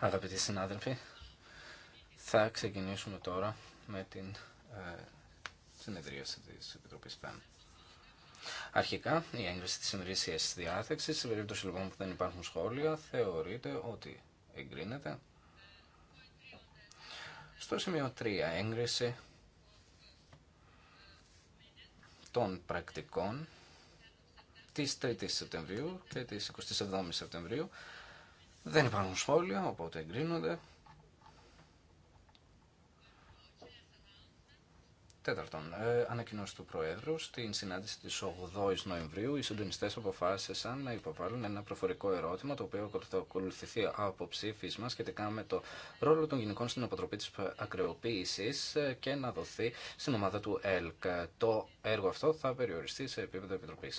Αγαπητοί συνάδελφοι, θα ξεκινήσουμε τώρα με την ε, συνεδρίαση της Επιτροπής ΠΕΜ. Αρχικά, η έγκριση της τη διάθεσης, σε περίπτωση λοιπόν που δεν υπάρχουν σχόλια, θεωρείται ότι εγκρίνεται. Στο σημείο 3, έγκριση των πρακτικών της 3 η Σεπτεμβρίου και της 27ης Σεπτεμβρίου. Δεν υπάρχουν σχόλια, οπότε εγκρίνονται. Τέταρτον, ε, ανακοινώση του Προέδρου. Στην συνάντηση τη 8η Νοεμβρίου, οι συντονιστέ αποφάσισαν να υποβάλουν ένα προφορικό ερώτημα, το οποίο θα ακολουθηθεί από ψήφισμα σχετικά με το ρόλο των γυναικών στην αποτροπή τη ακρεοποίηση ε, και να δοθεί στην ομάδα του ΕΛΚ. Το έργο αυτό θα περιοριστεί σε επίπεδο επιτροπή.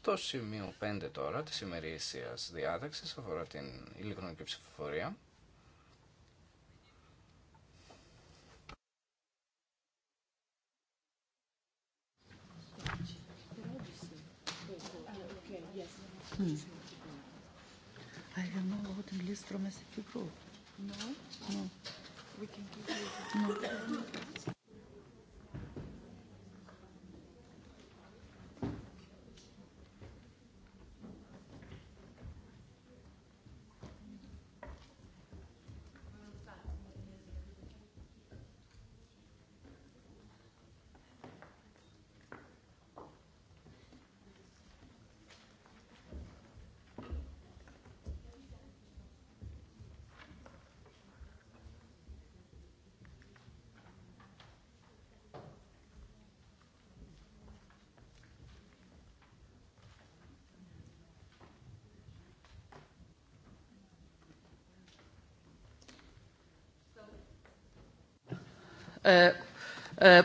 Το σημείο 5 τώρα της ημερήσιας διάταξης αφορά την ηλεκτρονική ψηφοφορία. Mm. Ε, ε,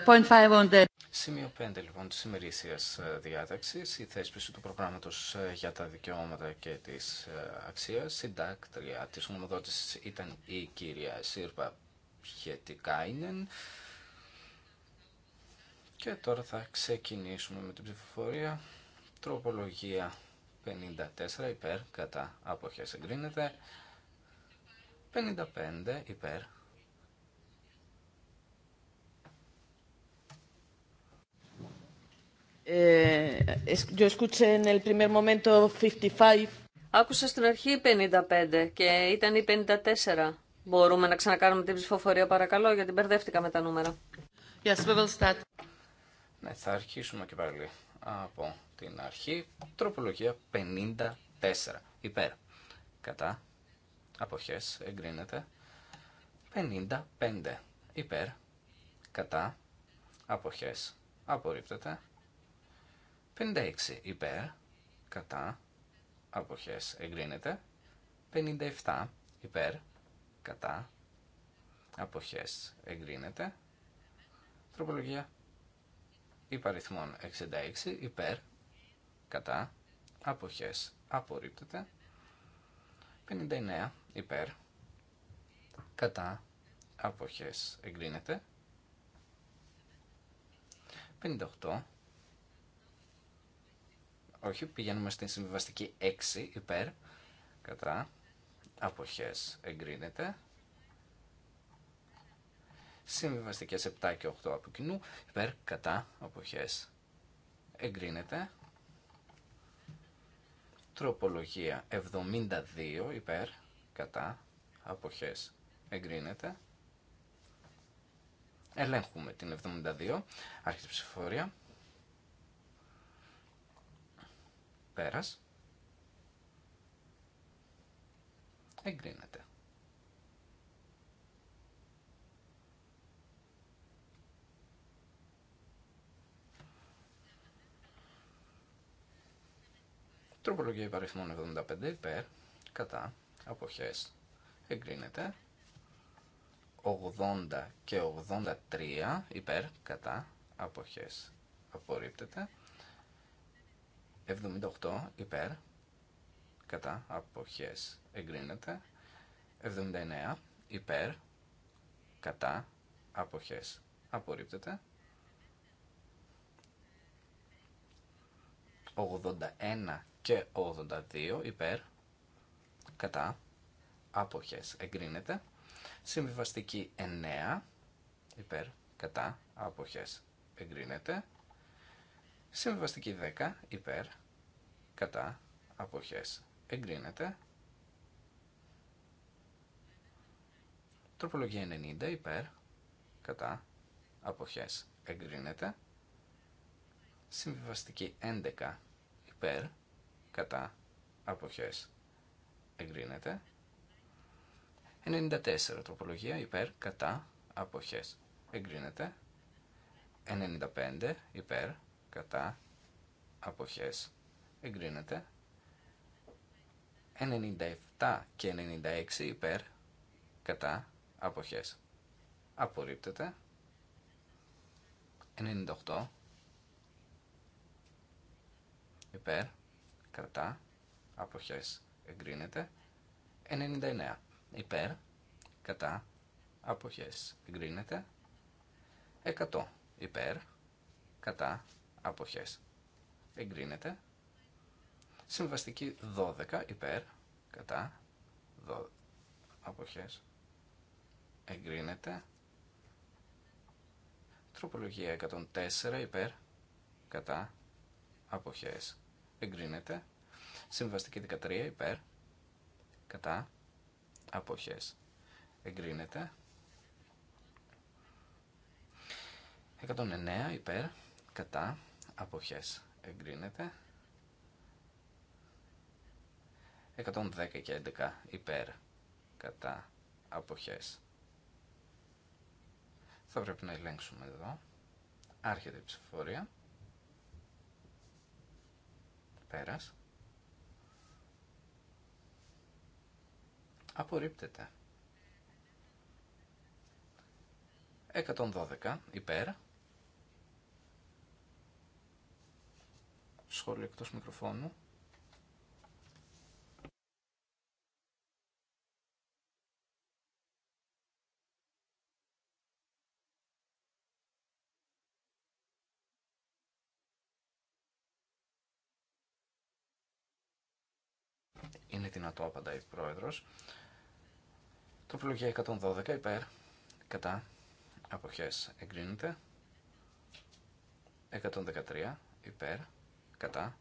ε, Σημείο 5 λοιπόν τη ημερήσια διάταξη, η θέσπιση του προγράμματο για τα δικαιώματα και τη αξία. Συντάκτρια τη ομοδότηση ήταν η κυρία Σύρπα Πιετικάινεν. Και τώρα θα ξεκινήσουμε με την ψηφοφορία. Τροπολογία 54 υπέρ, κατά αποχές εγκρίνεται. 55 υπέρ, Ε, Άκουσα στην αρχή 55 και ήταν η 54. Μπορούμε να ξανακάνουμε την ψηφοφορία παρακαλώ γιατί μπερδεύτηκα με τα νούμερα. Yes, we will start. Ναι, θα αρχίσουμε και πάλι από την αρχή. Τροπολογία 54. Υπέρ. Κατά. Αποχές. Εγκρίνεται. 55. Υπέρ. Κατά. Αποχές. Απορρίπτεται. 56 υπέρ, κατά, αποχές εγκρίνεται. 57 υπέρ, κατά, αποχές εγκρίνεται. Τροπολογία υπαριθμών 66 υπέρ, κατά, αποχές απορρίπτεται. 59 υπέρ, κατά, αποχές εγκρίνεται. 58 όχι, πηγαίνουμε στην συμβιβαστική 6 υπέρ. Κατά. Αποχές εγκρίνεται. Συμβιβαστικές 7 και 8 από κοινού. Υπέρ. Κατά. Αποχές εγκρίνεται. Τροπολογία 72 υπέρ. Κατά. Αποχές εγκρίνεται. Ελέγχουμε την 72. Άρχισε ψηφοφορία. Πέρας. Εγκρίνεται. Τροπολογία υπαριθμών 75 υπέρ, κατά, αποχές, εγκρίνεται. 80 και 83 υπέρ, κατά, αποχές, απορρίπτεται. 78 υπέρ κατά αποχές εγκρίνεται 79 υπέρ κατά αποχές απορρίπτεται 81 και 82 υπέρ κατά αποχές εγκρίνεται συμβιβαστική 9 υπέρ κατά αποχές εγκρίνεται Συμβαστική 10 υπέρ κατά αποχές εγκρίνεται. Τροπολογία 90 υπέρ κατά αποχές εγκρίνεται. Συμβιβαστική 11 υπέρ κατά αποχές εγκρίνεται. 94 τροπολογία υπέρ κατά αποχές εγκρίνεται. 95 υπέρ κατά αποχές εγκρίνεται 97 και 96 υπέρ κατά αποχές απορρίπτεται 98 υπέρ κατά αποχές εγκρίνεται 99 υπέρ κατά αποχές εγκρίνεται 100 υπέρ κατά αποχές εγκρίνεται. Συμβαστική 12 υπέρ κατά 12, αποχές εγκρίνεται. Τροπολογία 104 υπέρ κατά αποχές εγκρίνεται. Συμβαστική 13 υπέρ κατά αποχές εγκρίνεται. 109 υπέρ κατά αποχές εγκρίνεται. 110 και 11 υπέρ κατά αποχές. Θα πρέπει να ελέγξουμε εδώ. Άρχεται η ψηφοφορία. Πέρας. Απορρίπτεται. 112 υπέρ Σχόλιο εκτός μικροφώνου. Είναι δυνατό, απαντάει ο Πρόεδρος. Τροπολογία 112 υπέρ, κατά, αποχές εγκρίνεται. 113 υπέρ, κατά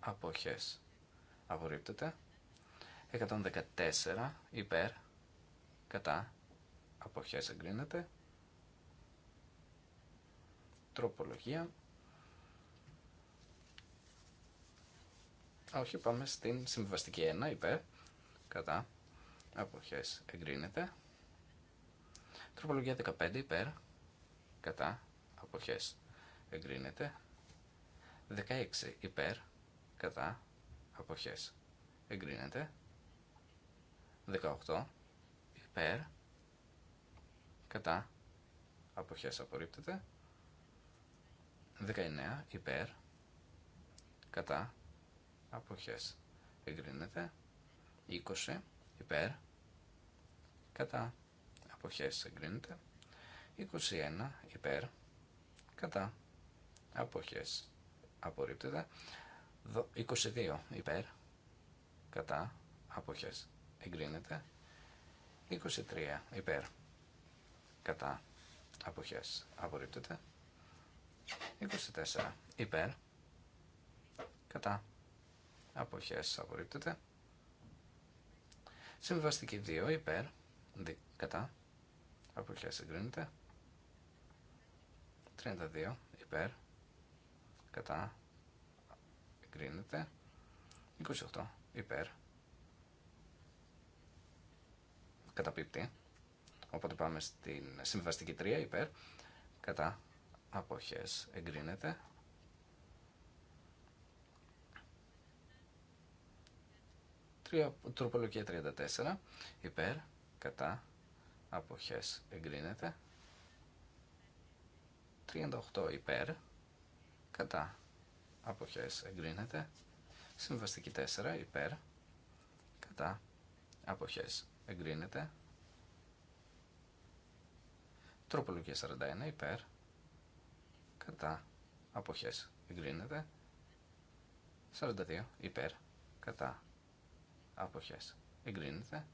αποχές απορρίπτεται 114 υπέρ κατά αποχές εγκρίνεται τροπολογία Α, όχι, πάμε στην συμβιβαστική 1 υπέρ κατά αποχές εγκρίνεται τροπολογία 15 υπέρ κατά αποχές εγκρίνεται 16 υπέρ, κατά, αποχές, εγκρίνεται. 18 υπέρ, κατά, αποχές απορρίπτεται. 19 υπέρ, κατά, αποχές, εγκρίνεται. 20 υπέρ, κατά, αποχές, εγκρίνεται. 21 υπέρ, κατά, αποχές, απορρίπτεται. 22 υπέρ, κατά, αποχές, εγκρίνεται. 23 υπέρ, κατά, αποχές, απορρίπτεται. 24 υπέρ, κατά, αποχές, απορρίπτεται. Συμβαστική 2 υπέρ, δι, κατά, αποχές, εγκρίνεται. 32 υπέρ, κατά εγκρίνεται 28 υπέρ πίπτη οπότε πάμε στην συμβαστική 3 υπέρ κατά αποχές εγκρίνεται τροπολογία 34 υπέρ κατά αποχές εγκρίνεται 38 υπέρ κατά αποχές εγκρίνεται. Συμβαστική 4 υπέρ κατά αποχές εγκρίνεται. Τροπολογία 41 υπέρ κατά αποχές εγκρίνεται. 42 υπέρ κατά αποχές εγκρίνεται.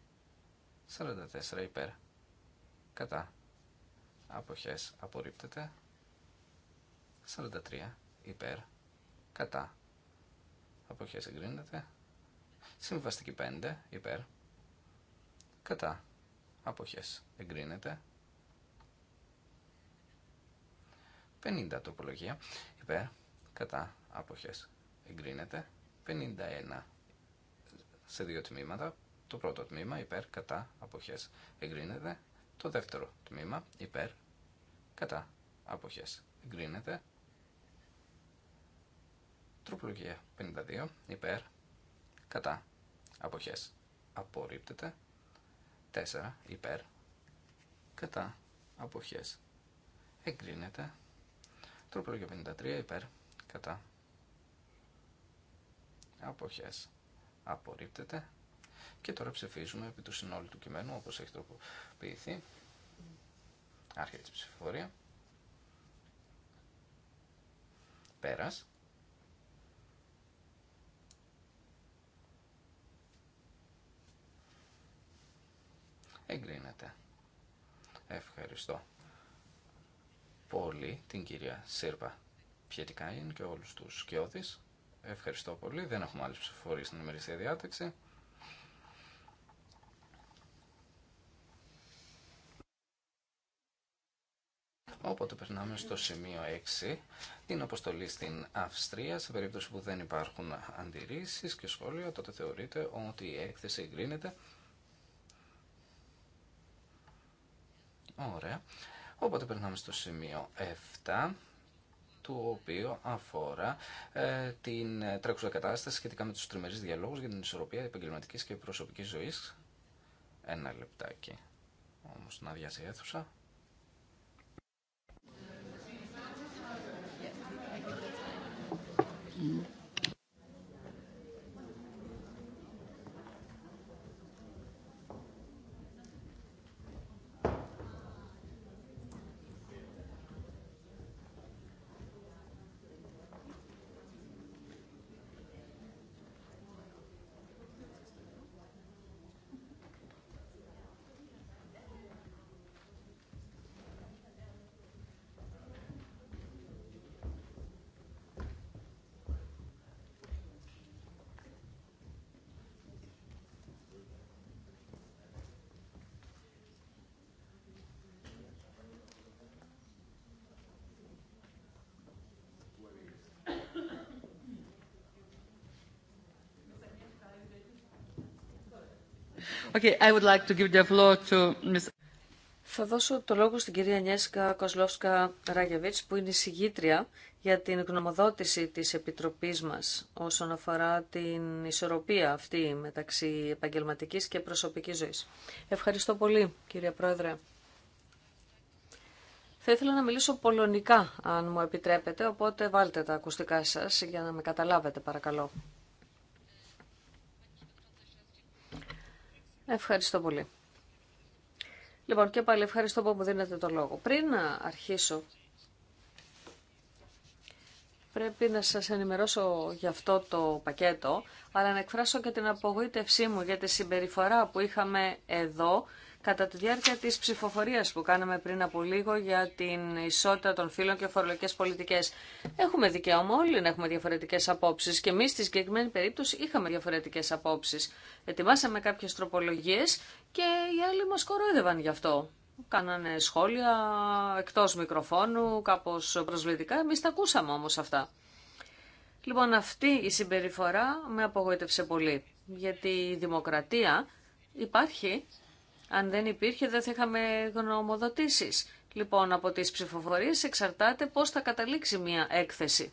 44 υπέρ κατά αποχές απορρίπτεται. 43 υπέρ, κατά, αποχές εγκρίνεται. Συμβαστική 5 υπέρ, κατά, αποχές εγκρίνεται. 50 τοπολογία υπέρ, κατά, αποχές εγκρίνεται. 51 σε δύο τμήματα. Το πρώτο τμήμα υπέρ, κατά, αποχές εγκρίνεται. Το δεύτερο τμήμα υπέρ, κατά, αποχές εγκρίνεται. Τροπολογία 52 υπέρ κατά αποχές απορρίπτεται 4 υπέρ κατά αποχές εγκρίνεται Τροπολογία 53 υπέρ κατά αποχές απορρίπτεται και τώρα ψηφίζουμε επί του συνόλου του κειμένου όπως έχει τροποποιηθεί άρχεται η ψηφοφορία πέρας εγκρίνεται. Ευχαριστώ πολύ την κυρία Σύρπα Πιετικάιν και όλους τους σκιώδεις. Ευχαριστώ πολύ. Δεν έχουμε άλλες ψηφοφορίες στην ημερήσια διάταξη. Οπότε περνάμε στο σημείο 6, την αποστολή στην Αυστρία. Σε περίπτωση που δεν υπάρχουν αντιρρήσεις και σχόλια, τότε θεωρείται ότι η έκθεση εγκρίνεται. Ωραία. Οπότε περνάμε στο σημείο 7 το οποίο αφορά ε, την τρέχουσα κατάσταση σχετικά με τους τριμερείς διαλόγους για την ισορροπία επαγγελματικής και προσωπικής ζωής. Ένα λεπτάκι όμως να αδειάσει η αίθουσα. Mm. Θα δώσω το λόγο στην κυρία Νιέσκα Κοσλόφσκα Ράγεβιτς που είναι η συγγήτρια για την γνωμοδότηση της Επιτροπής μας όσον αφορά την ισορροπία αυτή μεταξύ επαγγελματικής και προσωπικής ζωής. Ευχαριστώ πολύ κυρία Πρόεδρε. Θα ήθελα να μιλήσω πολωνικά αν μου επιτρέπετε, οπότε βάλτε τα ακουστικά σας για να με καταλάβετε παρακαλώ. Ευχαριστώ πολύ. Λοιπόν, και πάλι ευχαριστώ που μου δίνετε το λόγο. Πριν να αρχίσω, πρέπει να σας ενημερώσω για αυτό το πακέτο, αλλά να εκφράσω και την απογοήτευσή μου για τη συμπεριφορά που είχαμε εδώ Κατά τη διάρκεια της ψηφοφορίας που κάναμε πριν από λίγο για την ισότητα των φύλων και φορολογικές πολιτικές, έχουμε δικαίωμα όλοι να έχουμε διαφορετικές απόψεις και εμείς στη συγκεκριμένη περίπτωση είχαμε διαφορετικές απόψεις. Ετοιμάσαμε κάποιες τροπολογίες και οι άλλοι μας κοροϊδεύαν γι' αυτό. Κάνανε σχόλια εκτός μικροφώνου, κάπως προσβλητικά, εμείς τα ακούσαμε όμως αυτά. Λοιπόν, αυτή η συμπεριφορά με απογοήτευσε πολύ, γιατί η δημοκρατία υπάρχει αν δεν υπήρχε δεν θα είχαμε γνωμοδοτήσει. Λοιπόν, από τις ψηφοφορίες εξαρτάται πώς θα καταλήξει μια έκθεση.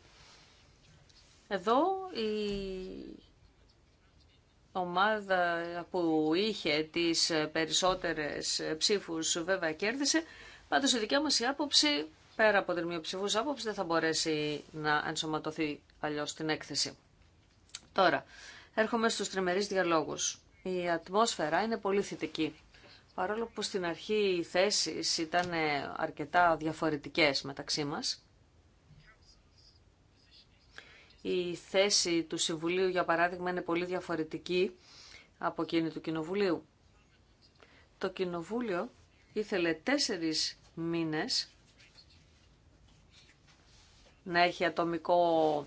Εδώ η ομάδα που είχε τις περισσότερες ψήφους βέβαια κέρδισε. Πάντως η δικιά μας άποψη, πέρα από την μειοψηφούς άποψη, δεν θα μπορέσει να ενσωματωθεί αλλιώς στην έκθεση. Τώρα, έρχομαι στους τριμερείς διαλόγους. Η ατμόσφαιρα είναι πολύ θετική. Παρόλο που στην αρχή οι θέσεις ήταν ε, αρκετά διαφορετικές μεταξύ μας, η θέση του Συμβουλίου, για παράδειγμα, είναι πολύ διαφορετική από εκείνη του Κοινοβουλίου. Το Κοινοβούλιο ήθελε τέσσερις μήνες να έχει ατομικό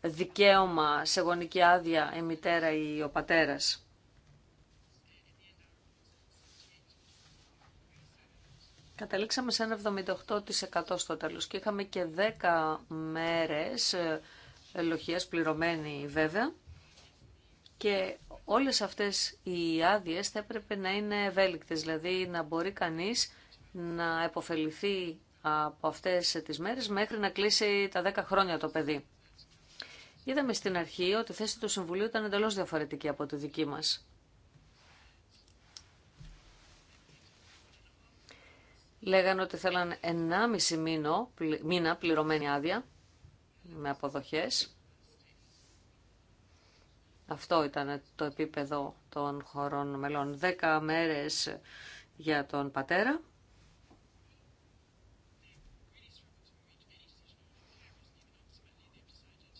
δικαίωμα σε γονική άδεια η μητέρα ή ο πατέρας. Καταλήξαμε σε ένα 78% στο τέλος και είχαμε και 10 μέρες ε, ελοχίας πληρωμένη βέβαια και όλες αυτές οι άδειε θα έπρεπε να είναι ευέλικτες, δηλαδή να μπορεί κανείς να επωφεληθεί από αυτές τις μέρες μέχρι να κλείσει τα 10 χρόνια το παιδί. Είδαμε στην αρχή ότι η θέση του Συμβουλίου ήταν εντελώς διαφορετική από τη δική μας. Λέγανε ότι θέλαν 1,5 μήνο, μήνα πληρωμένη άδεια με αποδοχές. Αυτό ήταν το επίπεδο των χωρών μελών. 10 μέρες για τον πατέρα.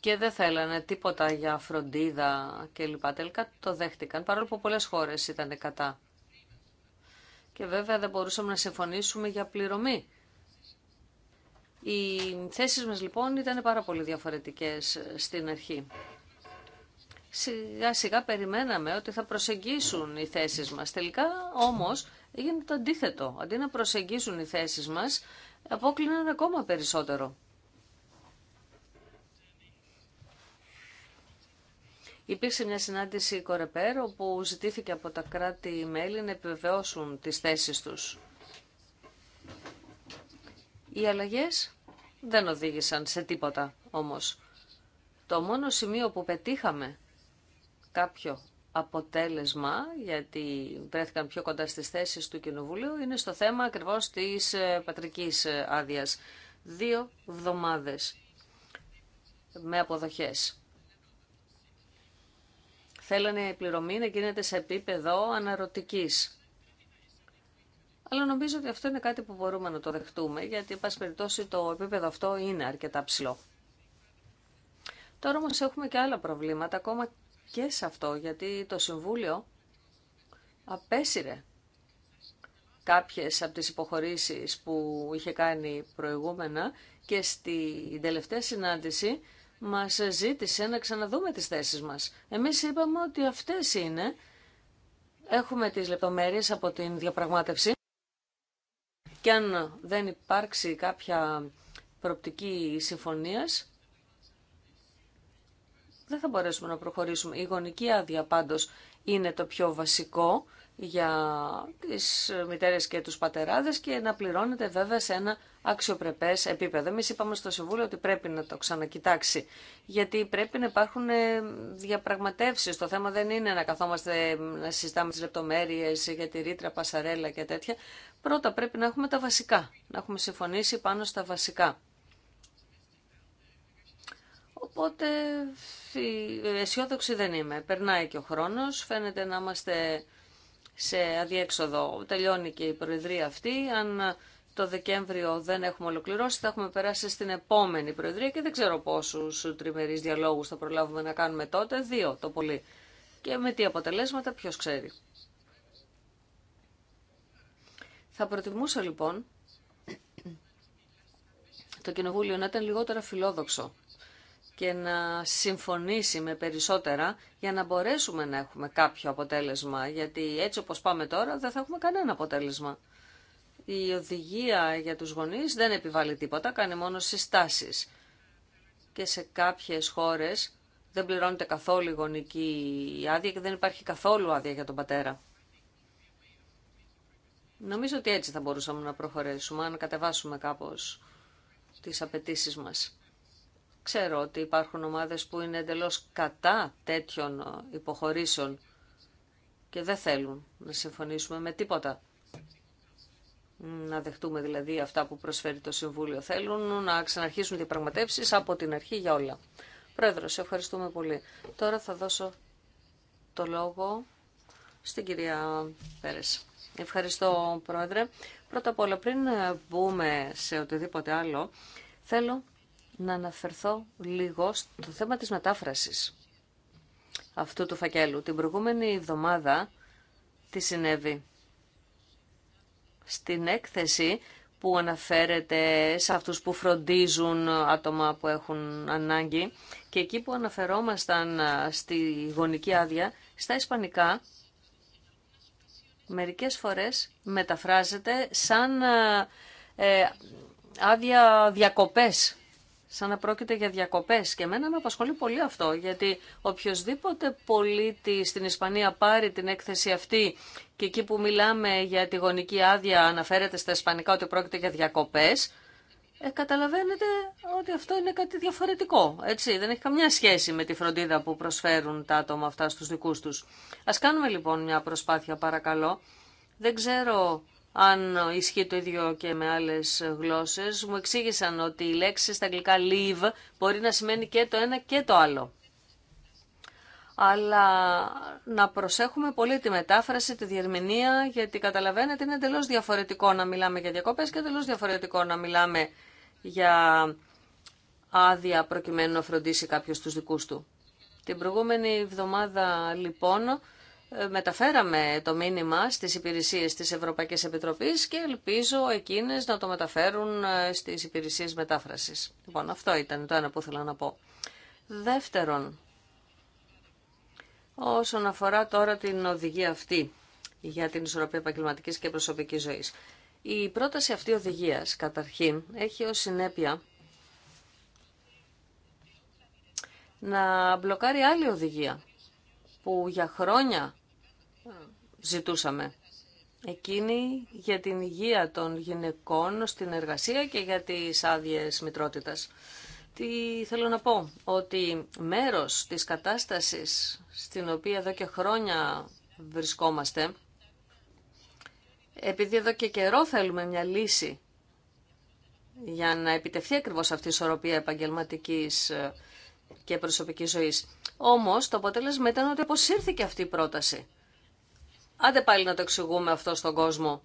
Και δεν θέλανε τίποτα για φροντίδα κλπ. Τελικά το δέχτηκαν, παρόλο που πολλές χώρες ήταν κατά. Και βέβαια δεν μπορούσαμε να συμφωνήσουμε για πληρωμή. Οι θέσεις μας λοιπόν ήταν πάρα πολύ διαφορετικές στην αρχή. Σιγά σιγά περιμέναμε ότι θα προσεγγίσουν οι θέσεις μας. Τελικά όμως έγινε το αντίθετο. Αντί να προσεγγίσουν οι θέσεις μας, απόκλειναν ακόμα περισσότερο. Υπήρξε μια συνάντηση Κορεπέρ όπου ζητήθηκε από τα κράτη-μέλη να επιβεβαιώσουν τις θέσεις τους. Οι αλλαγές δεν οδήγησαν σε τίποτα όμως. Το μόνο σημείο που πετύχαμε κάποιο αποτέλεσμα, γιατί βρέθηκαν πιο κοντά στις θέσεις του Κοινοβουλίου, είναι στο θέμα ακριβώς της ε, πατρικής ε, άδειας. Δύο εβδομάδες με αποδοχές. Θέλανε η πληρωμή να γίνεται σε επίπεδο αναρωτικής. Αλλά νομίζω ότι αυτό είναι κάτι που μπορούμε να το δεχτούμε, γιατί, εν πάση το επίπεδο αυτό είναι αρκετά ψηλό. Τώρα όμως έχουμε και άλλα προβλήματα, ακόμα και σε αυτό, γιατί το Συμβούλιο απέσυρε κάποιες από τις υποχωρήσεις που είχε κάνει προηγούμενα και στην τελευταία συνάντηση μας ζήτησε να ξαναδούμε τις θέσεις μας. Εμείς είπαμε ότι αυτές είναι. Έχουμε τις λεπτομέρειες από την διαπραγμάτευση και αν δεν υπάρξει κάποια προοπτική συμφωνίας, δεν θα μπορέσουμε να προχωρήσουμε. Η γονική άδεια πάντως είναι το πιο βασικό για τις μητέρες και τους πατεράδες και να πληρώνεται βέβαια σε ένα αξιοπρεπές επίπεδο. Εμεί είπαμε στο Συμβούλιο ότι πρέπει να το ξανακοιτάξει, γιατί πρέπει να υπάρχουν ε, διαπραγματεύσεις. Το θέμα δεν είναι να καθόμαστε να συζητάμε τις λεπτομέρειες για τη ρήτρα, πασαρέλα και τέτοια. Πρώτα πρέπει να έχουμε τα βασικά, να έχουμε συμφωνήσει πάνω στα βασικά. Οπότε αισιόδοξη δεν είμαι. Περνάει και ο χρόνος, φαίνεται να είμαστε σε αδιέξοδο. Τελειώνει και η Προεδρία αυτή. Αν το Δεκέμβριο δεν έχουμε ολοκληρώσει, θα έχουμε περάσει στην επόμενη Προεδρία και δεν ξέρω πόσου τριμερεί διαλόγου θα προλάβουμε να κάνουμε τότε, δύο το πολύ. Και με τι αποτελέσματα ποιο ξέρει. Θα προτιμούσα λοιπόν το Κοινοβούλιο να ήταν λιγότερα φιλόδοξο και να συμφωνήσει με περισσότερα για να μπορέσουμε να έχουμε κάποιο αποτέλεσμα, γιατί έτσι όπως πάμε τώρα δεν θα έχουμε κανένα αποτέλεσμα. Η οδηγία για τους γονείς δεν επιβάλλει τίποτα, κάνει μόνο συστάσεις. Και σε κάποιες χώρες δεν πληρώνεται καθόλου η γονική άδεια και δεν υπάρχει καθόλου άδεια για τον πατέρα. Νομίζω ότι έτσι θα μπορούσαμε να προχωρήσουμε, να κατεβάσουμε κάπως τις απαιτήσει μας. Ξέρω ότι υπάρχουν ομάδες που είναι εντελώς κατά τέτοιων ε, υποχωρήσεων και δεν θέλουν να συμφωνήσουμε με τίποτα. Να δεχτούμε δηλαδή αυτά που προσφέρει το Συμβούλιο. Θέλουν να ξαναρχίσουν διαπραγματεύσει από την αρχή για όλα. Πρόεδρο, σε ευχαριστούμε πολύ. Τώρα θα δώσω το λόγο στην κυρία Πέρες. Ευχαριστώ, Πρόεδρε. Πρώτα απ' όλα, πριν μπούμε σε οτιδήποτε άλλο, θέλω να αναφερθώ λίγο στο θέμα της μετάφρασης αυτού του φακέλου. Την προηγούμενη εβδομάδα τι συνέβη. Στην έκθεση που αναφέρεται σε αυτούς που φροντίζουν άτομα που έχουν ανάγκη και εκεί που αναφερόμασταν στη γονική άδεια, στα ισπανικά μερικές φορές μεταφράζεται σαν ε, άδεια διακοπές σαν να πρόκειται για διακοπές. Και εμένα με απασχολεί πολύ αυτό, γιατί οποιοδήποτε πολίτη στην Ισπανία πάρει την έκθεση αυτή και εκεί που μιλάμε για τη γονική άδεια αναφέρεται στα ισπανικά ότι πρόκειται για διακοπές, ε, καταλαβαίνετε ότι αυτό είναι κάτι διαφορετικό, έτσι. Δεν έχει καμιά σχέση με τη φροντίδα που προσφέρουν τα άτομα αυτά στους δικούς τους. Ας κάνουμε λοιπόν μια προσπάθεια παρακαλώ. Δεν ξέρω αν ισχύει το ίδιο και με άλλες γλώσσες, μου εξήγησαν ότι η λέξη στα αγγλικά leave μπορεί να σημαίνει και το ένα και το άλλο. Αλλά να προσέχουμε πολύ τη μετάφραση, τη διερμηνία, γιατί καταλαβαίνετε είναι εντελώς διαφορετικό να μιλάμε για διακοπές και εντελώς διαφορετικό να μιλάμε για άδεια προκειμένου να φροντίσει κάποιο τους δικούς του. Την προηγούμενη εβδομάδα λοιπόν ε, μεταφέραμε το μήνυμα στις υπηρεσίες της Ευρωπαϊκής Επιτροπής και ελπίζω εκείνες να το μεταφέρουν ε, στις υπηρεσίες μετάφρασης. Λοιπόν, αυτό ήταν το ένα που ήθελα να πω. Δεύτερον, όσον αφορά τώρα την οδηγία αυτή για την ισορροπία επαγγελματική και προσωπικής ζωής. Η πρόταση αυτή οδηγίας, καταρχήν, έχει ως συνέπεια να μπλοκάρει άλλη οδηγία που για χρόνια ζητούσαμε. Εκείνη για την υγεία των γυναικών στην εργασία και για τις άδειες μητρότητας. Τι θέλω να πω, ότι μέρος της κατάστασης στην οποία εδώ και χρόνια βρισκόμαστε, επειδή εδώ και καιρό θέλουμε μια λύση για να επιτευχθεί ακριβώ αυτή η ισορροπία επαγγελματικής ε, και προσωπικής ζωής. Όμως το αποτέλεσμα ήταν ότι αποσύρθηκε αυτή η πρόταση. Άντε πάλι να το εξηγούμε αυτό στον κόσμο.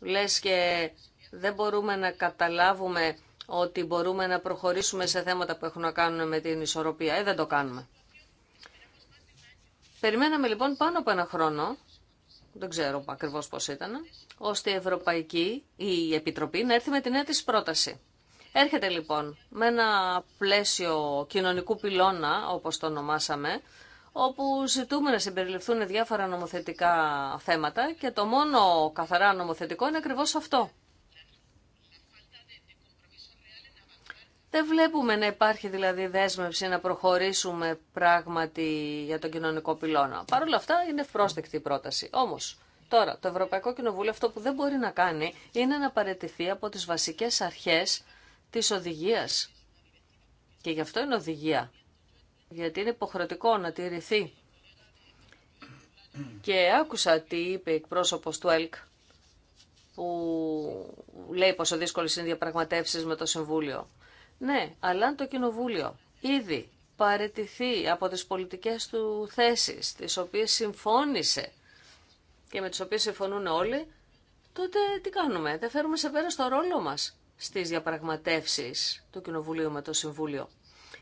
Λες και δεν μπορούμε να καταλάβουμε ότι μπορούμε να προχωρήσουμε σε θέματα που έχουν να κάνουν με την ισορροπία. Ε, δεν το κάνουμε. Περιμέναμε λοιπόν πάνω από ένα χρόνο, δεν ξέρω ακριβώς πώς ήταν, ώστε η Ευρωπαϊκή, η Επιτροπή να έρθει με την νέα πρόταση. Έρχεται λοιπόν με ένα πλαίσιο κοινωνικού πυλώνα, όπως το ονομάσαμε, όπου ζητούμε να συμπεριληφθούν διάφορα νομοθετικά θέματα και το μόνο καθαρά νομοθετικό είναι ακριβώς αυτό. Δεν βλέπουμε να υπάρχει δηλαδή δέσμευση να προχωρήσουμε πράγματι για τον κοινωνικό πυλώνα. Παρ' όλα αυτά είναι ευπρόσδεκτη η πρόταση. Όμως, τώρα το Ευρωπαϊκό Κοινοβούλιο αυτό που δεν μπορεί να κάνει είναι να παραιτηθεί από τις βασικές αρχές της οδηγίας. Και γι' αυτό είναι οδηγία γιατί είναι υποχρεωτικό να τηρηθεί. Και άκουσα τι είπε εκπρόσωπος του ΕΛΚ που λέει πόσο δύσκολες είναι οι διαπραγματεύσεις με το Συμβούλιο. Ναι, αλλά αν το Κοινοβούλιο ήδη παρετηθεί από τις πολιτικές του θέσεις, τις οποίες συμφώνησε και με τις οποίες συμφωνούν όλοι, τότε τι κάνουμε, δεν φέρουμε σε πέρα στο ρόλο μας στις διαπραγματεύσεις του Κοινοβουλίου με το Συμβούλιο.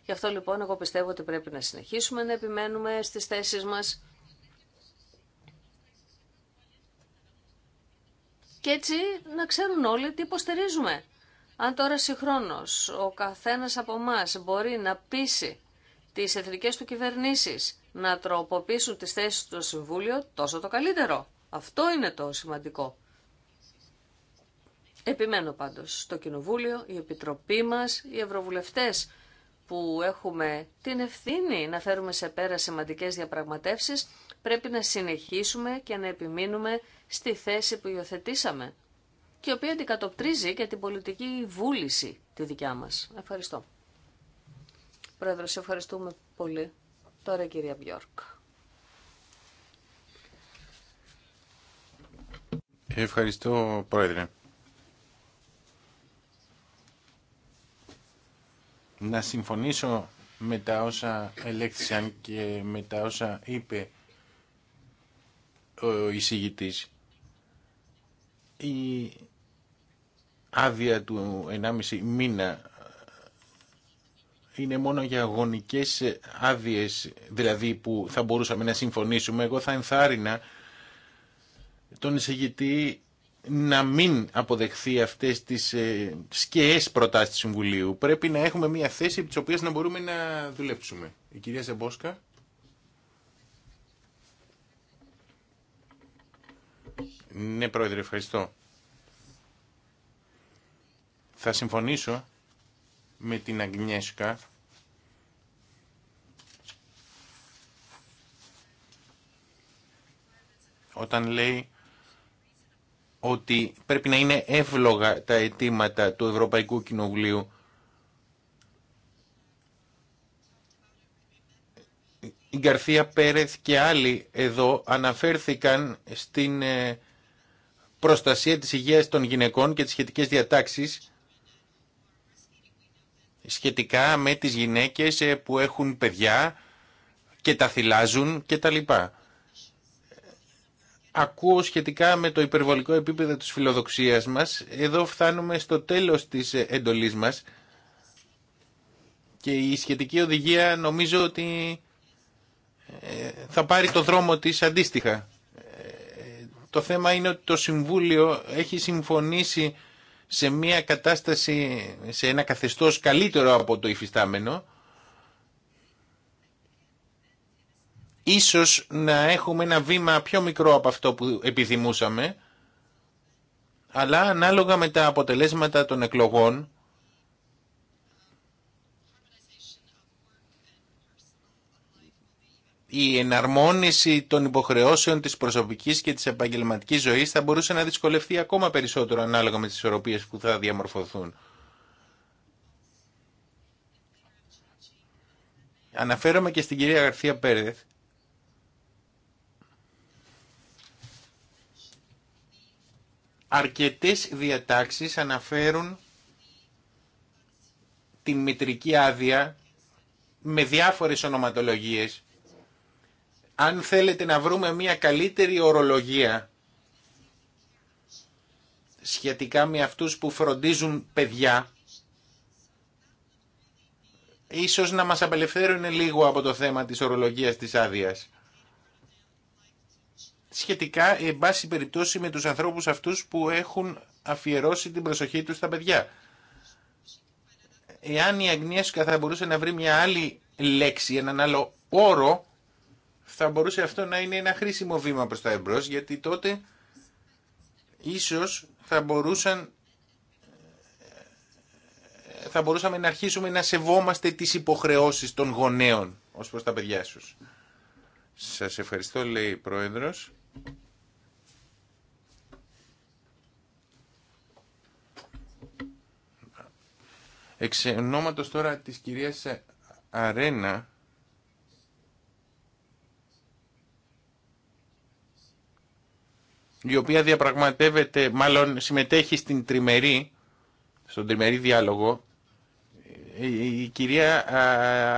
Γι' αυτό λοιπόν εγώ πιστεύω ότι πρέπει να συνεχίσουμε να επιμένουμε στις θέσεις μας. Και έτσι να ξέρουν όλοι τι υποστηρίζουμε. Αν τώρα συγχρόνως ο καθένας από εμά μπορεί να πείσει τις εθνικές του κυβερνήσεις να τροποποιήσουν τις θέσεις του Συμβούλιο, τόσο το καλύτερο. Αυτό είναι το σημαντικό. Επιμένω πάντως, στο Κοινοβούλιο, η Επιτροπή μας, οι Ευρωβουλευτές που έχουμε την ευθύνη να φέρουμε σε πέρα σημαντικές διαπραγματεύσεις, πρέπει να συνεχίσουμε και να επιμείνουμε στη θέση που υιοθετήσαμε και η οποία αντικατοπτρίζει και την πολιτική βούληση τη δικιά μας. Ευχαριστώ. Πρόεδρο, ευχαριστούμε πολύ. Τώρα η κυρία Μπιόρκ. Ευχαριστώ, Πρόεδρε. να συμφωνήσω με τα όσα ελέγχθησαν και με τα όσα είπε ο εισηγητής. Η άδεια του 1,5 μήνα είναι μόνο για αγωνικές άδειε δηλαδή που θα μπορούσαμε να συμφωνήσουμε. Εγώ θα ενθάρρυνα τον εισηγητή να μην αποδεχθεί αυτές τις ε, σκαιές προτάσεις του Συμβουλίου. Πρέπει να έχουμε μια θέση από τις οποίες να μπορούμε να δουλέψουμε. Η κυρία Ζεμπόσκα. Ναι, Πρόεδρε, ευχαριστώ. Θα συμφωνήσω με την Αγνιέσκα. όταν λέει ότι πρέπει να είναι εύλογα τα αιτήματα του Ευρωπαϊκού Κοινοβουλίου Η Γκαρθία Πέρεθ και άλλοι εδώ αναφέρθηκαν στην ε, προστασία της υγείας των γυναικών και τις σχετικές διατάξεις σχετικά με τις γυναίκες ε, που έχουν παιδιά και τα θυλάζουν και τα λοιπά ακούω σχετικά με το υπερβολικό επίπεδο της φιλοδοξίας μας. Εδώ φτάνουμε στο τέλος της εντολής μας και η σχετική οδηγία νομίζω ότι ε, θα πάρει το δρόμο της αντίστοιχα. Ε, το θέμα είναι ότι το Συμβούλιο έχει συμφωνήσει σε μια κατάσταση, σε ένα καθεστώς καλύτερο από το υφιστάμενο ίσως να έχουμε ένα βήμα πιο μικρό από αυτό που επιθυμούσαμε, αλλά ανάλογα με τα αποτελέσματα των εκλογών, η εναρμόνιση των υποχρεώσεων της προσωπικής και της επαγγελματικής ζωής θα μπορούσε να δυσκολευτεί ακόμα περισσότερο ανάλογα με τις ισορροπίες που θα διαμορφωθούν. Αναφέρομαι και στην κυρία Γαρθία Πέρεθ, αρκετές διατάξεις αναφέρουν τη μητρική άδεια με διάφορες ονοματολογίες. Αν θέλετε να βρούμε μια καλύτερη ορολογία σχετικά με αυτούς που φροντίζουν παιδιά, ίσως να μας απελευθέρουν λίγο από το θέμα της ορολογίας της άδειας σχετικά, εν πάση περιπτώσει, με τους ανθρώπους αυτούς που έχουν αφιερώσει την προσοχή τους στα παιδιά. Εάν η Αγνίασκα θα μπορούσε να βρει μια άλλη λέξη, έναν άλλο όρο, θα μπορούσε αυτό να είναι ένα χρήσιμο βήμα προς τα εμπρός, γιατί τότε ίσως θα μπορούσαν θα μπορούσαμε να αρχίσουμε να σεβόμαστε τις υποχρεώσεις των γονέων ως προς τα παιδιά σου. Σας ευχαριστώ λέει η Πρόεδρος. Εξ τώρα της κυρίας Αρένα η οποία διαπραγματεύεται, μάλλον συμμετέχει στην τριμερή, στον τριμερή διάλογο. Η κυρία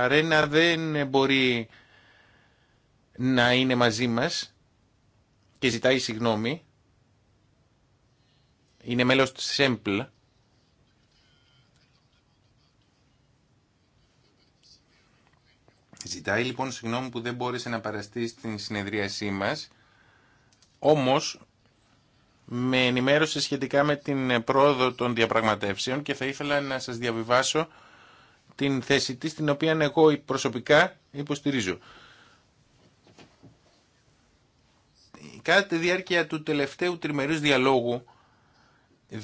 Αρένα δεν μπορεί να είναι μαζί μας και ζητάει συγγνώμη. Είναι μέλος της ΣΕΜΠΛ. Ζητάει λοιπόν συγγνώμη που δεν μπόρεσε να παραστεί στην συνεδρίασή μας, όμως με ενημέρωσε σχετικά με την πρόοδο των διαπραγματεύσεων και θα ήθελα να σας διαβιβάσω την θέση της, την οποία εγώ προσωπικά υποστηρίζω. Κατά τη διάρκεια του τελευταίου τριμερούς διαλόγου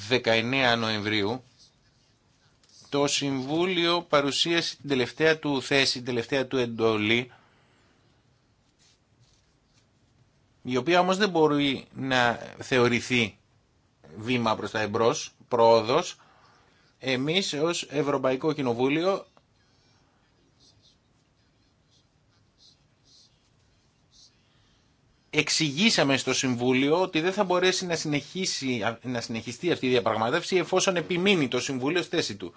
19 Νοεμβρίου το Συμβούλιο παρουσίασε την τελευταία του θέση, την τελευταία του εντολή η οποία όμως δεν μπορεί να θεωρηθεί βήμα προς τα εμπρός, πρόοδος. Εμείς ως Ευρωπαϊκό Κοινοβούλιο εξηγήσαμε στο Συμβούλιο ότι δεν θα μπορέσει να, συνεχίσει, να συνεχιστεί αυτή η διαπραγμάτευση εφόσον επιμείνει το Συμβούλιο στη θέση του.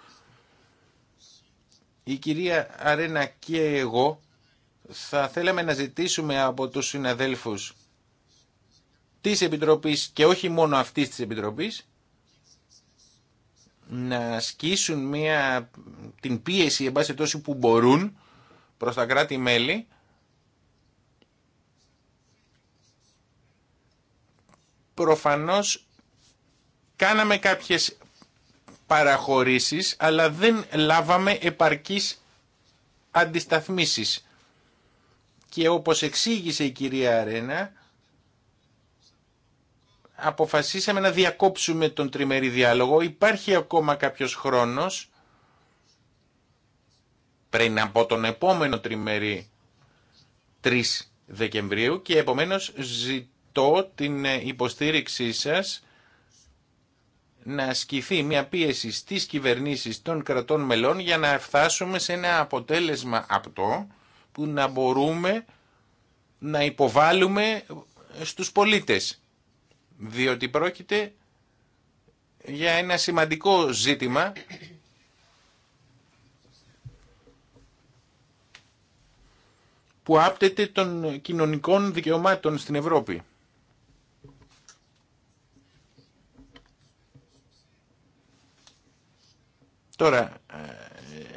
Η κυρία Αρένα και εγώ θα θέλαμε να ζητήσουμε από τους συναδέλφους της Επιτροπής και όχι μόνο αυτής της Επιτροπής να ασκήσουν μια, την πίεση εν πάση που μπορούν προς τα κράτη-μέλη προφανώς κάναμε κάποιες παραχωρήσεις αλλά δεν λάβαμε επαρκείς αντισταθμίσεις. Και όπως εξήγησε η κυρία Αρένα, αποφασίσαμε να διακόψουμε τον τριμερή διάλογο. Υπάρχει ακόμα κάποιος χρόνος πριν από τον επόμενο τριμερή 3 Δεκεμβρίου και επομένως την ε, υποστήριξή σας να ασκηθεί μια πίεση στις κυβερνήσεις των κρατών μελών για να φτάσουμε σε ένα αποτέλεσμα αυτό που να μπορούμε να υποβάλουμε στους πολίτες. Διότι πρόκειται για ένα σημαντικό ζήτημα που άπτεται των κοινωνικών δικαιωμάτων στην Ευρώπη. Τώρα,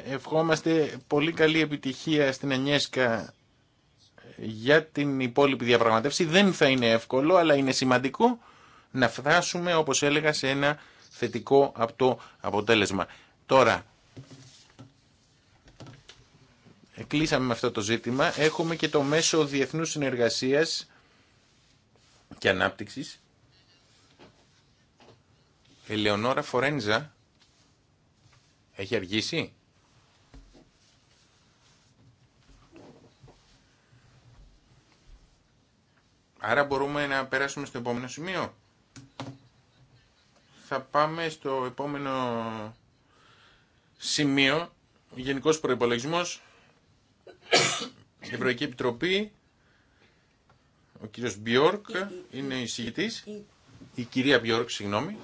ε, ευχόμαστε πολύ καλή επιτυχία στην Ανιέσκα για την υπόλοιπη διαπραγματεύση. Δεν θα είναι εύκολο, αλλά είναι σημαντικό να φτάσουμε, όπως έλεγα, σε ένα θετικό το αποτέλεσμα. Τώρα, κλείσαμε με αυτό το ζήτημα. Έχουμε και το μέσο διεθνούς συνεργασίας και ανάπτυξης. Ελεονόρα Φορένζα έχει αργήσει. Άρα μπορούμε να περάσουμε στο επόμενο σημείο. Θα πάμε στο επόμενο σημείο. Γενικός Προϋπολογισμός. Ευρωπαϊκή Επιτροπή. Ο κύριος Μπιόρκ είναι η συγητής. Η κυρία Μπιόρκ, συγγνώμη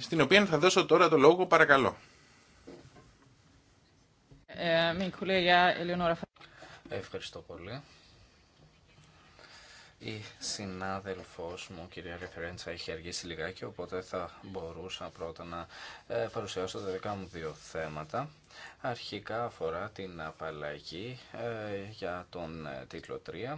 στην οποία θα δώσω τώρα το λόγο παρακαλώ. Ε, Ευχαριστώ πολύ. Η συνάδελφός μου, κυρία Ρεφερέντσα, έχει αργήσει λιγάκι, οπότε θα μπορούσα πρώτα να ε, παρουσιάσω τα δικά μου δύο θέματα. Αρχικά αφορά την απαλλαγή ε, για τον τίτλο 3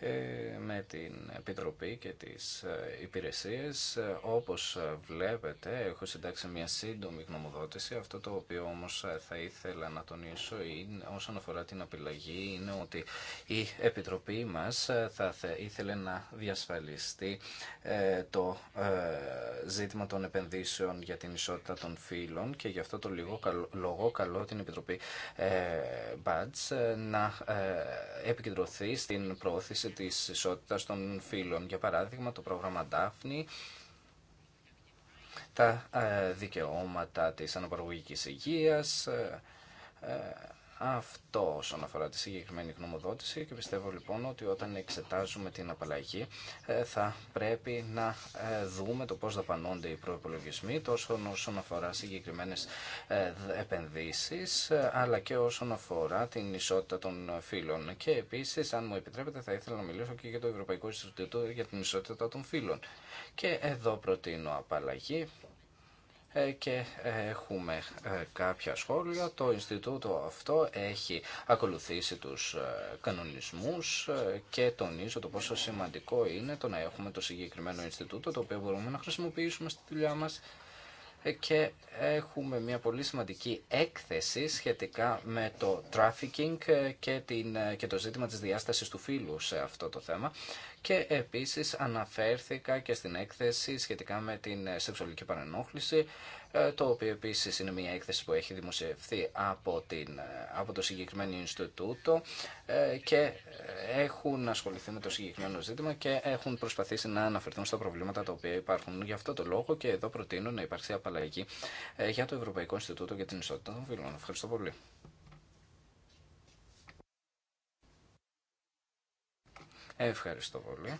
ε, με την Επιτροπή και τις ε, υπηρεσίες. Ε, όπως βλέπετε, έχω συντάξει μια σύντομη γνωμοδότηση. Αυτό το οποίο όμως θα ήθελα να τονίσω είναι, όσον αφορά την απειλαγή είναι ότι η Επιτροπή μας θα ήθελε να διασφαλιστεί το ζήτημα των επενδύσεων για την ισότητα των φύλων και γι' αυτό το λίγο λόγο καλό την Επιτροπή BADS να επικεντρωθεί στην προώθηση της ισότητας των φύλων. Για παράδειγμα, το πρόγραμμα Δάφνη, τα ε, δικαιώματα της αναπαραγωγικής υγείας, ε, ε, αυτό όσον αφορά τη συγκεκριμένη γνωμοδότηση και πιστεύω λοιπόν ότι όταν εξετάζουμε την απαλλαγή ε, θα πρέπει να ε, δούμε το πώς δαπανώνται οι προπολογισμοί τόσο όσον αφορά συγκεκριμένες ε, επενδύσεις αλλά και όσον αφορά την ισότητα των φύλων. Και επίσης αν μου επιτρέπετε θα ήθελα να μιλήσω και για το Ευρωπαϊκό Ινστιτούτο για την ισότητα των φύλων. Και εδώ προτείνω απαλλαγή ε, και έχουμε ε, κάποια σχόλια. Το Ινστιτούτο αυτό έχει ακολουθήσει τους ε, κανονισμούς και τονίζω το πόσο σημαντικό είναι το να έχουμε το συγκεκριμένο Ινστιτούτο το οποίο μπορούμε να χρησιμοποιήσουμε στη δουλειά μας και έχουμε μια πολύ σημαντική έκθεση σχετικά με το trafficking ε, και, την, ε, και το ζήτημα της διάστασης του φύλου σε αυτό το θέμα και επίσης αναφέρθηκα και στην έκθεση σχετικά με την ε, σεξουαλική παρενόχληση ε, το οποίο επίσης είναι μια έκθεση που έχει δημοσιευθεί από, την, ε, από το συγκεκριμένο Ινστιτούτο ε, και έχουν ασχοληθεί με το συγκεκριμένο ζήτημα και έχουν προσπαθήσει να αναφερθούν στα προβλήματα τα οποία υπάρχουν. Γι' αυτό το λόγο και εδώ προτείνω να υπάρξει απαλλαγή για το Ευρωπαϊκό Ινστιτούτο για την Ισότητα των Φίλων. Ευχαριστώ πολύ. Ευχαριστώ πολύ.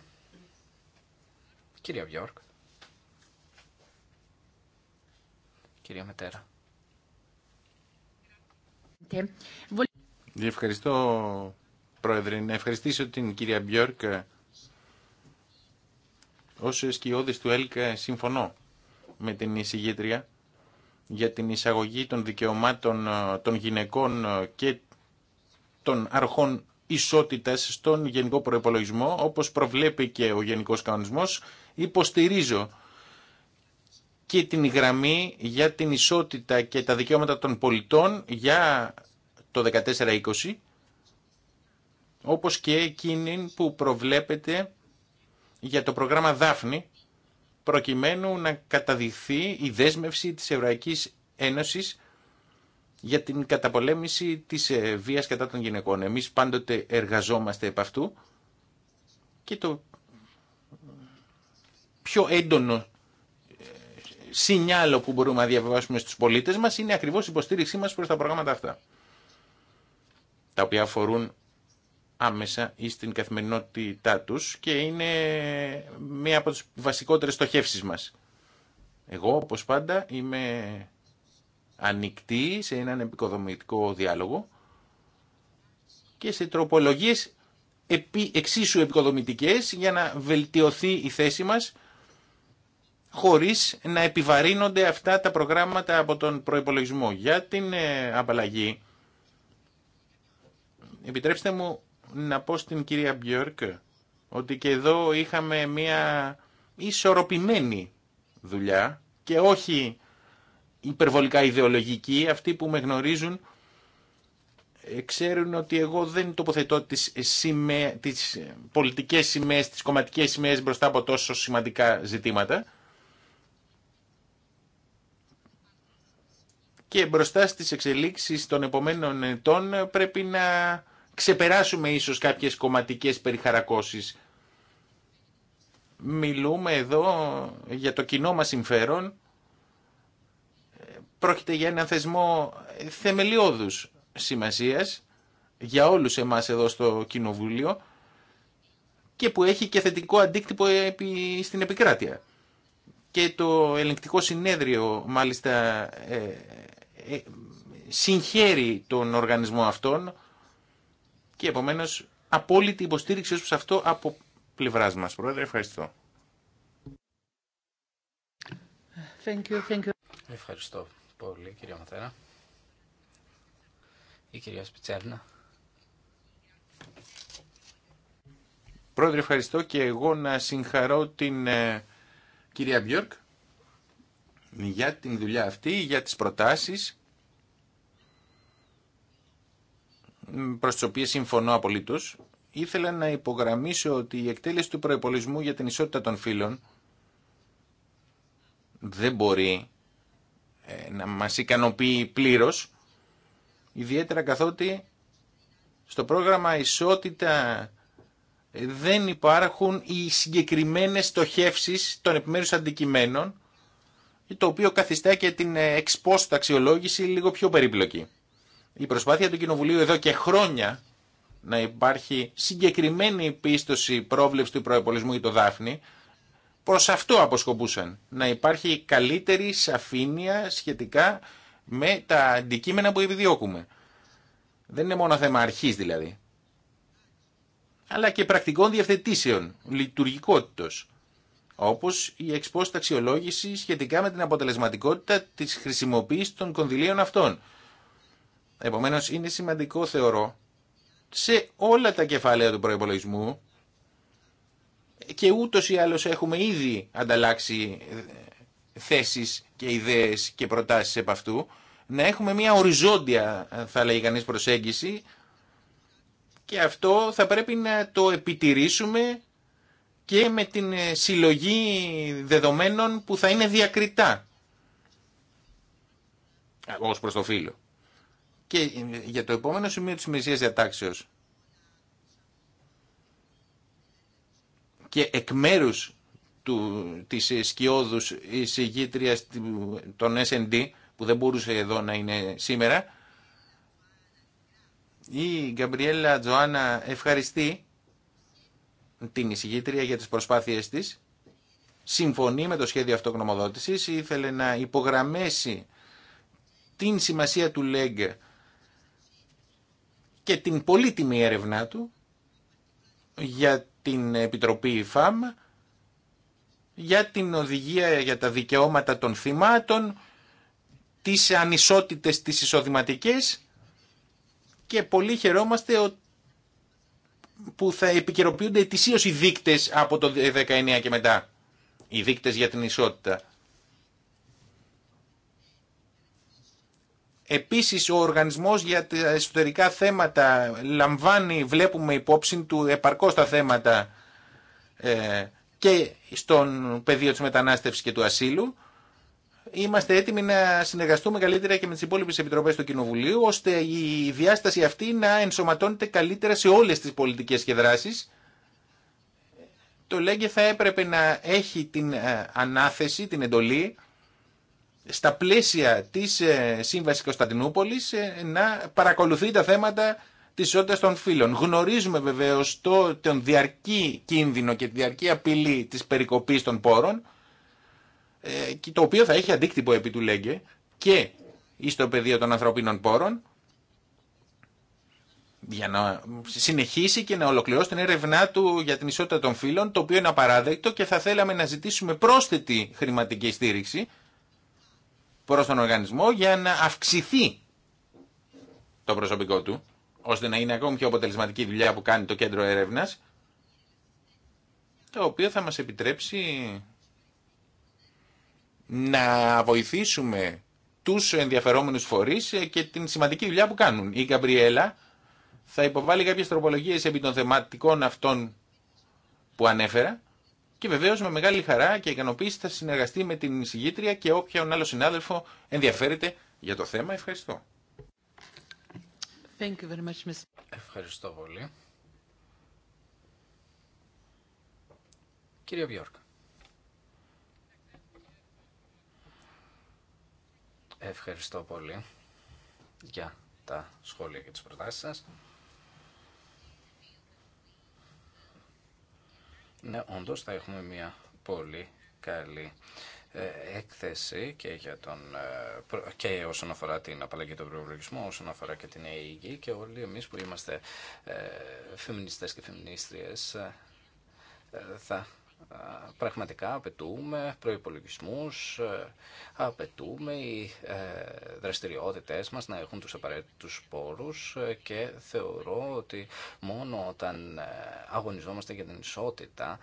Κυρία Βιόρκ. κυρία Μετέρα. Ευχαριστώ, Πρόεδρε. Να ευχαριστήσω την κυρία Μπιόρκ. Ως σκιώδης του ΕΛΚ ε, συμφωνώ με την εισηγήτρια για την εισαγωγή των δικαιωμάτων ε, των γυναικών ε, και των αρχών ισότητας στον γενικό προϋπολογισμό, όπως προβλέπει και ο Γενικός Κανονισμός, υποστηρίζω και την γραμμή για την ισότητα και τα δικαιώματα των πολιτών για το 14-20, όπως και εκείνη που προβλέπεται για το πρόγραμμα Δάφνη, προκειμένου να καταδειχθεί η δέσμευση της Ευρωπαϊκής Ένωσης για την καταπολέμηση της ε, βίας κατά των γυναικών. Εμείς πάντοτε εργαζόμαστε επ' αυτού και το πιο έντονο σινιάλο που μπορούμε να διαβάσουμε στους πολίτες μας είναι ακριβώς η υποστήριξή μας προς τα προγράμματα αυτά. Τα οποία αφορούν άμεσα ή στην καθημερινότητά τους και είναι μία από τις βασικότερες στοχεύσεις μας. Εγώ, όπως πάντα, είμαι ανοιχτή σε έναν επικοδομητικό διάλογο και σε τροπολογίες εξίσου επικοδομητικές για να βελτιωθεί η θέση μας χωρίς να επιβαρύνονται αυτά τα προγράμματα από τον προϋπολογισμό. Για την ε, απαλλαγή, επιτρέψτε μου να πω στην κυρία Μπιόρκ ότι και εδώ είχαμε μια ισορροπημένη δουλειά και όχι υπερβολικά ιδεολογική. Αυτοί που με γνωρίζουν ε, ξέρουν ότι εγώ δεν τοποθετώ τις, ε, σημα... τις πολιτικές σημαίες, τις κομματικές σημαίες μπροστά από τόσο σημαντικά ζητήματα. και μπροστά στις εξελίξεις των επομένων ετών πρέπει να ξεπεράσουμε ίσως κάποιες κομματικές περιχαρακώσεις. Μιλούμε εδώ για το κοινό μας συμφέρον. Πρόκειται για ένα θεσμό θεμελιώδους σημασίας για όλους εμάς εδώ στο Κοινοβούλιο και που έχει και θετικό αντίκτυπο στην επικράτεια. Και το ελεγκτικό συνέδριο μάλιστα ε, συγχαίρει τον οργανισμό αυτόν και επομένως απόλυτη υποστήριξη ως αυτό από πλευράς μας. Πρόεδρε, ευχαριστώ. Ευχαριστώ πολύ κυρία Ματέρα. Η κυρία Σπιτσέρνα. Πρόεδρε, ευχαριστώ και εγώ να συγχαρώ την ε, κυρία Μπιόρκ για την δουλειά αυτή, για τις προτάσεις προς τις οποίες συμφωνώ απολύτως. Ήθελα να υπογραμμίσω ότι η εκτέλεση του προϋπολισμού για την ισότητα των φύλων δεν μπορεί ε, να μας ικανοποιεί πλήρως, ιδιαίτερα καθότι στο πρόγραμμα ισότητα ε, δεν υπάρχουν οι συγκεκριμένες στοχεύσεις των επιμέρους αντικειμένων το οποίο καθιστά και την εξπόστα αξιολόγηση λίγο πιο περίπλοκη. Η προσπάθεια του Κοινοβουλίου εδώ και χρόνια να υπάρχει συγκεκριμένη πίστοση πρόβλεψη του προεπολισμού ή το Δάφνη, προς αυτό αποσκοπούσαν. Να υπάρχει καλύτερη σαφήνεια σχετικά με τα αντικείμενα που επιδιώκουμε. Δεν είναι μόνο θέμα αρχής δηλαδή. Αλλά και πρακτικών διευθετήσεων, λειτουργικότητος. Όπω η εξπόστα αξιολόγηση σχετικά με την αποτελεσματικότητα της χρησιμοποίησης των κονδυλίων αυτών. Επομένως, είναι σημαντικό, θεωρώ, σε όλα τα κεφάλαια του προπολογισμού, και ούτως ή άλλω έχουμε ήδη ανταλλάξει ε, θέσεις και ιδέες και προτάσεις επ' αυτού, να έχουμε μια οριζόντια, ε, θα λέει κανεί προσέγγιση και αυτό θα πρέπει να το επιτηρήσουμε και με την ε, συλλογή δεδομένων που θα είναι διακριτά ως προς το φύλλο. Και ε, για το επόμενο σημείο της ημερησίας διατάξεως και εκ μέρους του, της σκιώδους εισηγήτριας των SND που δεν μπορούσε εδώ να είναι σήμερα η Γκαμπριέλα Τζοάννα ευχαριστεί την εισηγήτρια για τις προσπάθειές της. Συμφωνεί με το σχέδιο αυτογνωμοδότησης, ήθελε να υπογραμμέσει την σημασία του ΛΕΓ και την πολύτιμη έρευνά του για την Επιτροπή ΦΑΜ, για την οδηγία για τα δικαιώματα των θυμάτων, τις ανισότητες τις εισοδηματικές και πολύ χαιρόμαστε ότι που θα επικαιροποιούνται ετησίως οι δείκτες από το 19 και μετά. Οι δείκτες για την ισότητα. Επίσης ο οργανισμός για τα εσωτερικά θέματα λαμβάνει, βλέπουμε υπόψη του επαρκώς τα θέματα ε, και στον πεδίο της μετανάστευσης και του ασύλου είμαστε έτοιμοι να συνεργαστούμε καλύτερα και με τι υπόλοιπε επιτροπέ του Κοινοβουλίου, ώστε η διάσταση αυτή να ενσωματώνεται καλύτερα σε όλες τις πολιτικές και δράσει. Το ΛΕΓΚΕ θα έπρεπε να έχει την ε, ανάθεση, την εντολή, στα πλαίσια τη ε, σύμβαση Κωνσταντινούπολη ε, να παρακολουθεί τα θέματα τη ισότητα των φύλων. Γνωρίζουμε βεβαίω τον διαρκή κίνδυνο και τη διαρκή απειλή τη περικοπής των πόρων, ε, το οποίο θα έχει αντίκτυπο επί του Λέγκε και στο πεδίο των ανθρωπίνων πόρων για να συνεχίσει και να ολοκληρώσει την έρευνά του για την ισότητα των φύλων, το οποίο είναι απαράδεκτο και θα θέλαμε να ζητήσουμε πρόσθετη χρηματική στήριξη προς τον οργανισμό για να αυξηθεί το προσωπικό του, ώστε να είναι ακόμη πιο αποτελεσματική η δουλειά που κάνει το κέντρο έρευνας, το οποίο θα μας επιτρέψει να βοηθήσουμε τους ενδιαφερόμενους φορείς ε, και την σημαντική δουλειά που κάνουν. Η Γκαμπριέλα θα υποβάλει κάποιες τροπολογίες επί των θεματικών αυτών που ανέφερα και βεβαίως με μεγάλη χαρά και ικανοποίηση θα συνεργαστεί με την εισηγήτρια και όποιον άλλο συνάδελφο ενδιαφέρεται για το θέμα. Ευχαριστώ. Thank you very much, Ευχαριστώ πολύ. Κύριε Βιόρκα. Ευχαριστώ πολύ για τα σχόλια και τις προτάσεις σας. Ναι, όντως θα έχουμε μια πολύ καλή ε, έκθεση και, για τον, ε, και όσον αφορά την απαλλαγή των προπολογισμού, όσον αφορά και την ΑΕΚ και όλοι εμείς που είμαστε ε, φεμινιστές και φεμινίστριες ε, θα πραγματικά απαιτούμε προϋπολογισμούς, ε, απαιτούμε οι ε, δραστηριότητες μας να έχουν τους απαραίτητους πόρους ε, και θεωρώ ότι μόνο όταν αγωνιζόμαστε για την ισότητα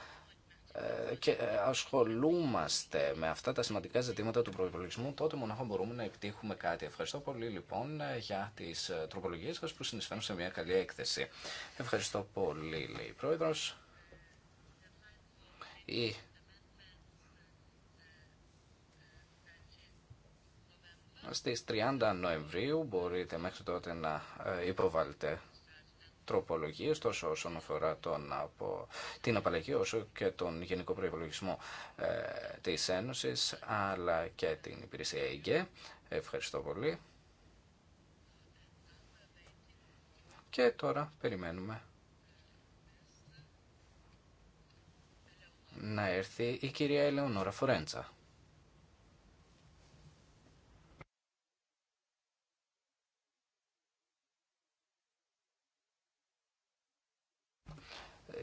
και ασχολούμαστε με αυτά τα σημαντικά ζητήματα του προϋπολογισμού, τότε μονάχα μπορούμε να επιτύχουμε κάτι. Ευχαριστώ πολύ λοιπόν για τις τροπολογίες σας που συνεισφέρουν σε μια καλή έκθεση. Ευχαριστώ πολύ, λέει η Πρόεδρος. Στι στις 30 Νοεμβρίου μπορείτε μέχρι τότε να ε, υποβάλλετε τροπολογίες τόσο όσον αφορά τον, από, την απαλλαγή όσο και τον γενικό προϋπολογισμό ε, της Ένωσης αλλά και την υπηρεσία ΕΓΕ Ευχαριστώ πολύ. Και τώρα περιμένουμε να έρθει η κυρία Ελεονόρα Φορέντσα.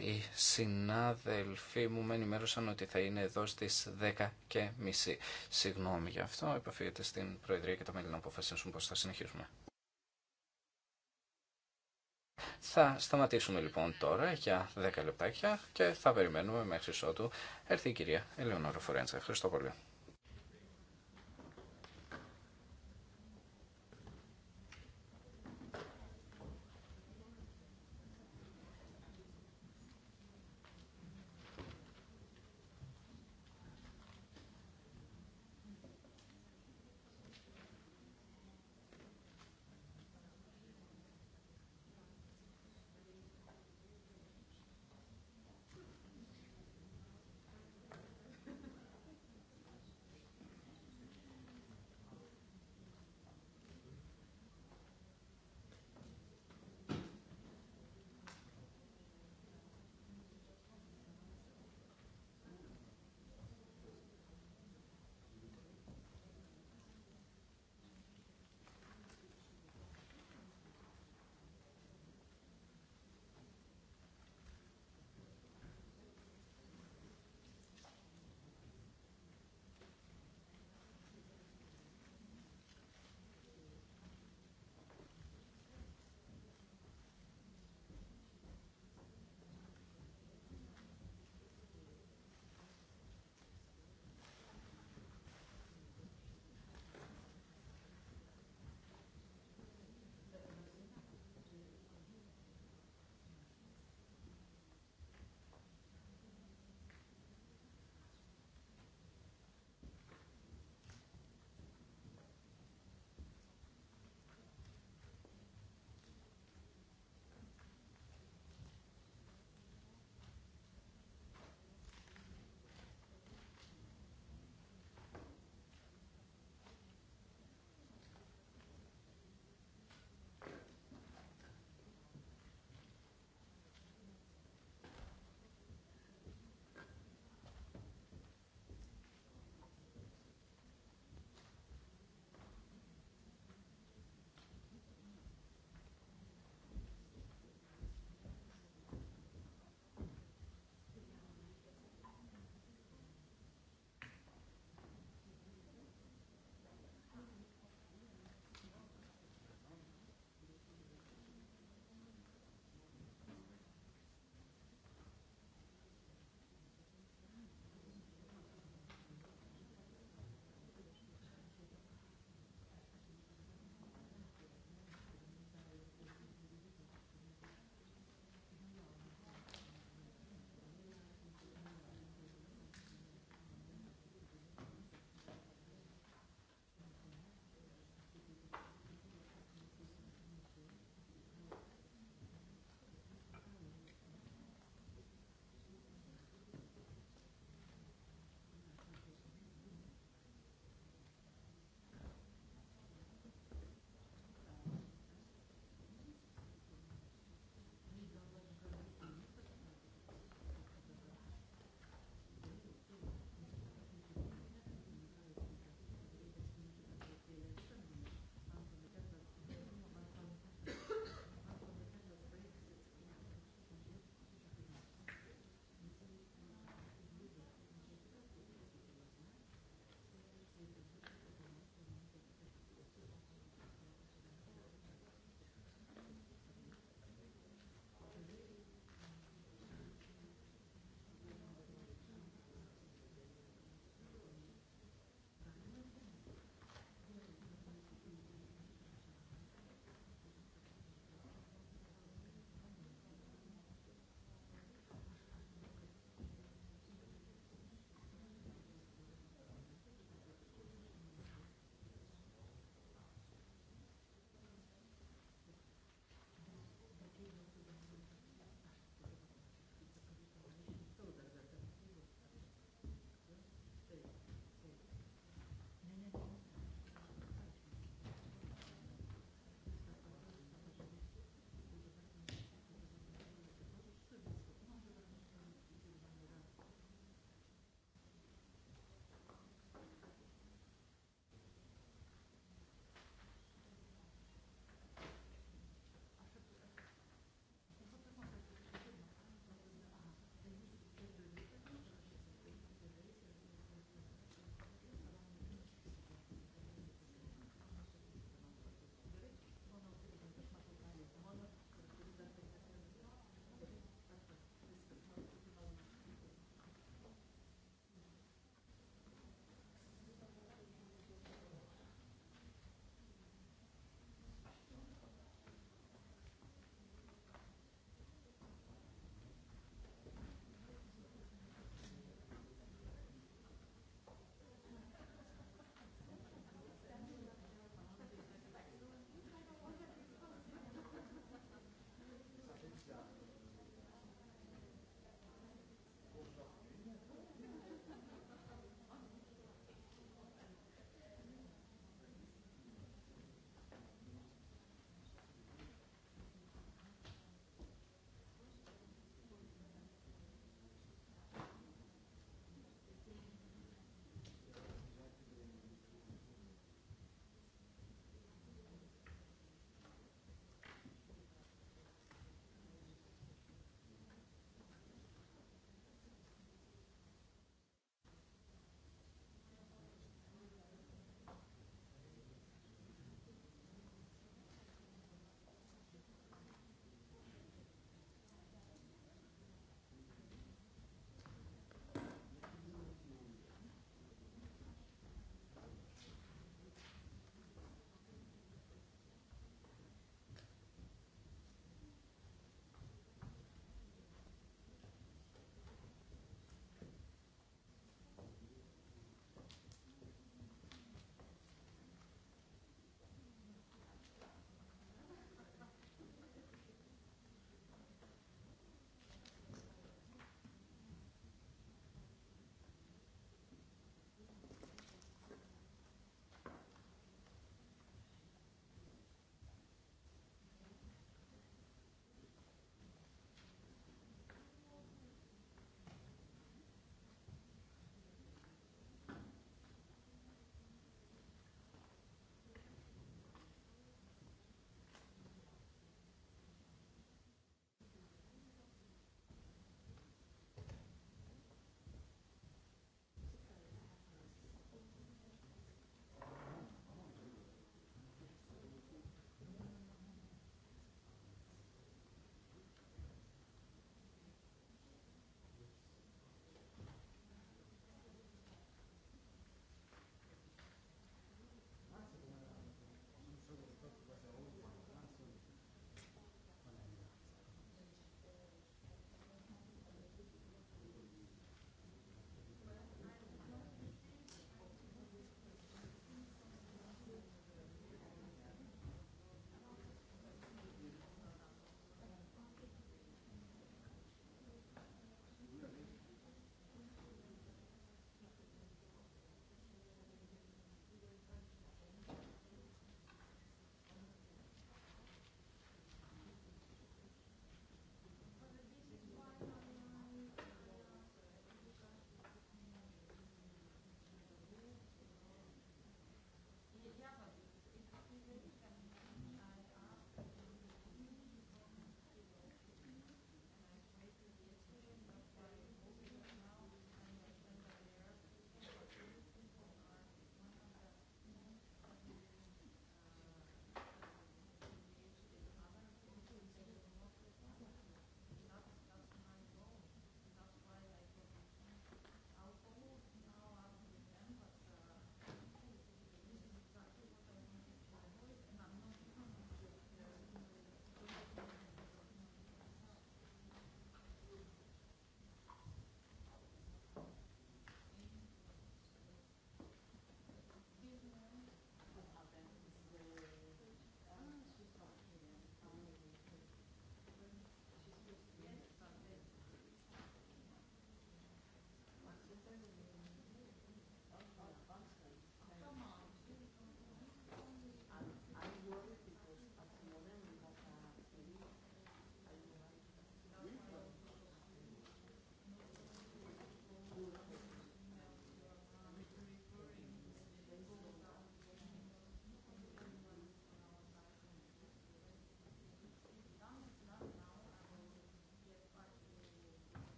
οι συνάδελφοί μου με ενημέρωσαν ότι θα είναι εδώ στις 10 και μισή. Συγγνώμη για αυτό, επαφείτε στην Προεδρία και τα μέλη να αποφασίσουν πώς θα συνεχίσουμε. Θα σταματήσουμε λοιπόν τώρα για 10 λεπτάκια και θα περιμένουμε μέχρι ότου έρθει η κυρία Ελεονόρα Φορέντσα. Ευχαριστώ πολύ.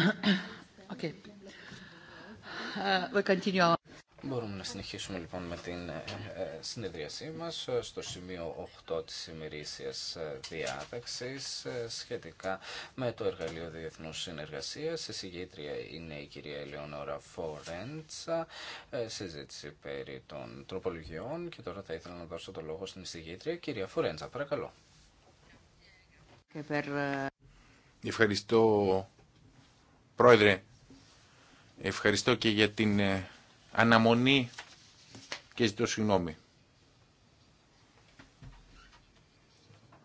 Uh, Μπορούμε να συνεχίσουμε λοιπόν με την ε, ε, συνεδρίασή μας ε, στο σημείο 8 της ημερήσιας διάταξης σχετικά με το Εργαλείο Διεθνούς Συνεργασίας. Η συγγήτρια είναι η κυρία Ελεονόρα Φορέντσα, συζήτηση περί των τροπολογιών και τώρα θα ήθελα να δώσω το λόγο στην συγγήτρια. Κυρία Φορέντσα, παρακαλώ. Ευχαριστώ Πρόεδρε, ευχαριστώ και για την ε, αναμονή και ζητώ συγγνώμη.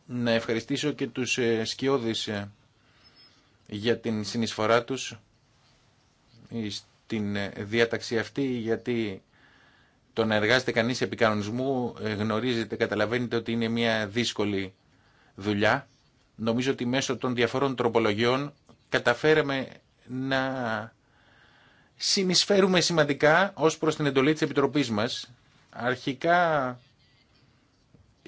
Να ευχαριστήσω και τους ε, σκιώδεις ε, για την συνεισφορά τους στην διάταξη αυτή γιατί το να εργάζεται κανείς επί κανονισμού γνωρίζετε, καταλαβαίνετε ότι είναι μια δύσκολη δουλειά. Νομίζω ότι μέσω των διαφορών τροπολογιών καταφέραμε να συνεισφέρουμε σημαντικά ως προς την εντολή της Επιτροπής μας. Αρχικά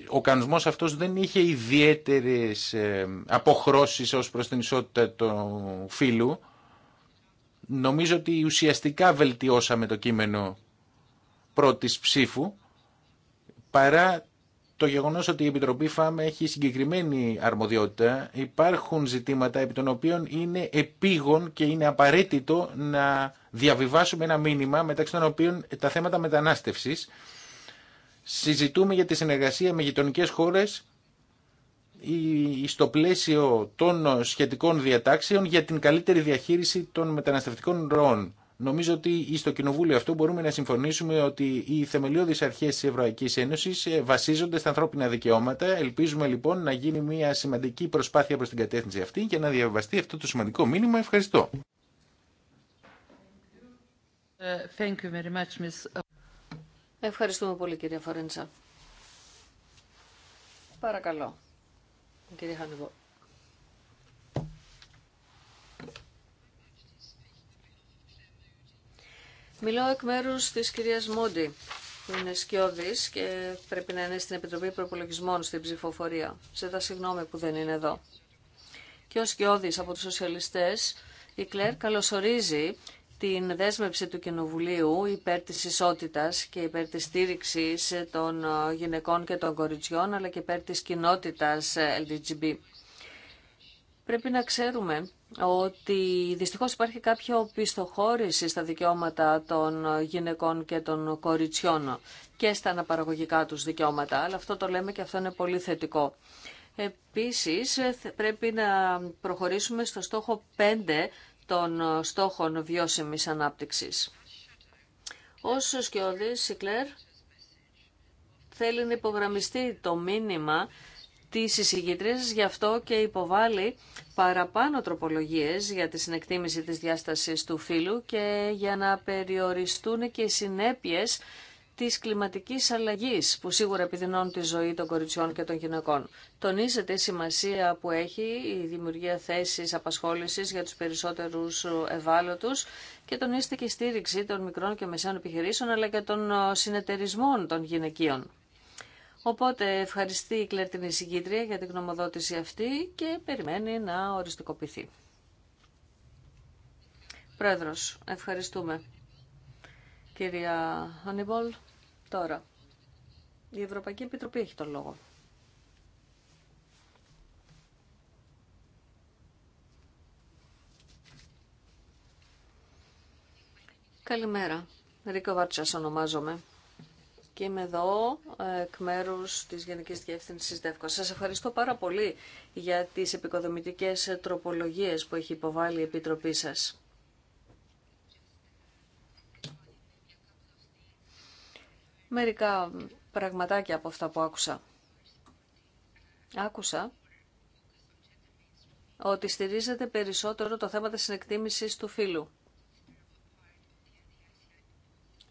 ο κανονισμός αυτός δεν είχε ιδιαίτερες ε, αποχρώσεις ως προς την ισότητα του φύλου. Νομίζω ότι ουσιαστικά βελτιώσαμε το κείμενο πρώτης ψήφου παρά το γεγονός ότι η Επιτροπή ΦΑΜ έχει συγκεκριμένη αρμοδιότητα, υπάρχουν ζητήματα επί των οποίων είναι επίγον και είναι απαραίτητο να διαβιβάσουμε ένα μήνυμα μεταξύ των οποίων τα θέματα μετανάστευση Συζητούμε για τη συνεργασία με γειτονικέ χώρες ή στο πλαίσιο των σχετικών διατάξεων για την καλύτερη διαχείριση των μεταναστευτικών ροών. Νομίζω ότι στο Κοινοβούλιο αυτό μπορούμε να συμφωνήσουμε ότι οι θεμελιώδεις αρχές της Ευρωπαϊκής Ένωσης ε, βασίζονται στα ανθρώπινα δικαιώματα. Ελπίζουμε λοιπόν να γίνει μια σημαντική προσπάθεια προς την κατεύθυνση αυτή και να διαβαστεί αυτό το σημαντικό μήνυμα. Ευχαριστώ. Ε, thank you very much, Ευχαριστούμε πολύ κυρία Φορέντσα. Παρακαλώ. Κύριε Χανιβό. Μιλάω εκ μέρου τη κυρία Μόντι, που είναι σκιώδη και πρέπει να είναι στην Επιτροπή Προπολογισμών στην ψηφοφορία. Σε τα συγγνώμη που δεν είναι εδώ. Και ο σκιώδη από του σοσιαλιστέ, η Κλέρ καλωσορίζει την δέσμευση του Κοινοβουλίου υπέρ της ισότητας και υπέρ της στήριξης των γυναικών και των κοριτσιών, αλλά και υπέρ της κοινότητας LGB. Πρέπει να ξέρουμε ότι δυστυχώς υπάρχει κάποιο πιστοχώρηση στα δικαιώματα των γυναικών και των κοριτσιών και στα αναπαραγωγικά τους δικαιώματα, αλλά αυτό το λέμε και αυτό είναι πολύ θετικό. Επίσης, πρέπει να προχωρήσουμε στο στόχο 5 των στόχων βιώσιμης ανάπτυξης. Όσο σκιώδης, η Κλέρ θέλει να υπογραμμιστεί το μήνυμα τις εισηγητρίες, γι' αυτό και υποβάλλει παραπάνω τροπολογίες για τη συνεκτίμηση της διάστασης του φύλου και για να περιοριστούν και οι συνέπειες της κλιματικής αλλαγής που σίγουρα επιδεινώνουν τη ζωή των κοριτσιών και των γυναικών. Τονίζεται η σημασία που έχει η δημιουργία θέσης απασχόλησης για τους περισσότερους ευάλωτους και τονίζεται και η στήριξη των μικρών και μεσαίων επιχειρήσεων αλλά και των συνεταιρισμών των γυναικείων. Οπότε ευχαριστεί η κλερτινή την για την γνωμοδότηση αυτή και περιμένει να οριστικοποιηθεί. Πρόεδρος, ευχαριστούμε. Κυρία Χανιμπολ, τώρα. Η Ευρωπαϊκή Επιτροπή έχει τον λόγο. Καλημέρα. Ρίκο Βάρτσας ονομάζομαι και είμαι εδώ ε, εκ μέρου τη Γενική Διεύθυνση ΔΕΦΚΟ. Σα ευχαριστώ πάρα πολύ για τι επικοδομητικέ τροπολογίε που έχει υποβάλει η Επιτροπή σα. Μερικά πραγματάκια από αυτά που άκουσα. Άκουσα ότι στηρίζεται περισσότερο το θέμα της συνεκτίμησης του φίλου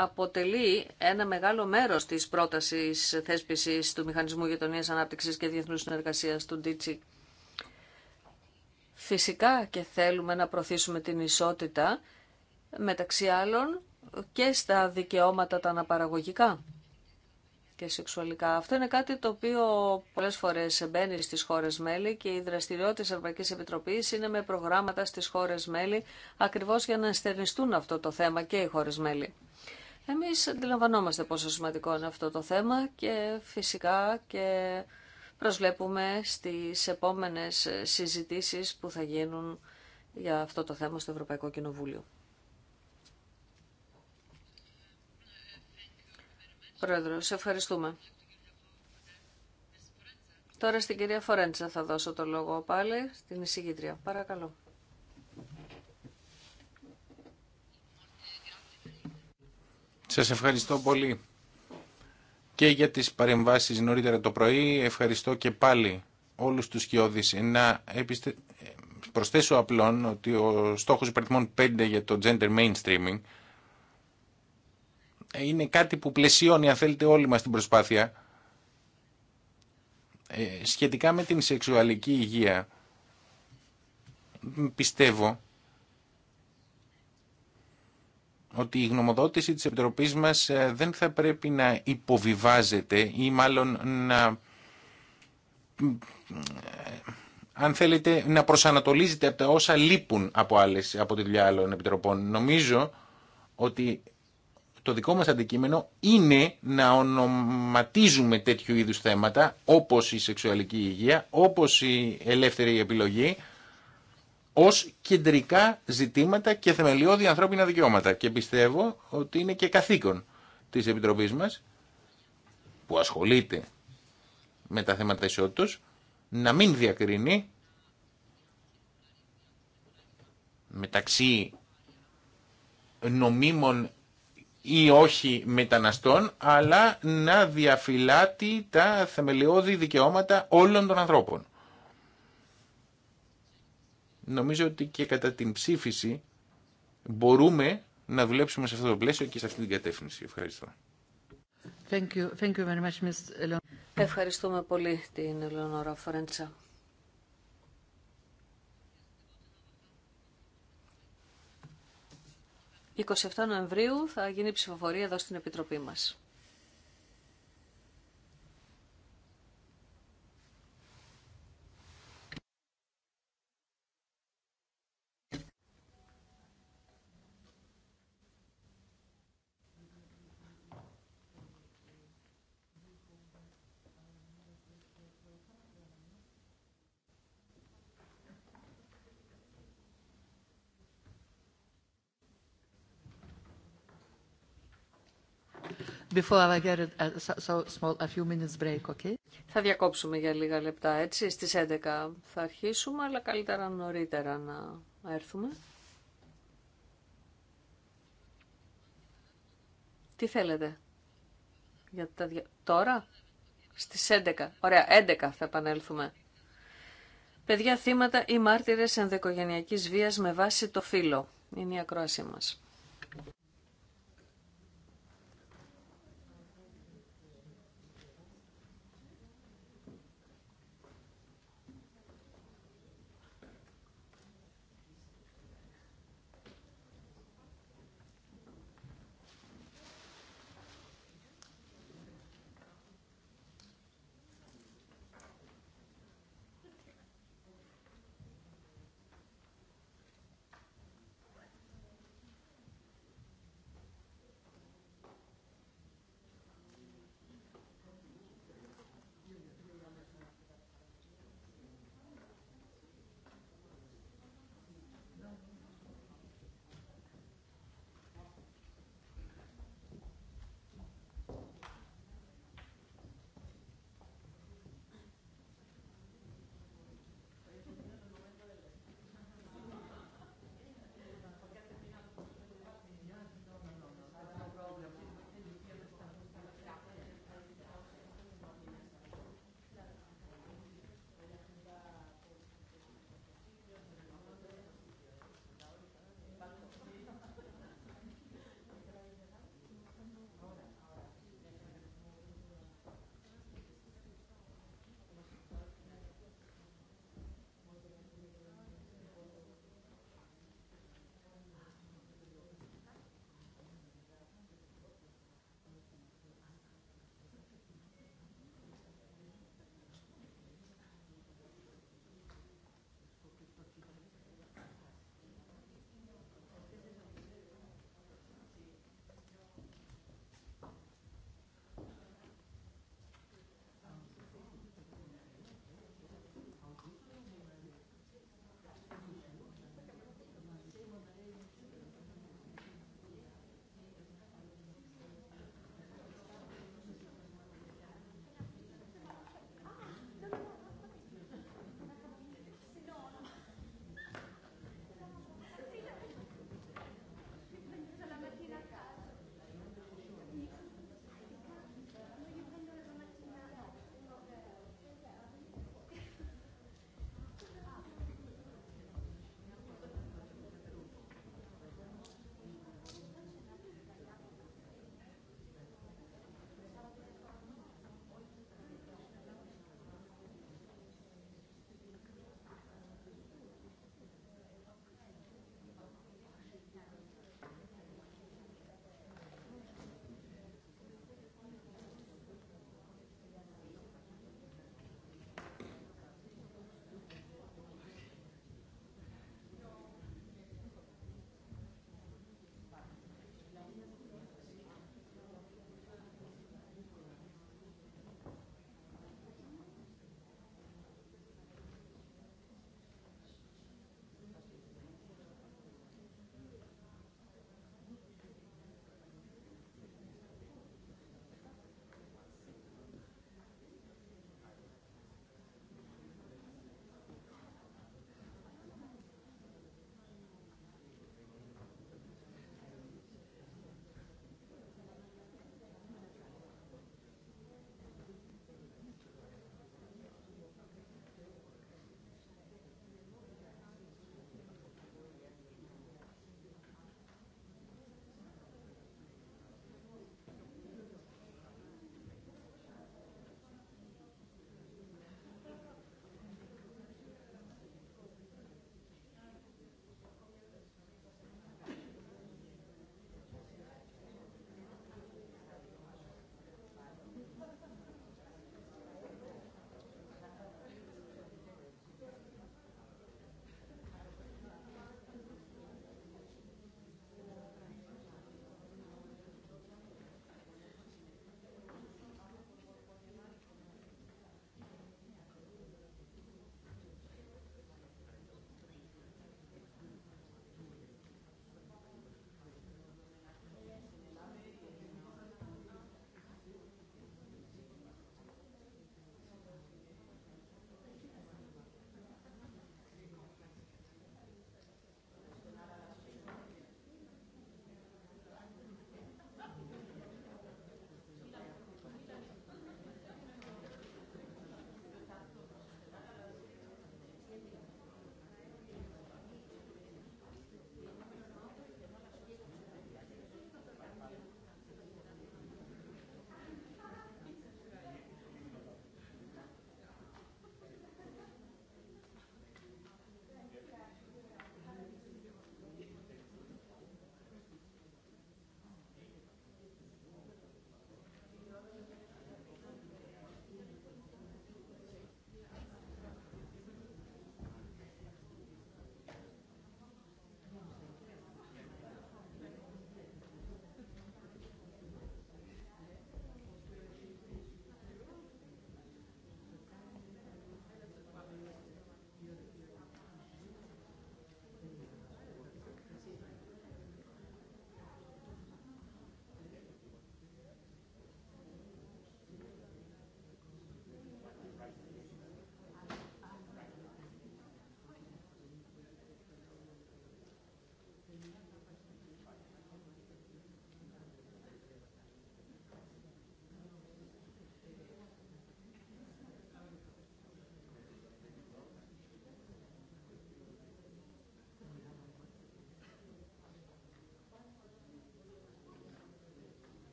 αποτελεί ένα μεγάλο μέρος της πρόταση θέσπιση του Μηχανισμού Γειτονία Ανάπτυξη και διεθνού Συνεργασία του ΝΤΙΤΣΙ. Φυσικά και θέλουμε να προωθήσουμε την ισότητα μεταξύ άλλων και στα δικαιώματα τα αναπαραγωγικά και σεξουαλικά. Αυτό είναι κάτι το οποίο πολλές φορές μπαίνει στις χώρες μέλη και η δραστηριότητα της Ευρωπαϊκής Επιτροπής είναι με προγράμματα στις χώρες μέλη ακριβώς για να εστερνιστούν αυτό το θέμα και οι χώρες μέλη. Εμείς αντιλαμβανόμαστε πόσο σημαντικό είναι αυτό το θέμα και φυσικά και προσβλέπουμε στις επόμενες συζητήσεις που θα γίνουν για αυτό το θέμα στο Ευρωπαϊκό Κοινοβούλιο. Πρόεδρο, σε ευχαριστούμε. Τώρα στην κυρία Φορέντσα θα δώσω το λόγο πάλι, στην εισηγήτρια. Παρακαλώ. Σας ευχαριστώ πολύ και για τις παρεμβάσεις νωρίτερα το πρωί. Ευχαριστώ και πάλι όλους τους σκιώδεις. Να επιστε... προσθέσω απλόν ότι ο στόχος υπερθμών 5 για το gender mainstreaming είναι κάτι που πλαισιώνει αν θέλετε όλη μας την προσπάθεια ε, σχετικά με την σεξουαλική υγεία πιστεύω ότι η γνωμοδότηση της Επιτροπής μας ε, δεν θα πρέπει να υποβιβάζεται ή μάλλον να ε, αν να προσανατολίζεται από τα όσα λείπουν από, άλλες, από τη δουλειά άλλων επιτροπών. Νομίζω ότι το δικό μας αντικείμενο είναι να ονοματίζουμε τέτοιου είδους θέματα όπως η σεξουαλική υγεία, όπως η ελεύθερη επιλογή ω κεντρικά ζητήματα και θεμελιώδη ανθρώπινα δικαιώματα. Και πιστεύω ότι είναι και καθήκον της Επιτροπής μας, που ασχολείται με τα θέματα ισότητα, να μην διακρίνει μεταξύ νομίμων ή όχι μεταναστών, αλλά να διαφυλάτει τα θεμελιώδη δικαιώματα όλων των ανθρώπων νομίζω ότι και κατά την ψήφιση μπορούμε να δουλέψουμε σε αυτό το πλαίσιο και σε αυτή την κατεύθυνση. Ευχαριστώ. Thank you. Thank you very much, Ms. Ευχαριστούμε πολύ την Ελεονόρα Φορέντσα. «27 Νοεμβρίου θα γίνει ψηφοφορία εδώ στην Επιτροπή μας. Before I get uh, so small, a few minutes break, okay? Θα διακόψουμε για λίγα λεπτά, έτσι, στις 11 θα αρχίσουμε, αλλά καλύτερα νωρίτερα να έρθουμε. Τι θέλετε, για τα τώρα, στις 11, ωραία, 11 θα επανέλθουμε. Παιδιά θύματα ή μάρτυρες ενδοικογενειακής βίας με βάση το φύλλο. Είναι η ακρόασή μας.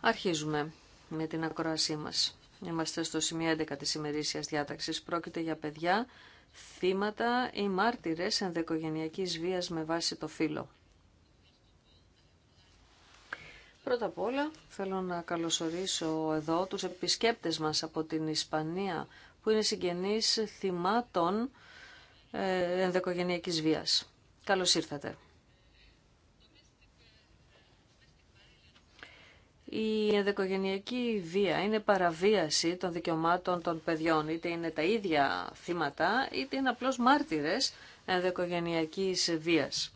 Αρχίζουμε με την ακρόασή μας. Είμαστε στο σημείο 11 της ημερήσιας διάταξης. Πρόκειται για παιδιά, θύματα ή μάρτυρες ενδοικογενειακής βίας με βάση το φύλλο. Πρώτα απ' όλα θέλω να καλωσορίσω εδώ τους επισκέπτες μας από την Ισπανία που είναι συγγενείς θυμάτων ε, ενδοικογενειακής βίας. Καλώς ήρθατε. Η ενδοικογενειακή βία είναι παραβίαση των δικαιωμάτων των παιδιών, είτε είναι τα ίδια θύματα, είτε είναι απλώς μάρτυρες ενδοικογενειακής βίας.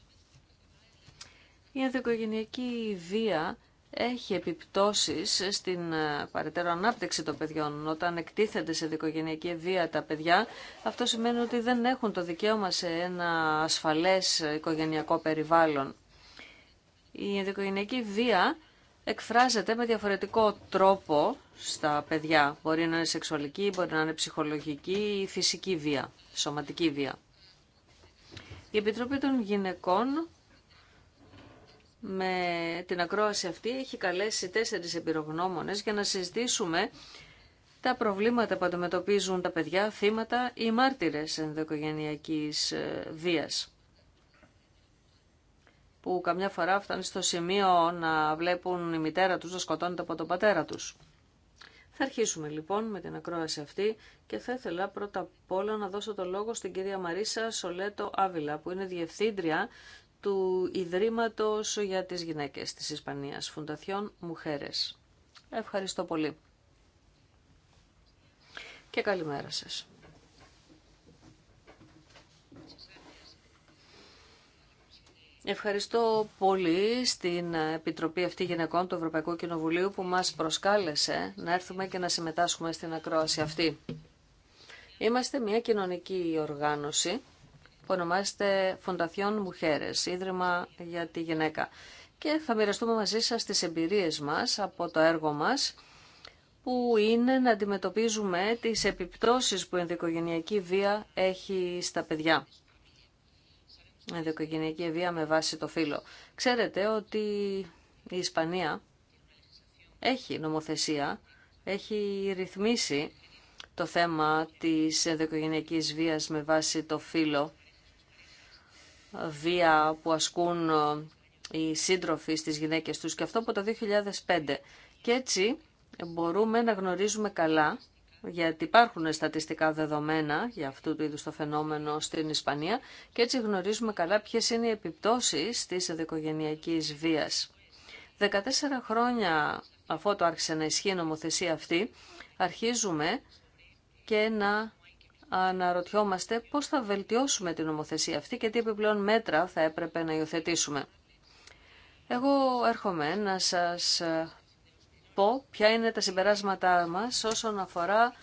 Η ενδοικογενειακή βία έχει επιπτώσεις στην ε, παρετέρω ανάπτυξη των παιδιών. Όταν εκτίθενται σε δικογενειακή βία τα παιδιά, αυτό σημαίνει ότι δεν έχουν το δικαίωμα σε ένα ασφαλές οικογενειακό περιβάλλον. Η ενδοικογενειακή βία εκφράζεται με διαφορετικό τρόπο στα παιδιά. Μπορεί να είναι σεξουαλική, μπορεί να είναι ψυχολογική ή φυσική βία, σωματική βία. Η Επιτροπή των Γυναικών με την ακρόαση αυτή έχει καλέσει τέσσερις εμπειρογνώμονες για να συζητήσουμε τα προβλήματα που αντιμετωπίζουν τα παιδιά, θύματα ή μάρτυρες ενδοοικογενειακής ε, βίας που καμιά φορά φτάνει στο σημείο να βλέπουν η μητέρα τους να σκοτώνεται από τον πατέρα τους. Θα αρχίσουμε λοιπόν με την ακρόαση αυτή και θα ήθελα πρώτα απ' όλα να δώσω το λόγο στην κυρία Μαρίσα Σολέτο Άβυλα που είναι διευθύντρια του Ιδρύματος για τις Γυναίκες της Ισπανίας, Φουνταθιών Μουχέρες. Ευχαριστώ πολύ. Και καλημέρα σας. Ευχαριστώ πολύ στην Επιτροπή αυτή γυναικών του Ευρωπαϊκού Κοινοβουλίου που μας προσκάλεσε να έρθουμε και να συμμετάσχουμε στην ακρόαση αυτή. Είμαστε μια κοινωνική οργάνωση που ονομάζεται Φονταθιών Μουχέρες, Ίδρυμα για τη Γυναίκα. Και θα μοιραστούμε μαζί σας τις εμπειρίες μας από το έργο μας που είναι να αντιμετωπίζουμε τις επιπτώσεις που η ενδοικογενειακή βία έχει στα παιδιά ενδοκογενειακή βία με βάση το φύλλο. Ξέρετε ότι η Ισπανία έχει νομοθεσία, έχει ρυθμίσει το θέμα της ενδοκογενειακής βίας με βάση το φύλλο, βία που ασκούν ε, οι σύντροφοι στις γυναίκες τους και αυτό από το 2005. Και έτσι μπορούμε να γνωρίζουμε καλά γιατί υπάρχουν στατιστικά δεδομένα για αυτού του είδους το φαινόμενο στην Ισπανία και έτσι γνωρίζουμε καλά ποιες είναι οι επιπτώσεις της δικογενειακής βίας. 14 χρόνια αφού το άρχισε να ισχύει η νομοθεσία αυτή, αρχίζουμε και να αναρωτιόμαστε πώς θα βελτιώσουμε την νομοθεσία αυτή και τι επιπλέον μέτρα θα έπρεπε να υιοθετήσουμε. Εγώ έρχομαι να σας πω ποια είναι τα συμπεράσματά μας όσον αφορά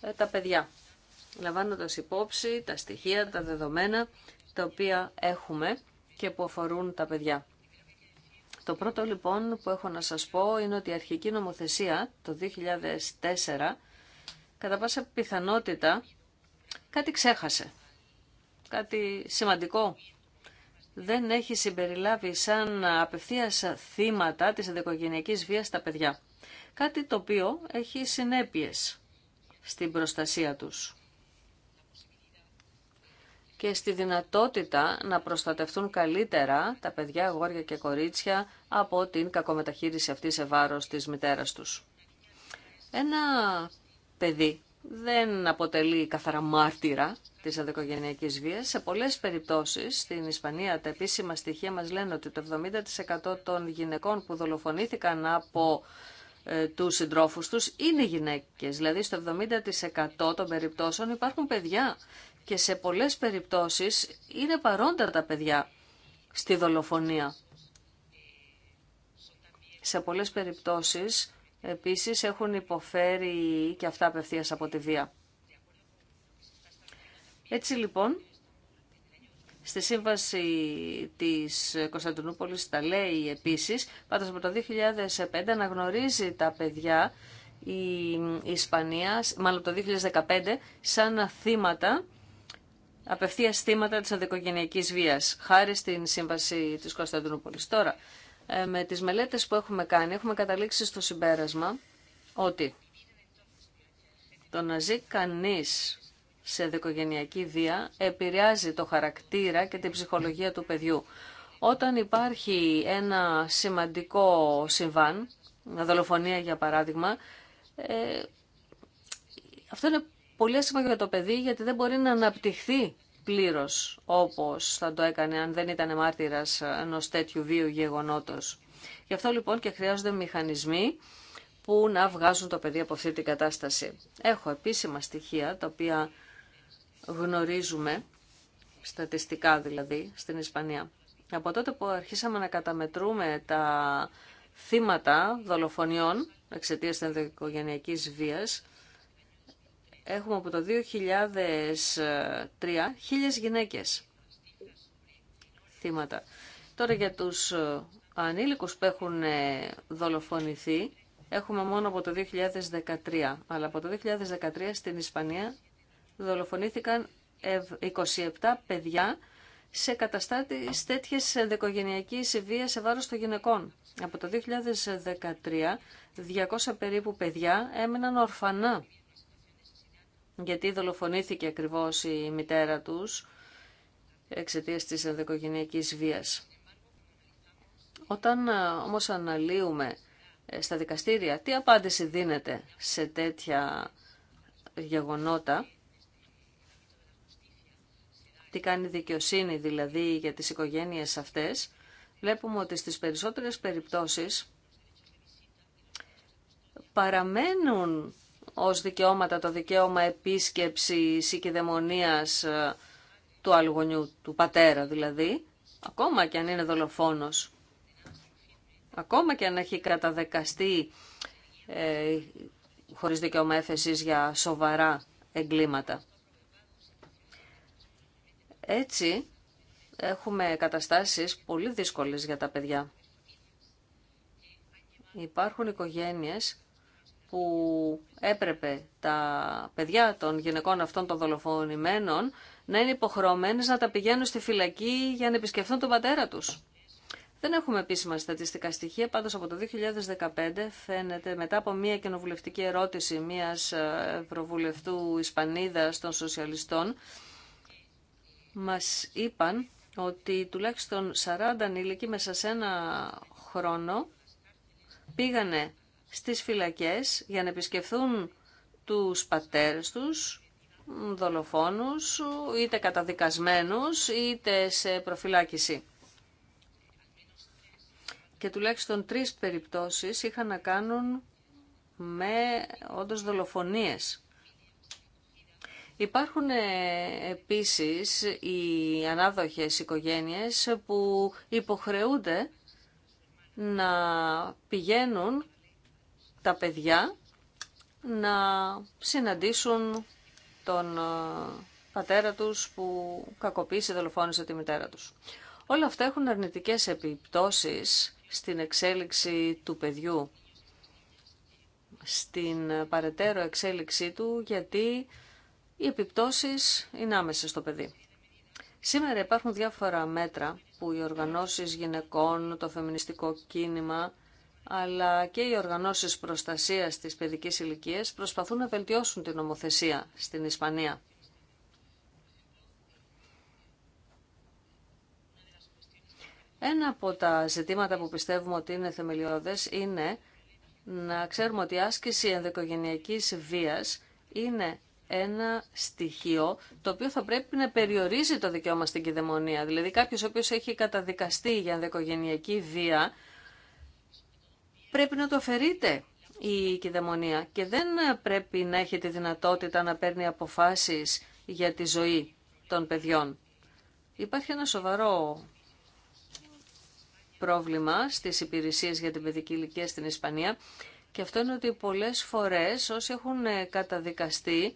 ε, τα παιδιά. Λαμβάνοντας υπόψη τα στοιχεία, τα δεδομένα τα οποία έχουμε και που αφορούν τα παιδιά. Το πρώτο λοιπόν που έχω να σας πω είναι ότι η αρχική νομοθεσία το 2004 κατά πάσα πιθανότητα κάτι ξέχασε. Κάτι σημαντικό. Δεν έχει συμπεριλάβει σαν απευθείας θύματα της ενδοικογενειακής βίας τα παιδιά. Κάτι το οποίο έχει συνέπειες στην προστασία τους και στη δυνατότητα να προστατευτούν καλύτερα τα παιδιά, αγόρια και κορίτσια από την κακομεταχείριση αυτή σε βάρος της μητέρας τους. Ένα παιδί δεν αποτελεί καθαρά μάρτυρα της ενδοικογενειακής βίας. Σε πολλές περιπτώσεις στην Ισπανία τα επίσημα στοιχεία μας λένε ότι το 70% των γυναικών που δολοφονήθηκαν από ε, Του συντρόφους τους είναι γυναίκες. Δηλαδή στο 70% των περιπτώσεων υπάρχουν παιδιά και σε πολλές περιπτώσεις είναι παρόντα τα παιδιά στη δολοφονία. Σε πολλές περιπτώσεις επίσης έχουν υποφέρει και αυτά απευθείας από τη βία. Έτσι λοιπόν Στη σύμβαση της Κωνσταντινούπολη τα λέει επίσης, Πάντω από το 2005 αναγνωρίζει τα παιδιά η Ισπανία, μάλλον το 2015, σαν θύματα, απευθείας θύματα της ανδικογενειακής βίας, χάρη στην σύμβαση της Κωνσταντινούπολη Τώρα, ε, με τις μελέτες που έχουμε κάνει, έχουμε καταλήξει στο συμπέρασμα ότι το να ζει κανείς σε δικογενειακή βία επηρεάζει το χαρακτήρα και την ψυχολογία του παιδιού. Όταν υπάρχει ένα σημαντικό συμβάν, δολοφονία για παράδειγμα, ε, αυτό είναι πολύ άσχημα για το παιδί γιατί δεν μπορεί να αναπτυχθεί πλήρως όπως θα το έκανε αν δεν ήταν μάρτυρας ενός τέτοιου βίου γεγονότος. Γι' αυτό λοιπόν και χρειάζονται μηχανισμοί που να βγάζουν το παιδί από αυτή την κατάσταση. Έχω επίσημα στοιχεία τα οποία γνωρίζουμε, στατιστικά δηλαδή, στην Ισπανία. Από τότε που αρχίσαμε να καταμετρούμε τα θύματα δολοφονιών εξαιτίας της ενδοοικογενειακής βίας, έχουμε από το 2003 χίλιες γυναίκες θύματα. Τώρα για τους ε, ανήλικους που έχουν ε, δολοφονηθεί, έχουμε μόνο από το 2013, αλλά από το 2013 στην Ισπανία δολοφονήθηκαν 27 παιδιά σε καταστάτη τέτοιες ενδοικογενειακής βία σε βάρος των γυναικών. Από το 2013, 200 περίπου παιδιά έμεναν ορφανά, γιατί δολοφονήθηκε ακριβώς η μητέρα τους εξαιτία της ενδοικογενειακής βίας. Όταν ε, όμως αναλύουμε ε, στα δικαστήρια τι απάντηση δίνεται σε τέτοια γεγονότα, τι κάνει η δικαιοσύνη δηλαδή για τις οικογένειες αυτές, βλέπουμε ότι στις περισσότερες περιπτώσεις παραμένουν ως δικαιώματα το δικαίωμα επίσκεψης ή συκιδεμονίας ε, του αλγονιού του πατέρα δηλαδή, ακόμα και αν είναι δολοφόνος, ακόμα και αν έχει καταδεκαστεί ε, χωρίς δικαίωμα έφεσης για σοβαρά εγκλήματα. Έτσι έχουμε καταστάσεις πολύ δύσκολες για τα παιδιά. Υπάρχουν οικογένειες που έπρεπε τα παιδιά των γυναικών αυτών των δολοφονημένων να είναι υποχρεωμένες να τα πηγαίνουν στη φυλακή για να επισκεφθούν τον πατέρα τους. Δεν έχουμε επίσημα στατιστικά στοιχεία, πάντως από το 2015 φαίνεται μετά από μια κοινοβουλευτική ερώτηση μιας προβουλευτού ε, Ισπανίδας των σοσιαλιστών μας είπαν ότι τουλάχιστον 40 ανήλικοι μέσα σε ένα χρόνο πήγανε στις φυλακές για να επισκεφθούν τους πατέρες τους, δολοφόνους, είτε καταδικασμένους, είτε σε προφυλάκηση. Και τουλάχιστον τρεις περιπτώσεις είχαν να κάνουν με όντως δολοφονίες. Υπάρχουν ε, επίσης οι ανάδοχες οικογένειες που υποχρεούνται να πηγαίνουν τα παιδιά να συναντήσουν τον ε, πατέρα τους που κακοποίησε, δολοφόνησε τη μητέρα τους. Όλα αυτά έχουν αρνητικές επιπτώσεις στην εξέλιξη του παιδιού, στην ε, παρετέρω εξέλιξή του, γιατί οι επιπτώσεις είναι άμεσες στο παιδί. Σήμερα υπάρχουν διάφορα μέτρα που οι οργανώσεις γυναικών, το φεμινιστικό κίνημα, αλλά και οι οργανώσεις προστασίας της παιδικής ηλικίας προσπαθούν να βελτιώσουν την νομοθεσία στην Ισπανία. Ένα από τα ζητήματα που πιστεύουμε ότι είναι θεμελιώδες είναι να ξέρουμε ότι η άσκηση ενδοικογενειακής βίας είναι ένα στοιχείο το οποίο θα πρέπει να περιορίζει το δικαίωμα στην κυδαιμονία. Δηλαδή κάποιος ο οποίος έχει καταδικαστεί για ανδεκογενειακή βία πρέπει να το αφαιρείται η κυδαιμονία και δεν πρέπει να έχει τη δυνατότητα να παίρνει αποφάσεις για τη ζωή των παιδιών. Υπάρχει ένα σοβαρό πρόβλημα στις υπηρεσίες για την παιδική ηλικία στην Ισπανία και αυτό είναι ότι πολλές φορές όσοι έχουν καταδικαστεί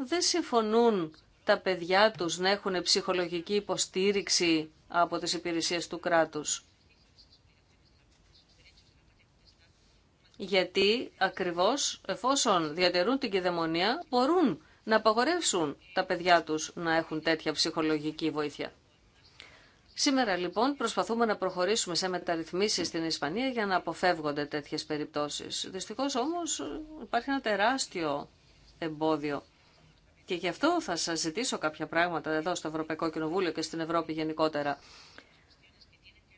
δεν συμφωνούν τα παιδιά τους να έχουν ψυχολογική υποστήριξη από τις υπηρεσίες του κράτους. Γιατί ακριβώς εφόσον διατηρούν την κυδαιμονία μπορούν να απαγορεύσουν τα παιδιά τους να έχουν τέτοια ψυχολογική βοήθεια. Σήμερα λοιπόν προσπαθούμε να προχωρήσουμε σε μεταρρυθμίσεις στην Ισπανία για να αποφεύγονται τέτοιες περιπτώσεις. Δυστυχώς όμως υπάρχει ένα τεράστιο εμπόδιο και γι' αυτό θα σας ζητήσω κάποια πράγματα εδώ στο Ευρωπαϊκό Κοινοβούλιο και στην Ευρώπη γενικότερα.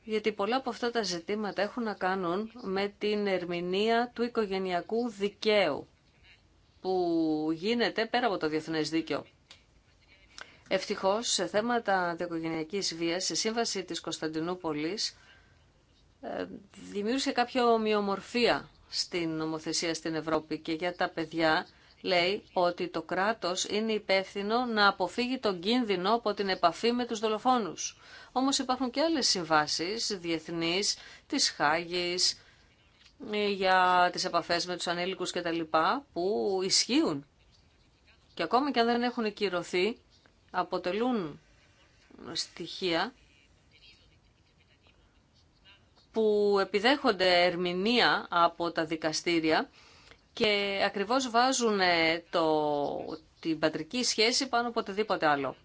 Γιατί πολλά από αυτά τα ζητήματα έχουν να κάνουν με την ερμηνεία του οικογενειακού δικαίου που γίνεται πέρα από το διεθνές δίκαιο. Ευτυχώς, σε θέματα οικογενειακής βίας, η Σύμβαση της Κωνσταντινούπολης ε, δημιούργησε κάποια ομοιομορφία στην νομοθεσία στην Ευρώπη και για τα παιδιά λέει ότι το κράτος είναι υπεύθυνο να αποφύγει τον κίνδυνο από την επαφή με τους δολοφόνους. Όμως υπάρχουν και άλλες συμβάσεις διεθνείς, της Χάγης, ε, για τις επαφές με τους ανήλικους κτλ. που ισχύουν. Και ακόμα και αν δεν έχουν κυρωθεί, αποτελούν στοιχεία που επιδέχονται ερμηνεία από τα δικαστήρια και ακριβώς βάζουν ε, το, την πατρική σχέση πάνω από οτιδήποτε άλλο.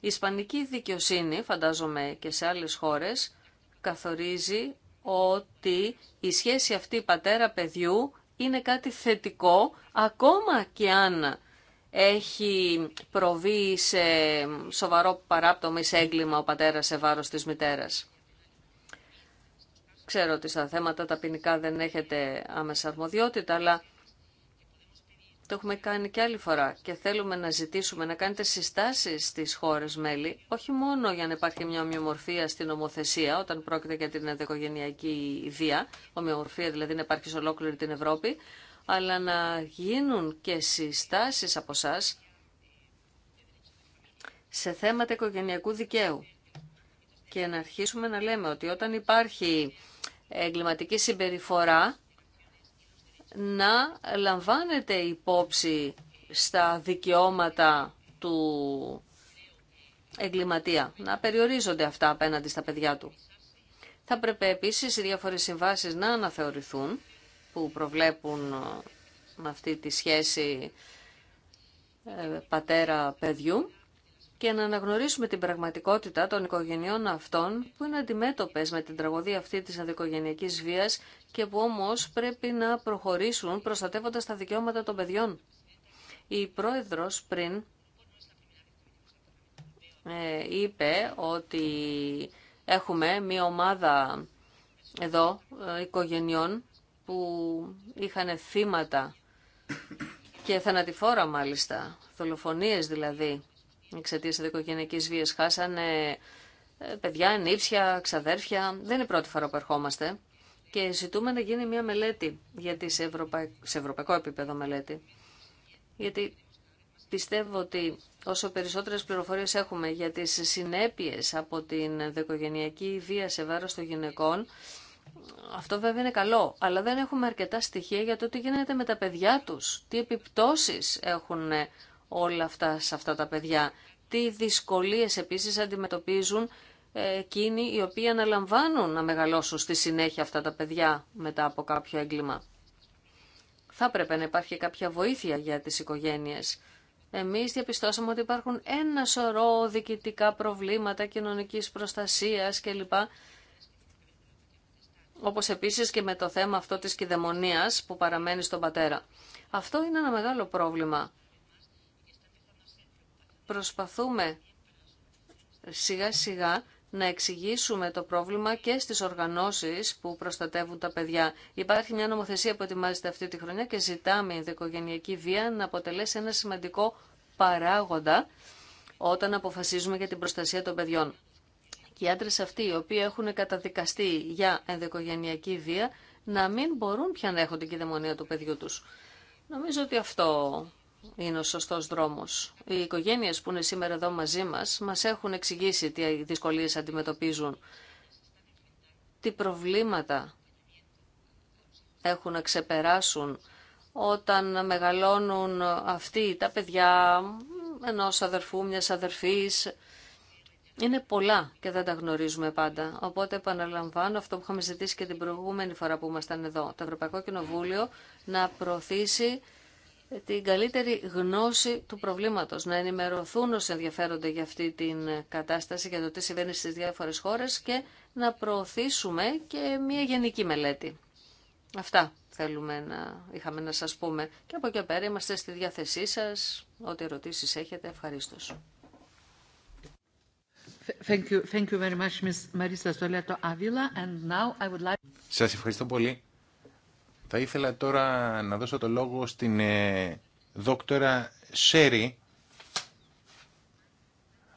Η ισπανική δικαιοσύνη, φαντάζομαι και σε άλλες χώρες, καθορίζει ότι η σχέση αυτή πατέρα-παιδιού είναι κάτι θετικό, ακόμα και αν έχει προβεί σε σοβαρό παράπτωμα ή σε έγκλημα ο πατέρας σε βάρος της μητέρας. Ξέρω ότι στα θέματα τα ποινικά δεν έχετε άμεσα αρμοδιότητα, αλλά το έχουμε κάνει και άλλη φορά και θέλουμε να ζητήσουμε να κάνετε συστάσεις στις χώρες μέλη, όχι μόνο για να υπάρχει μια ομοιομορφία στην ομοθεσία όταν πρόκειται για την ενδοικογενειακή βία, ομοιομορφία δηλαδή να υπάρχει σε ολόκληρη την Ευρώπη, αλλά να γίνουν και συστάσεις από εσά σε θέματα οικογενειακού δικαίου και να αρχίσουμε να λέμε ότι όταν υπάρχει εγκληματική συμπεριφορά να λαμβάνεται υπόψη στα δικαιώματα του εγκληματία, να περιορίζονται αυτά απέναντι στα παιδιά του. Θα πρέπει επίσης οι διάφορες συμβάσεις να αναθεωρηθούν που προβλέπουν ε, με αυτή τη σχέση ε, πατέρα-παιδιού και να αναγνωρίσουμε την πραγματικότητα των οικογενειών αυτών που είναι αντιμέτωπες με την τραγωδία αυτή της αδικογενειακής βίας και που όμως πρέπει να προχωρήσουν προστατεύοντας τα δικαιώματα των παιδιών. Η πρόεδρος πριν ε, είπε ότι έχουμε μία ομάδα εδώ ε, οικογενειών που είχαν θύματα και θανατηφόρα μάλιστα, δολοφονίες δηλαδή, εξαιτίας δικογενειακή βία χάσανε ε, παιδιά, νύψια, ξαδέρφια. Δεν είναι η πρώτη φορά που ερχόμαστε και ζητούμε να γίνει μια μελέτη γιατί σε, ευρωπα... σε ευρωπαϊκό επίπεδο μελέτη. Γιατί πιστεύω ότι όσο περισσότερες πληροφορίες έχουμε για τι συνέπειε από την δικογενειακή βία σε βάρος των γυναικών, αυτό βέβαια είναι καλό, αλλά δεν έχουμε αρκετά στοιχεία για το τι γίνεται με τα παιδιά τους, τι επιπτώσεις έχουν όλα αυτά σε αυτά τα παιδιά. Τι δυσκολίες επίσης αντιμετωπίζουν ε, εκείνοι οι οποίοι αναλαμβάνουν να μεγαλώσουν στη συνέχεια αυτά τα παιδιά μετά από κάποιο έγκλημα. Θα έπρεπε να υπάρχει κάποια βοήθεια για τις οικογένειες. Εμείς διαπιστώσαμε ότι υπάρχουν ένα σωρό διοικητικά προβλήματα κοινωνικής προστασίας κλπ. Όπως επίσης και με το θέμα αυτό της κυδαιμονίας που παραμένει στον πατέρα. Αυτό είναι ένα μεγάλο πρόβλημα προσπαθούμε σιγά σιγά να εξηγήσουμε το πρόβλημα και στις οργανώσεις που προστατεύουν τα παιδιά. Υπάρχει μια νομοθεσία που ετοιμάζεται αυτή τη χρονιά και ζητάμε η δικογενειακή βία να αποτελέσει ένα σημαντικό παράγοντα όταν αποφασίζουμε για την προστασία των παιδιών. Και οι άντρες αυτοί οι οποίοι έχουν καταδικαστεί για ενδοικογενειακή βία να μην μπορούν πια να έχουν την κυδαιμονία του παιδιού τους. Νομίζω ότι αυτό είναι ο σωστό δρόμο. Οι οικογένειε που είναι σήμερα εδώ μαζί μα μας έχουν εξηγήσει τι δυσκολίε αντιμετωπίζουν, τι προβλήματα έχουν να ξεπεράσουν όταν μεγαλώνουν αυτοί τα παιδιά ενό αδερφού, μια αδερφή. Είναι πολλά και δεν τα γνωρίζουμε πάντα. Οπότε επαναλαμβάνω αυτό που είχαμε ζητήσει και την προηγούμενη φορά που ήμασταν εδώ. Το Ευρωπαϊκό Κοινοβούλιο να προωθήσει την καλύτερη γνώση του προβλήματος, να ενημερωθούν όσοι ενδιαφέρονται για αυτή την κατάσταση, για το τι συμβαίνει στις διάφορες χώρες και να προωθήσουμε και μια γενική μελέτη. Αυτά θέλουμε να είχαμε να σας πούμε. Και από εκεί πέρα είμαστε στη διάθεσή σας. Ό,τι ερωτήσεις έχετε, ευχαρίστω. Thank Σας ευχαριστώ πολύ. Θα ήθελα τώρα να δώσω το λόγο στην ε, δόκτωρα Σέρι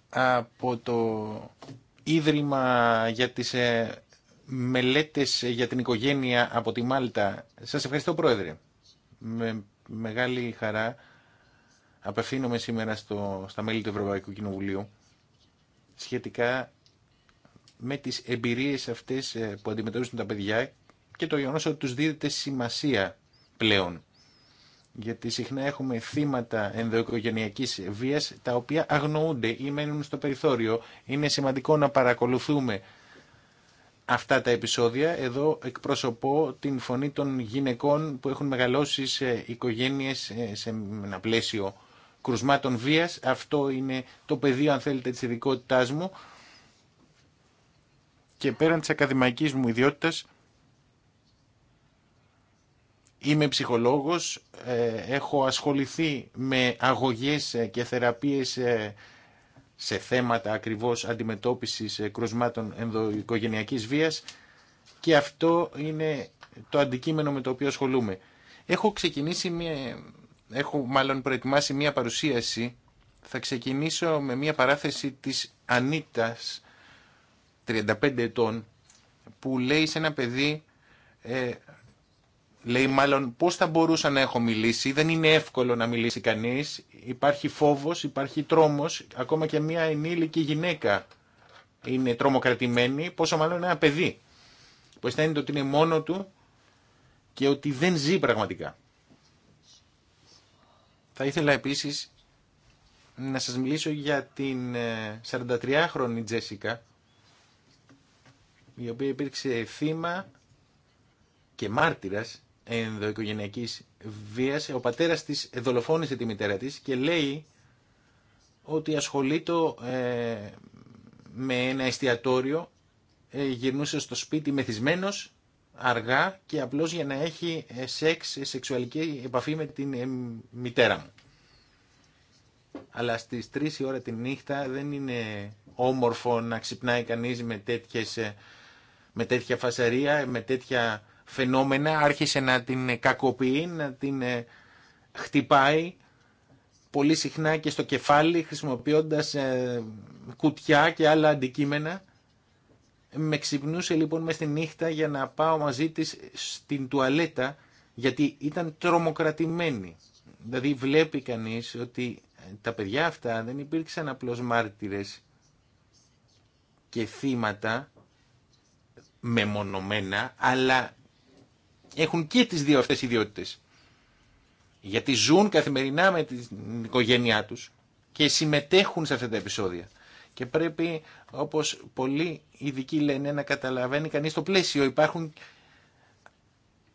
από το Ίδρυμα για τις ε, μελέτες για την οικογένεια από τη Μάλτα. Σας ευχαριστώ Πρόεδρε. Με μεγάλη χαρά απευθύνομαι σήμερα στο, στα μέλη του Ευρωπαϊκού Κοινοβουλίου σχετικά με τις εμπειρίες αυτές ε, που αντιμετωπίζουν τα παιδιά και το γεγονό ότι του δίδεται σημασία πλέον. Γιατί συχνά έχουμε θύματα ενδοοικογενειακής βία, τα οποία αγνοούνται ή μένουν στο περιθώριο. Είναι σημαντικό να παρακολουθούμε αυτά τα επεισόδια. Εδώ εκπροσωπώ την φωνή των γυναικών που έχουν μεγαλώσει σε οικογένειες σε ένα πλαίσιο κρουσμάτων βίας. Αυτό είναι το πεδίο, αν θέλετε, της ειδικότητάς μου. Και πέραν της ακαδημαϊκής μου ιδιότητας, Είμαι ψυχολόγος, ε, έχω ασχοληθεί με αγωγές ε, και θεραπείες ε, σε θέματα ακριβώς αντιμετώπισης κρουσμάτων ενδοοικογενειακής βίας και αυτό είναι το αντικείμενο με το οποίο ασχολούμαι. Έχω ξεκινήσει Έχω μάλλον προετοιμάσει μια παρουσίαση. Θα ξεκινήσω με μια παράθεση της Ανίτας, 35 ετών, που λέει σε ένα παιδί ε, Λέει μάλλον πώς θα μπορούσα να έχω μιλήσει, δεν είναι εύκολο να μιλήσει κανείς, υπάρχει φόβος, υπάρχει τρόμος, ακόμα και μια ενήλικη γυναίκα είναι τρομοκρατημένη, πόσο μάλλον ένα παιδί που αισθάνεται ότι είναι μόνο του και ότι δεν ζει πραγματικά. Θα ήθελα επίσης να σας μιλήσω για την 43χρονη ε, Τζέσικα, η οποία υπήρξε θύμα και μάρτυρας ενδοοικογενειακής βίας. Ο πατέρας της δολοφόνησε τη μητέρα της και λέει ότι ασχολείται ε, με ένα εστιατόριο, ε, γυρνούσε στο σπίτι μεθυσμένος, αργά και απλώς για να έχει ε, σεξ, ε, σεξουαλική επαφή με την μητέρα μου. Αλλά στις 3 η ώρα τη νύχτα δεν είναι όμορφο να ξυπνάει κανείς με, τέτοιες, με τέτοια φασαρία, με τέτοια φαινόμενα, άρχισε να την κακοποιεί, να την ε, χτυπάει πολύ συχνά και στο κεφάλι χρησιμοποιώντας ε, κουτιά και άλλα αντικείμενα. Με ξυπνούσε λοιπόν μες στη νύχτα για να πάω μαζί της στην τουαλέτα γιατί ήταν τρομοκρατημένη. Δηλαδή βλέπει κανείς ότι ε, τα παιδιά αυτά δεν υπήρξαν απλώς μάρτυρες και θύματα μεμονωμένα, αλλά έχουν και τις δύο αυτές ιδιότητες. Γιατί ζουν καθημερινά με την οικογένειά τους και συμμετέχουν σε αυτά τα επεισόδια. Και πρέπει, όπως πολλοί ειδικοί λένε, να καταλαβαίνει κανείς το πλαίσιο. Υπάρχουν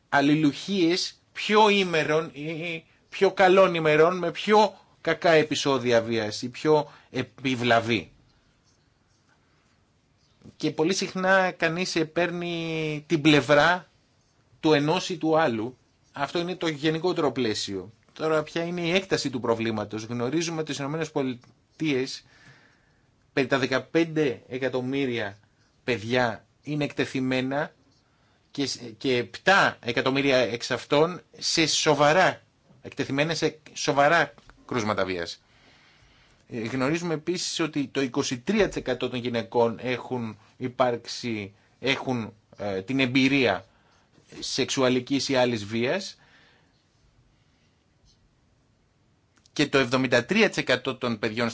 αλληλουχίες πιο ήμερων ή πιο καλών ημερών με πιο κακά επεισόδια βίας ή πιο επιβλαβή. Και πολύ συχνά κανείς παίρνει την πλευρά του ενός ή του άλλου. Αυτό είναι το γενικότερο πλαίσιο. Τώρα ποια είναι η έκταση του προβλήματος. Γνωρίζουμε ότι στι ΗΠΑ περί τα 15 εκατομμύρια παιδιά είναι εκτεθειμένα και, και 7 εκατομμύρια εξ αυτών σε σοβαρά, εκτεθειμένα σε σοβαρά κρούσματα βίας. Ε, γνωρίζουμε επίσης ότι το 23% των γυναικών έχουν υπάρξει, έχουν ε, την εμπειρία σεξουαλικής ή άλλης βίας και το 73% των, παιδιών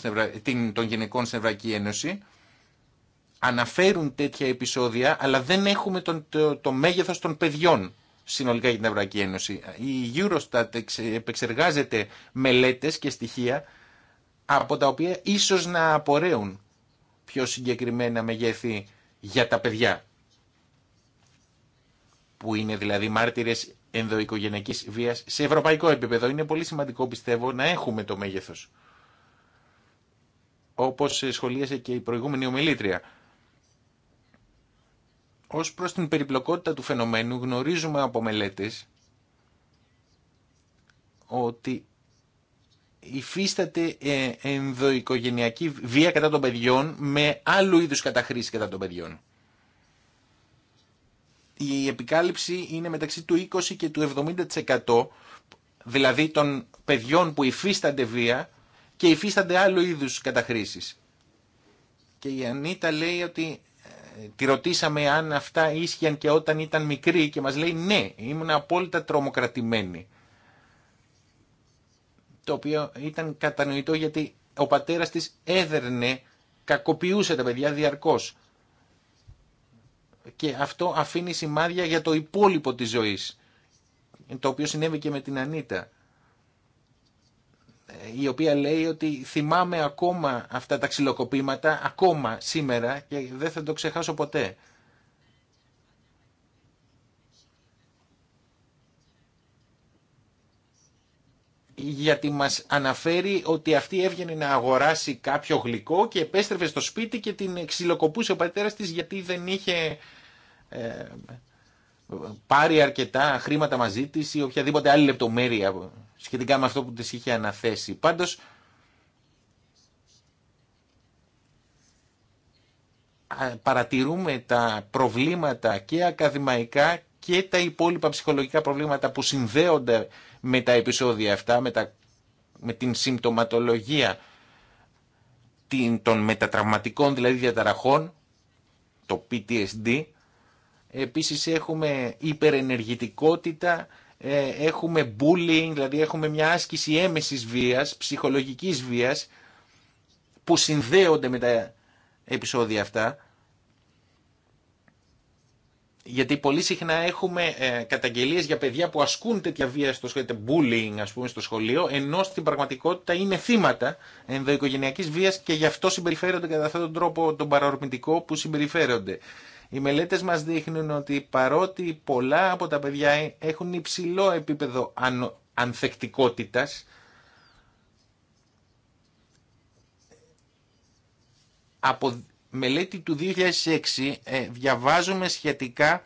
των γυναικών στην Ευρωπαϊκή Ένωση αναφέρουν τέτοια επεισόδια, αλλά δεν έχουμε τον, το, το μέγεθος των παιδιών συνολικά για την Ευρωπαϊκή Ένωση. Η Eurostat επεξεργάζεται μελέτες και στοιχεία από τα οποία ίσως να απορρέουν πιο συγκεκριμένα μεγέθη για τα παιδιά που είναι δηλαδή μάρτυρες ενδοοικογενειακή βίας σε ευρωπαϊκό επίπεδο. Είναι πολύ σημαντικό πιστεύω να έχουμε το μέγεθος. Όπως σχολίασε και η προηγούμενη ομιλήτρια. Ως προς την περιπλοκότητα του φαινομένου γνωρίζουμε από μελέτε ότι υφίσταται ε, ενδοοικογενειακή βία κατά των παιδιών με άλλου είδους καταχρήση κατά των παιδιών η επικάλυψη είναι μεταξύ του 20 και του 70% δηλαδή των παιδιών που υφίστανται βία και υφίστανται άλλου είδους καταχρήσεις. Και η Ανίτα λέει ότι ε, τη ρωτήσαμε αν αυτά ίσχυαν και όταν ήταν μικρή και μας λέει ναι, ήμουν απόλυτα τρομοκρατημένη. Το οποίο ήταν κατανοητό γιατί ο πατέρας της έδερνε, κακοποιούσε τα παιδιά διαρκώς και αυτό αφήνει σημάδια για το υπόλοιπο της ζωής, το οποίο συνέβη και με την Ανίτα, η οποία λέει ότι θυμάμαι ακόμα αυτά τα ξυλοκοπήματα, ακόμα σήμερα και δεν θα το ξεχάσω ποτέ. γιατί μας αναφέρει ότι αυτή έβγαινε να αγοράσει κάποιο γλυκό και επέστρεφε στο σπίτι και την ξυλοκοπούσε ο πατέρας της γιατί δεν είχε ε, πάρει αρκετά χρήματα μαζί τη ή οποιαδήποτε άλλη λεπτομέρεια σχετικά με αυτό που της είχε αναθέσει. Πάντως, παρατηρούμε τα προβλήματα και ακαδημαϊκά και τα υπόλοιπα ψυχολογικά προβλήματα που συνδέονται με τα επεισόδια αυτά, με, τα, με την συμπτωματολογία των μετατραυματικών δηλαδή διαταραχών, το PTSD, Επίσης έχουμε υπερενεργητικότητα, ε, έχουμε bullying, δηλαδή έχουμε μια άσκηση έμεσης βίας, ψυχολογικής βίας, που συνδέονται με τα επεισόδια αυτά. Γιατί πολύ συχνά έχουμε ε, καταγγελίες για παιδιά που ασκούν τέτοια βία στο σχολείο, bullying ας πούμε στο σχολείο, ενώ στην πραγματικότητα είναι θύματα ενδοοικογενειακής βίας και γι' αυτό συμπεριφέρονται κατά αυτόν τον τρόπο τον παραορμητικό που συμπεριφέρονται. Οι μελέτες μας δείχνουν ότι παρότι πολλά από τα παιδιά έχουν υψηλό επίπεδο ανθεκτικότητας, από μελέτη του 2006 ε, διαβάζουμε σχετικά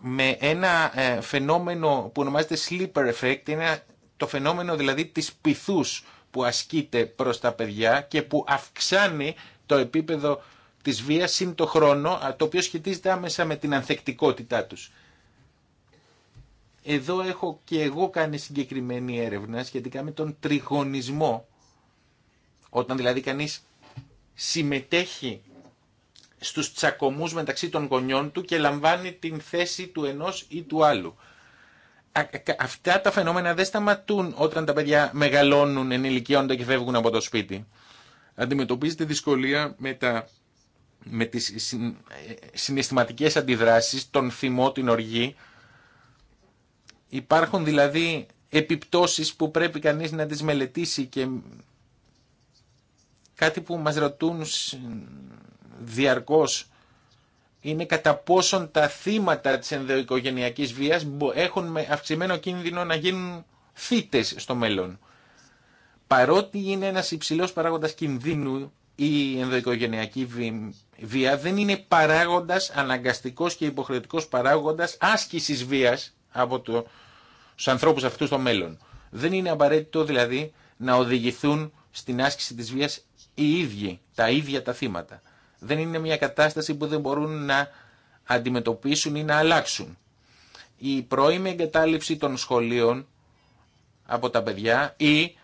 με ένα ε, φαινόμενο που ονομάζεται sleeper effect, είναι το φαινόμενο δηλαδή της πυθούς που ασκείται προς τα παιδιά και που αυξάνει το επίπεδο Τη βία σύν το χρόνο, το οποίο σχετίζεται άμεσα με την ανθεκτικότητά τους. Εδώ έχω και εγώ κάνει συγκεκριμένη έρευνα σχετικά με τον τριγωνισμό, όταν δηλαδή κανείς συμμετέχει στους τσακωμούς μεταξύ των γονιών του και λαμβάνει την θέση του ενός ή του άλλου. Αυτά τα φαινόμενα δεν σταματούν όταν τα παιδιά μεγαλώνουν, ενηλικιώνονται και φεύγουν από το σπίτι. Αντιμετωπίζεται δυσκολία με τα με τις ε, συναισθηματικές αντιδράσεις, τον θυμό, την οργή. Υπάρχουν δηλαδή επιπτώσεις που πρέπει κανείς να τις μελετήσει και κάτι που μας ρωτούν διαρκώς είναι κατά πόσον τα θύματα της ενδοοικογενειακής βίας έχουν αυξημένο κίνδυνο να γίνουν θύτες στο μέλλον. Παρότι είναι ένας υψηλός παράγοντας κινδύνου η ενδοοικογενειακή βία δεν είναι παράγοντας, αναγκαστικός και υποχρεωτικός παράγοντας άσκησης βίας από το, τους ανθρώπους αυτούς στο μέλλον. Δεν είναι απαραίτητο δηλαδή να οδηγηθούν στην άσκηση της βίας οι ίδιοι, τα ίδια τα θύματα. Δεν είναι μια κατάσταση που δεν μπορούν να αντιμετωπίσουν ή να αλλάξουν. Η πρώιμη εγκατάλειψη των σχολείων από τα παιδιά ή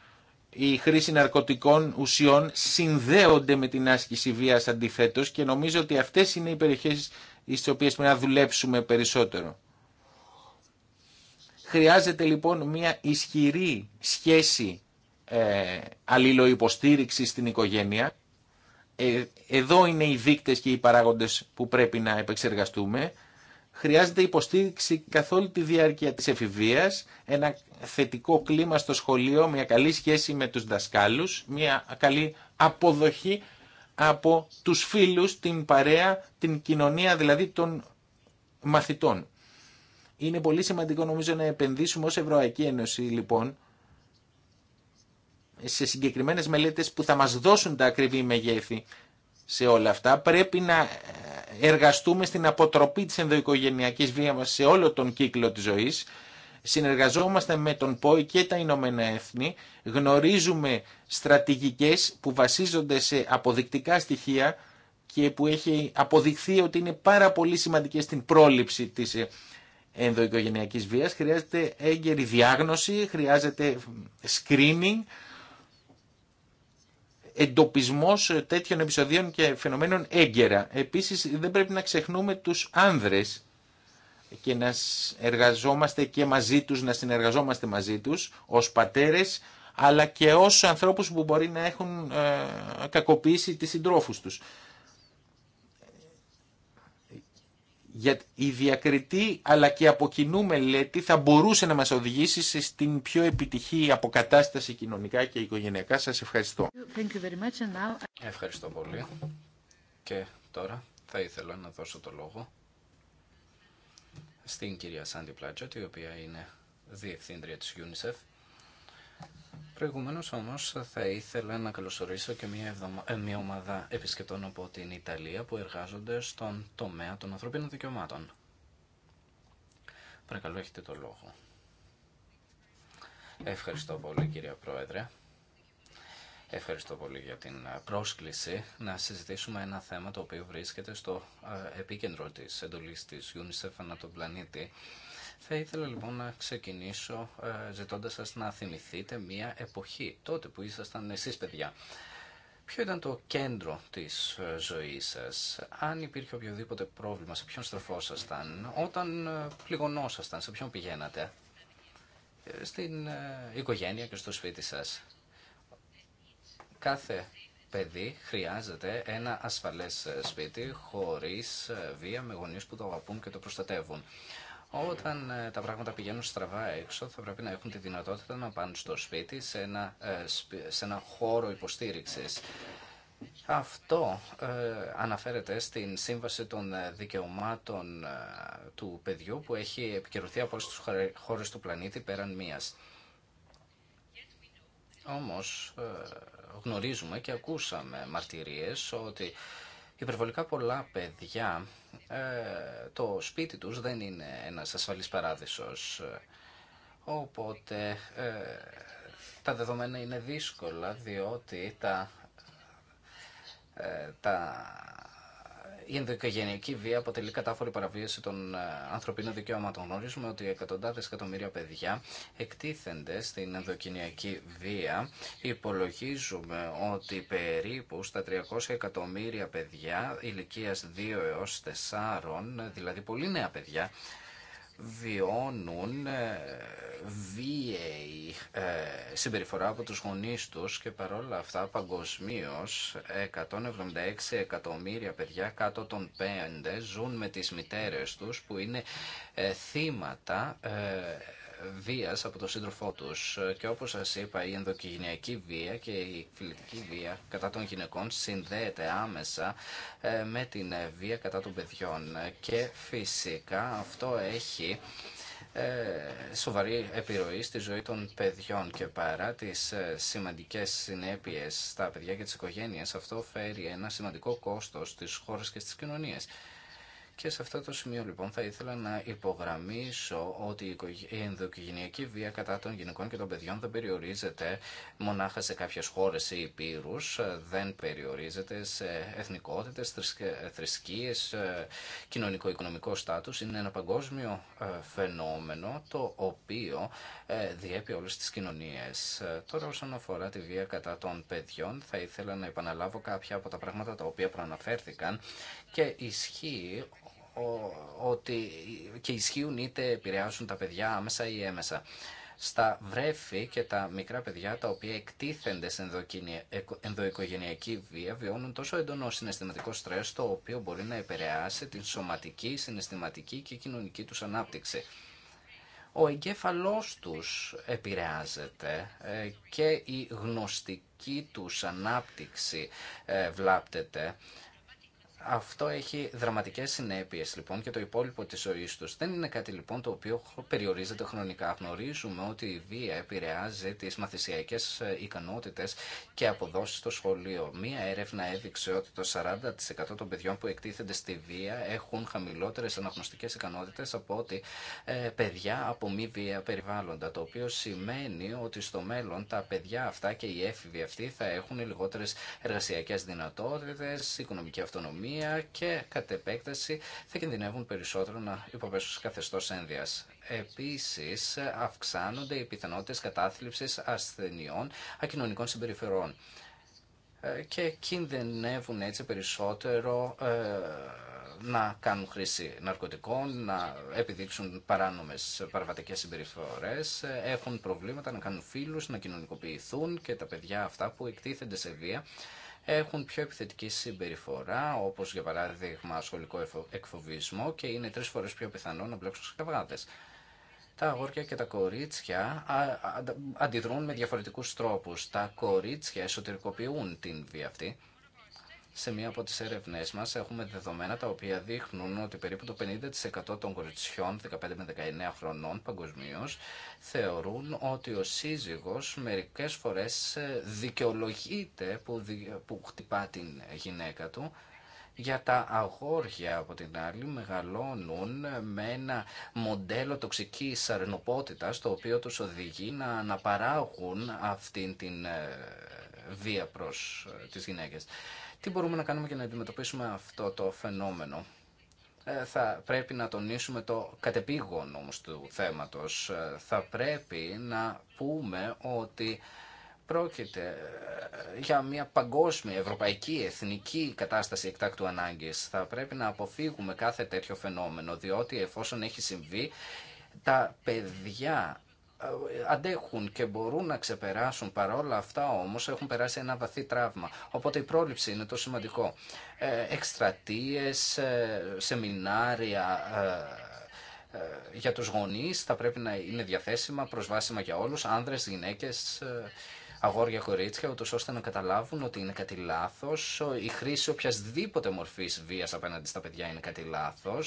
η χρήση ναρκωτικών ουσιών συνδέονται με την άσκηση βίας αντιθέτως και νομίζω ότι αυτές είναι οι περιοχές στις οποίες πρέπει να δουλέψουμε περισσότερο. Χρειάζεται λοιπόν μια ισχυρή σχέση ε, στην οικογένεια. Ε, εδώ είναι οι δείκτες και οι παράγοντες που πρέπει να επεξεργαστούμε χρειάζεται υποστήριξη καθ' όλη τη διάρκεια της εφηβείας, ένα θετικό κλίμα στο σχολείο, μια καλή σχέση με τους δασκάλους, μια καλή αποδοχή από τους φίλους, την παρέα, την κοινωνία δηλαδή των μαθητών. Είναι πολύ σημαντικό νομίζω να επενδύσουμε ως Ευρωαϊκή Ένωση λοιπόν σε συγκεκριμένες μελέτες που θα μας δώσουν τα ακριβή μεγέθη σε όλα αυτά. Πρέπει να ε, εργαστούμε στην αποτροπή της ενδοοικογενειακής βίας σε όλο τον κύκλο της ζωής. Συνεργαζόμαστε με τον ΠΟΗ και τα Ηνωμένα Έθνη. Γνωρίζουμε στρατηγικές που βασίζονται σε αποδεικτικά στοιχεία και που έχει αποδειχθεί ότι είναι πάρα πολύ σημαντικές στην πρόληψη της ε, ενδοοικογενειακής βίας. Χρειάζεται έγκαιρη διάγνωση, χρειάζεται screening Εντοπισμό ε, τέτοιων επεισοδίων και φαινομένων έγκαιρα. Επίσης δεν πρέπει να ξεχνούμε τους άνδρες και να εργαζόμαστε και μαζί τους, να συνεργαζόμαστε μαζί τους ως πατέρες, αλλά και ως ανθρώπους που μπορεί να έχουν ε, κακοποιήσει τις συντρόφους τους. για η διακριτή αλλά και από κοινού μελέτη θα μπορούσε να μας οδηγήσει στην πιο επιτυχή αποκατάσταση κοινωνικά και οικογενειακά. Σας ευχαριστώ. Ευχαριστώ πολύ. Και τώρα θα ήθελα να δώσω το λόγο στην κυρία Σάντι Πλάτζετ, η οποία είναι διευθύντρια της UNICEF Προηγουμένως όμως θα ήθελα να καλωσορίσω και μια, εβδομα... Ε, μια ομάδα επισκεπτών από την Ιταλία που εργάζονται στον τομέα των ανθρωπίνων δικαιωμάτων. Παρακαλώ έχετε το λόγο. Ευχαριστώ πολύ κύριε Πρόεδρε. Ευχαριστώ πολύ για την ε, πρόσκληση να συζητήσουμε ένα θέμα το οποίο βρίσκεται στο ε, επίκεντρο της εντολής της UNICEF ανά τον πλανήτη θα ήθελα λοιπόν να ξεκινήσω ε, ζητώντας σας να θυμηθείτε μία εποχή, τότε που ήσασταν εσείς παιδιά. Ποιο ήταν το κέντρο της ε, ζωής σας, αν υπήρχε οποιοδήποτε πρόβλημα, σε ποιον στροφόσασταν, όταν ε, πληγωνόσασταν, σε ποιον πηγαίνατε, στην οικογένεια και στο σπίτι σας. Κάθε παιδί χρειάζεται ένα ασφαλές σπίτι χωρίς βία με γονείς που το αγαπούν και το προστατεύουν. Όταν ε, τα πράγματα πηγαίνουν στραβά έξω, θα πρέπει να έχουν τη δυνατότητα να πάνε στο σπίτι, σε ένα, ε, σε ένα χώρο υποστήριξης. Αυτό ε, αναφέρεται στην Σύμβαση των Δικαιωμάτων του Παιδιού που έχει επικαιρωθεί από όλες τις χώρες του πλανήτη πέραν μίας. Όμως γνωρίζουμε και ακούσαμε μαρτυρίες ότι υπερβολικά πολλά παιδιά ε, το σπίτι τους δεν είναι ένας ασφαλής παράδεισος. Οπότε ε, τα δεδομένα είναι δύσκολα διότι τα, ε, τα η ενδοικογενειακή βία αποτελεί κατάφορη παραβίαση των ε, ανθρωπίνων δικαιωμάτων. Γνωρίζουμε ότι εκατοντάδε εκατομμύρια παιδιά εκτίθενται στην ενδοκινιακή βία. Υπολογίζουμε ότι περίπου στα 300 εκατομμύρια παιδιά ηλικία 2 έω 4, δηλαδή πολύ νέα παιδιά, βιώνουν ε, βίαιη ε, συμπεριφορά από τους γονείς τους και παρόλα αυτά παγκοσμίω 176 εκατομμύρια παιδιά κάτω των 5 ζουν με τις μητέρες τους που είναι ε, θύματα βίας από τον σύντροφό τους και όπως σας είπα η ενδοκιγενειακή βία και η φιλετική βία κατά των γυναικών συνδέεται άμεσα ε, με την ε, βία κατά των παιδιών και φυσικά αυτό έχει ε, σοβαρή επιρροή στη ζωή των παιδιών και παρά τις σημαντικές συνέπειες στα παιδιά και τις οικογένειες αυτό φέρει ένα σημαντικό κόστος στις χώρες και στις κοινωνίες. Και σε αυτό το σημείο λοιπόν θα ήθελα να υπογραμμίσω ότι η ενδοκυγενειακή βία κατά των γυναικών και των παιδιών δεν περιορίζεται μονάχα σε κάποιες χώρες ή υπήρους, δεν περιορίζεται σε εθνικότητες, θρησκείες, ε, κοινωνικό-οικονομικό στάτους. Είναι ένα παγκόσμιο ε, φαινόμενο το οποίο ε, διέπει όλες τις κοινωνίες. Τώρα όσον αφορά τη βία κατά των παιδιών θα ήθελα να επαναλάβω κάποια από τα πράγματα τα οποία προαναφέρθηκαν και ισχύει ότι και ισχύουν είτε επηρεάζουν τα παιδιά άμεσα ή έμεσα. Στα βρέφη και τα μικρά παιδιά τα οποία εκτίθενται σε ενδοοικογενειακή βία βιώνουν τόσο εντονό συναισθηματικό στρες το οποίο μπορεί να επηρεάσει την σωματική, συναισθηματική και κοινωνική τους ανάπτυξη ο εγκέφαλός τους επηρεάζεται ε, και η γνωστική τους ανάπτυξη ε, βλάπτεται αυτό έχει δραματικές συνέπειες λοιπόν και το υπόλοιπο της ζωής τους. Δεν είναι κάτι λοιπόν το οποίο περιορίζεται χρονικά. Γνωρίζουμε ότι η βία επηρεάζει τις μαθησιακές ε, ικανότητες και αποδόσεις στο σχολείο. Μία έρευνα έδειξε ότι το 40% των παιδιών που εκτίθενται στη βία έχουν χαμηλότερες αναγνωστικές ικανότητες από ότι ε, παιδιά από μη βία περιβάλλοντα. Το οποίο σημαίνει ότι στο μέλλον τα παιδιά αυτά και οι έφηβοι αυτοί θα έχουν λιγότερες εργασιακές δυνατότητες, οικονομική αυτονομία, και κατ' επέκταση θα κινδυνεύουν περισσότερο να υποπέσουν σε καθεστώ ένδυα. Επίση, αυξάνονται οι πιθανότητε κατάθλιψη ασθενειών ακοινωνικών συμπεριφορών ε, και κινδυνεύουν έτσι περισσότερο ε, να κάνουν χρήση ναρκωτικών, να επιδείξουν παράνομες παραβατικές συμπεριφορές, ε, έχουν προβλήματα να κάνουν φίλους, να κοινωνικοποιηθούν και τα παιδιά αυτά που εκτίθενται σε βία έχουν πιο επιθετική συμπεριφορά, όπως για παράδειγμα σχολικό εκφοβισμό και είναι τρεις φορές πιο πιθανό να μπλέξουν σε Τα αγόρια και τα κορίτσια αντιδρούν με διαφορετικούς τρόπους. Τα κορίτσια εσωτερικοποιούν την βία αυτή σε μία από τις έρευνές μας έχουμε δεδομένα τα οποία δείχνουν ότι περίπου το 50% των κοριτσιών 15 με 19 χρονών παγκοσμίω θεωρούν ότι ο σύζυγος μερικές φορές ε, δικαιολογείται που, που χτυπά την γυναίκα του για τα αγόρια από την άλλη μεγαλώνουν ε, με ένα μοντέλο τοξικής αρνοπότητας το οποίο τους οδηγεί να αναπαράγουν αυτήν την ε, βία προς τις γυναίκες. Τι μπορούμε να κάνουμε για να αντιμετωπίσουμε αυτό το φαινόμενο. Ε, θα πρέπει να τονίσουμε το κατεπήγον όμως του θέματος. Ε, θα πρέπει να πούμε ότι πρόκειται ε, για μια παγκόσμια, ευρωπαϊκή, εθνική κατάσταση εκτάκτου ανάγκης. Θα πρέπει να αποφύγουμε κάθε τέτοιο φαινόμενο, διότι εφόσον έχει συμβεί, τα παιδιά αντέχουν και μπορούν να ξεπεράσουν παρόλα αυτά όμως έχουν περάσει ένα βαθύ τραύμα. Οπότε η πρόληψη είναι το σημαντικό. Ε, εκστρατείες, ε, σεμινάρια ε, για τους γονείς θα πρέπει να είναι διαθέσιμα, προσβάσιμα για όλους, άνδρες, γυναίκες αγόρια κορίτσια, ούτως ώστε να καταλάβουν ότι είναι κάτι λάθο η χρήση οποιασδήποτε μορφής βίας απέναντι στα παιδιά είναι κάτι λάθο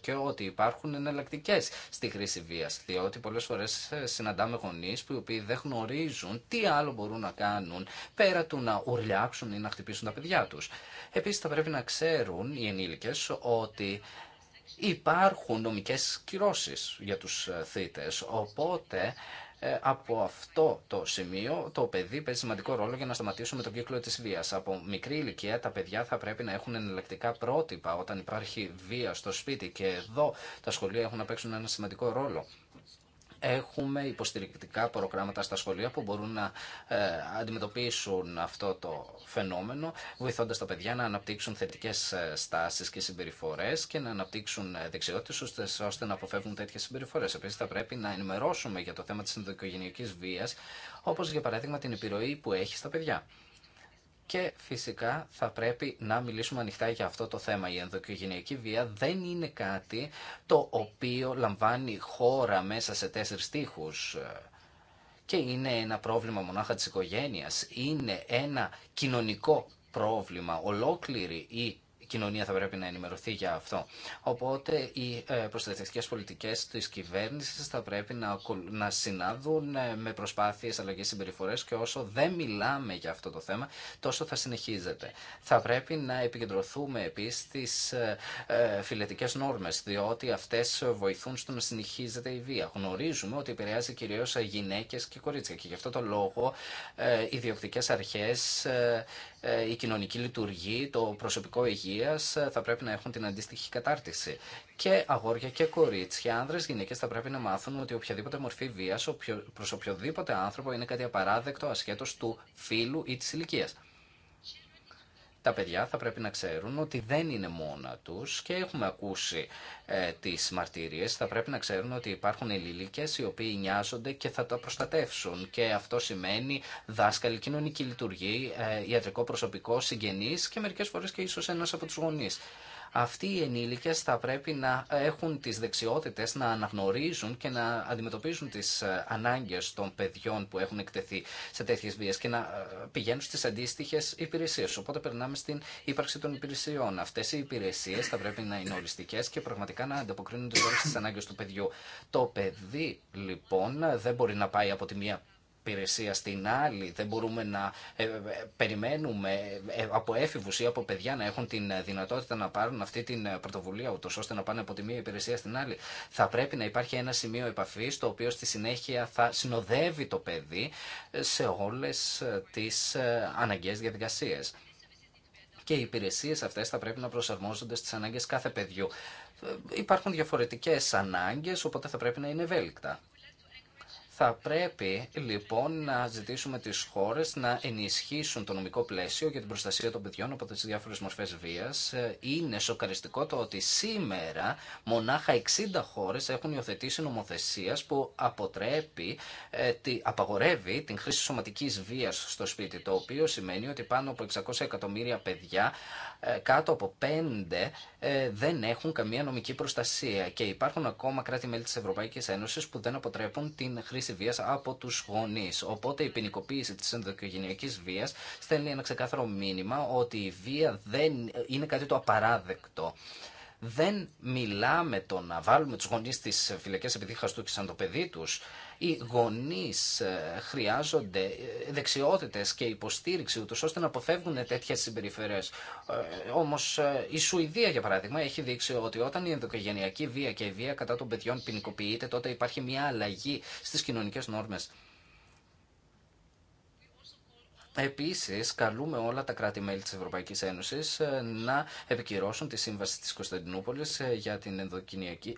και ότι υπάρχουν εναλλακτικέ στη χρήση βίας, διότι πολλές φορές ε, συναντάμε γονείς που οι οποίοι δεν γνωρίζουν τι άλλο μπορούν να κάνουν πέρα του να ουρλιάξουν ή να χτυπήσουν τα παιδιά τους. Επίσης θα πρέπει να ξέρουν οι ενήλικες ότι υπάρχουν νομικές κυρώσεις για τους ε, θήτες, οπότε ε, από αυτό το σημείο το παιδί παίζει σημαντικό ρόλο για να σταματήσουμε τον κύκλο της βίας. Από μικρή ηλικία τα παιδιά θα πρέπει να έχουν εναλλακτικά πρότυπα όταν υπάρχει βία στο σπίτι και εδώ τα σχολεία έχουν να παίξουν ένα σημαντικό ρόλο έχουμε υποστηρικτικά προγράμματα στα σχολεία που μπορούν να ε, αντιμετωπίσουν αυτό το φαινόμενο, βοηθώντας τα παιδιά να αναπτύξουν θετικές ε, στάσεις και συμπεριφορές και να αναπτύξουν ε, δεξιότητες ώστε να αποφεύγουν τέτοιες συμπεριφορές. Επίσης θα πρέπει να ενημερώσουμε για το θέμα της ενδοικογενειακής βίας, όπως για παράδειγμα την επιρροή που έχει στα παιδιά. Και φυσικά θα πρέπει να μιλήσουμε ανοιχτά για αυτό το θέμα. Η ενδοκιογενειακή βία δεν είναι κάτι το οποίο λαμβάνει χώρα μέσα σε τέσσερις τείχους και είναι ένα πρόβλημα μονάχα της οικογένειας. Είναι ένα κοινωνικό πρόβλημα. Ολόκληρη η κοινωνία θα πρέπει να ενημερωθεί για αυτό. Οπότε οι ε, προστατευτικέ πολιτικές τη κυβέρνηση θα πρέπει να συνάδουν ε, με προσπάθειες αλλαγής συμπεριφορές και όσο δεν μιλάμε για αυτό το θέμα τόσο θα συνεχίζεται. Θα πρέπει να επικεντρωθούμε επίση στις ε, φιλετικές νόρμες διότι αυτές βοηθούν στο να συνεχίζεται η βία. Γνωρίζουμε ότι επηρεάζει κυρίω γυναίκε και κορίτσια και γι' αυτό το λόγο οι διοκτικέ αρχέ. Ε, η κοινωνική λειτουργή, το προσωπικό υγεία ε, θα πρέπει να έχουν την αντίστοιχη κατάρτιση. Και αγόρια και κορίτσια, άνδρε, γυναίκε θα πρέπει να μάθουν ότι οποιαδήποτε μορφή βία προ οποιοδήποτε άνθρωπο είναι κάτι απαράδεκτο ασχέτω του φίλου ή τη ηλικία τα παιδιά θα πρέπει να ξέρουν ότι δεν είναι μόνα τους και έχουμε ακούσει ε, τις μαρτύριες, θα πρέπει να ξέρουν ότι υπάρχουν ελληλίκες οι οποίοι νοιάζονται και θα τα προστατεύσουν και αυτό σημαίνει δάσκαλοι, κοινωνική λειτουργή, ε, ιατρικό προσωπικό, συγγενείς και μερικές φορές και ίσως ένας από τους γονείς αυτοί οι ενήλικες θα πρέπει να έχουν τις δεξιότητες να αναγνωρίζουν και να αντιμετωπίζουν τις ε, ανάγκες των παιδιών που έχουν εκτεθεί σε τέτοιες βίες και να ε, πηγαίνουν στις αντίστοιχε υπηρεσίες. Οπότε περνάμε στην ύπαρξη των υπηρεσιών. Αυτές οι υπηρεσίες θα πρέπει να είναι οριστικές και πραγματικά να ανταποκρίνονται στις ανάγκες του παιδιού. Το παιδί λοιπόν δεν μπορεί να πάει από τη μία υπηρεσία στην άλλη. Δεν μπορούμε να ε, ε, περιμένουμε ε, από έφηβους ή από παιδιά να έχουν την δυνατότητα να πάρουν αυτή την πρωτοβουλία ούτω ώστε να πάνε από τη μία υπηρεσία στην άλλη. Θα πρέπει να υπάρχει ένα σημείο επαφή το οποίο στη συνέχεια θα συνοδεύει το παιδί σε όλες τις αναγκαίες διαδικασίες. Και οι υπηρεσίες αυτές θα πρέπει να προσαρμόζονται στις ανάγκες κάθε παιδιού. Υπάρχουν διαφορετικές ανάγκες, οπότε θα πρέπει να είναι ευέλικτα. Θα πρέπει λοιπόν να ζητήσουμε τις χώρες να ενισχύσουν το νομικό πλαίσιο για την προστασία των παιδιών από τις διάφορες μορφές βίας. Είναι σοκαριστικό το ότι σήμερα μονάχα 60 χώρες έχουν υιοθετήσει νομοθεσίας που αποτρέπει, ε, απαγορεύει την χρήση σωματικής βίας στο σπίτι, το οποίο σημαίνει ότι πάνω από 600 εκατομμύρια παιδιά ε, κάτω από 5 ε, δεν έχουν καμία νομική προστασία και υπάρχουν ακόμα κράτη-μέλη της Ευρωπαϊκής Ένωσης που δεν αποτρέπουν την χρήση βίας από τους γονείς. Οπότε η ποινικοποίηση της ενδοκογενειακής βίας στέλνει ένα ξεκάθαρο μήνυμα ότι η βία δεν είναι κάτι το απαράδεκτο δεν μιλάμε το να βάλουμε τους γονείς στις φυλακές επειδή χαστούκησαν το παιδί τους οι γονεί ε, χρειάζονται ε, δεξιότητες και υποστήριξη ούτω ώστε να αποφεύγουν τέτοιε συμπεριφερές. Ε, όμως η Σουηδία για παράδειγμα έχει δείξει ότι όταν η ενδοκογενειακή βία και η βία κατά των παιδιών ποινικοποιείται τότε υπάρχει μια αλλαγή στις κοινωνικέ νόρμες. Επίση, καλούμε όλα τα κράτη-μέλη της Ευρωπαϊκής Ένωσης ε, να επικυρώσουν τη Σύμβαση της Κωνσταντινούπολης ε, για την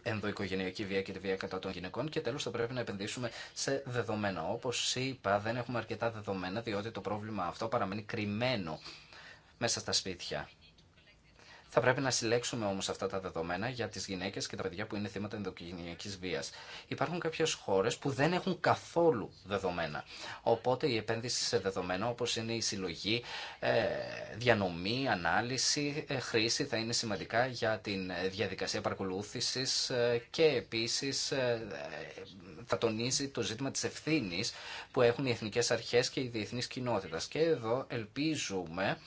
ενδοοικογενειακή βία και τη βία κατά των γυναικών και τέλος θα πρέπει να επενδύσουμε σε δεδομένα. Όπως είπα, δεν έχουμε αρκετά δεδομένα διότι το πρόβλημα αυτό παραμένει κρυμμένο μέσα στα σπίτια. Θα πρέπει να συλλέξουμε όμω αυτά τα δεδομένα για τι γυναίκε και τα παιδιά που είναι θύματα ενδοκινιακή βία. Υπάρχουν κάποιε χώρε που δεν έχουν καθόλου δεδομένα. Οπότε η επένδυση σε δεδομένα όπω είναι η συλλογή, ε, διανομή, ανάλυση, ε, χρήση θα είναι σημαντικά για την ε, διαδικασία παρακολούθηση και επίση θα τονίζει το ζήτημα τη ευθύνη που έχουν οι εθνικέ αρχέ και η διεθνή κοινότητα. Και εδώ ελπίζουμε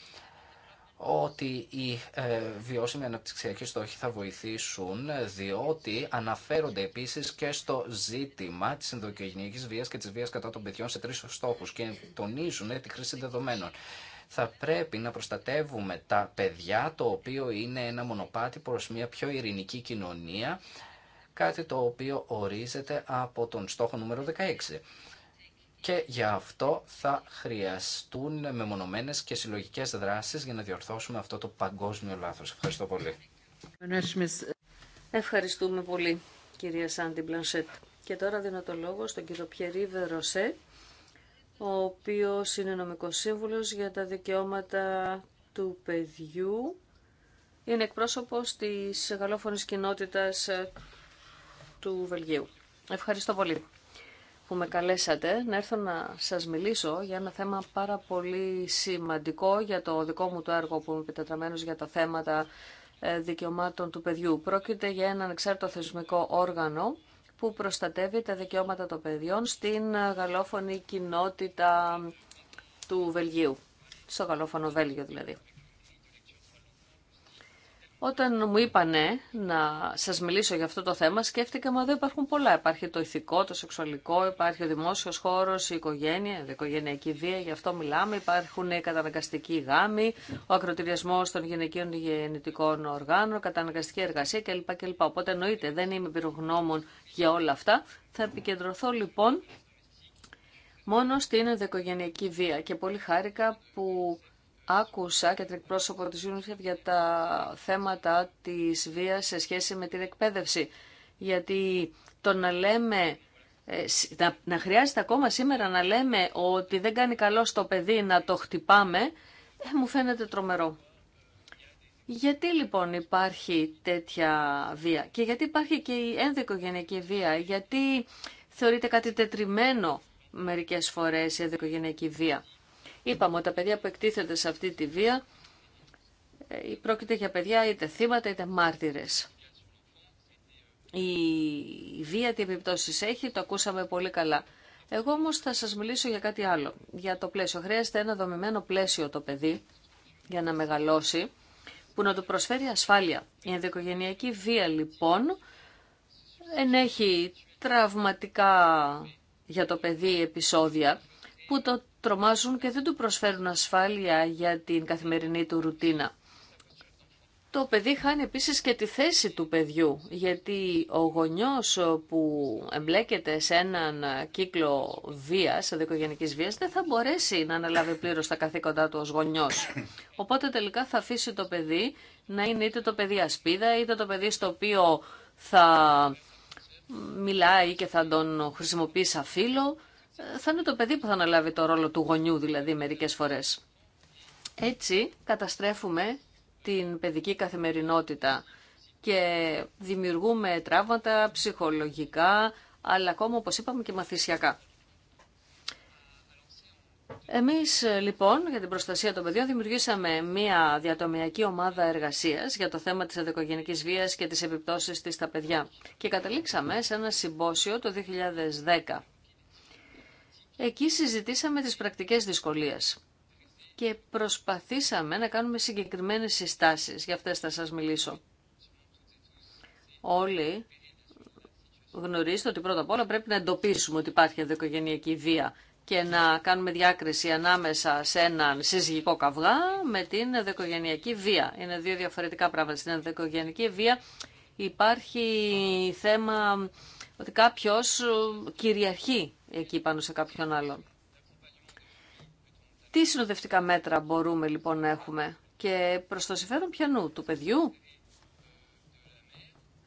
ότι οι ε, βιώσιμοι αναπτυξιακοί στόχοι θα βοηθήσουν ε, διότι αναφέρονται επίσης και στο ζήτημα της ενδοκινητική βίας και της βίας κατά των παιδιών σε τρεις στόχους και τονίζουν ε, τη χρήση δεδομένων. Θα πρέπει να προστατεύουμε τα παιδιά, το οποίο είναι ένα μονοπάτι προς μια πιο ειρηνική κοινωνία, κάτι το οποίο ορίζεται από τον στόχο νούμερο 16 και για αυτό θα χρειαστούν μεμονωμένες και συλλογικέ δράσει για να διορθώσουμε αυτό το παγκόσμιο λάθος. Ευχαριστώ πολύ. Ευχαριστούμε πολύ κυρία Σάντι Μπλανσέτ. Και τώρα δίνω το λόγο στον κύριο Πιερή Βεροσέ, ο οποίος είναι νομικός σύμβουλος για τα δικαιώματα του παιδιού. Είναι εκπρόσωπο τη Γαλλόφωνη κοινότητα ε, του Βελγίου. Ευχαριστώ πολύ που με καλέσατε να έρθω να σας μιλήσω για ένα θέμα πάρα πολύ σημαντικό για το δικό μου το έργο που είμαι επιτετραμένος για τα θέματα ε, δικαιωμάτων του παιδιού. Πρόκειται για έναν εξάρτητο θεσμικό όργανο που προστατεύει τα δικαιώματα των παιδιών στην ε, γαλλόφωνη κοινότητα του Βελγίου, στο γαλλόφωνο Βέλγιο δηλαδή. Όταν μου είπανε να σας μιλήσω για αυτό το θέμα, σκέφτηκα, μα δεν υπάρχουν πολλά. Υπάρχει το ηθικό, το σεξουαλικό, υπάρχει ο δημόσιος χώρος, η οικογένεια, η οικογενειακή βία, γι' αυτό μιλάμε. Υπάρχουν οι καταναγκαστικοί γάμοι, ο ακροτηριασμός των γυναικείων γεννητικών οργάνων, καταναγκαστική εργασία κλπ. κλπ. Οπότε εννοείται, δεν είμαι πυρογνώμων για όλα αυτά. Θα επικεντρωθώ λοιπόν μόνο στην οικογενειακή βία και πολύ χάρηκα που άκουσα και την εκπρόσωπο της UNICEF για τα θέματα της βίας σε σχέση με την εκπαίδευση. Γιατί το να λέμε, ε, να χρειάζεται ακόμα σήμερα να λέμε ότι δεν κάνει καλό στο παιδί να το χτυπάμε, ε, μου φαίνεται τρομερό. Γιατί λοιπόν υπάρχει τέτοια βία και γιατί υπάρχει και η ενδοικογενειακή βία, γιατί θεωρείται κάτι τετριμένο μερικές φορές η ενδοικογενειακή βία. Είπαμε ότι τα παιδιά που εκτίθενται σε αυτή τη βία ε, πρόκειται για παιδιά είτε θύματα είτε μάρτυρες. Η βία τι επιπτώσει έχει, το ακούσαμε πολύ καλά. Εγώ όμως θα σας μιλήσω για κάτι άλλο, για το πλαίσιο. Χρειάζεται ένα δομημένο πλαίσιο το παιδί για να μεγαλώσει, που να του προσφέρει ασφάλεια. Η ενδοικογενειακή βία λοιπόν ενέχει τραυματικά για το παιδί επεισόδια, που το τρομάζουν και δεν του προσφέρουν ασφάλεια για την καθημερινή του ρουτίνα. Το παιδί χάνει επίσης και τη θέση του παιδιού, γιατί ο γονιός που εμπλέκεται σε έναν κύκλο βίας, δικογενικής βίας, δεν θα μπορέσει να αναλάβει πλήρως τα καθήκοντά του ως γονιός. Οπότε τελικά θα αφήσει το παιδί να είναι είτε το παιδί ασπίδα, είτε το παιδί στο οποίο θα μιλάει και θα τον χρησιμοποιεί σαν φίλο θα είναι το παιδί που θα αναλάβει το ρόλο του γονιού δηλαδή μερικές φορές. Έτσι καταστρέφουμε την παιδική καθημερινότητα και δημιουργούμε τραύματα ψυχολογικά, αλλά ακόμα όπως είπαμε και μαθησιακά. Εμείς λοιπόν για την προστασία των παιδιών δημιουργήσαμε μία διατομιακή ομάδα εργασίας για το θέμα της ενδοικογενικής βίας και τις επιπτώσεις της στα παιδιά και καταλήξαμε σε ένα συμπόσιο το 2010 Εκεί συζητήσαμε τις πρακτικές δυσκολίες και προσπαθήσαμε να κάνουμε συγκεκριμένες συστάσεις. Για αυτές θα σας μιλήσω. Όλοι γνωρίζετε ότι πρώτα απ' όλα πρέπει να εντοπίσουμε ότι υπάρχει ενδοικογενειακή βία και να κάνουμε διάκριση ανάμεσα σε έναν συζυγικό καυγά με την ενδοικογενειακή βία. Είναι δύο διαφορετικά πράγματα. Στην ενδοικογενειακή βία υπάρχει θέμα ότι κάποιος κυριαρχεί εκεί πάνω σε κάποιον άλλον. Τι συνοδευτικά μέτρα μπορούμε λοιπόν να έχουμε και προς το συμφέρον πιανού, του παιδιού,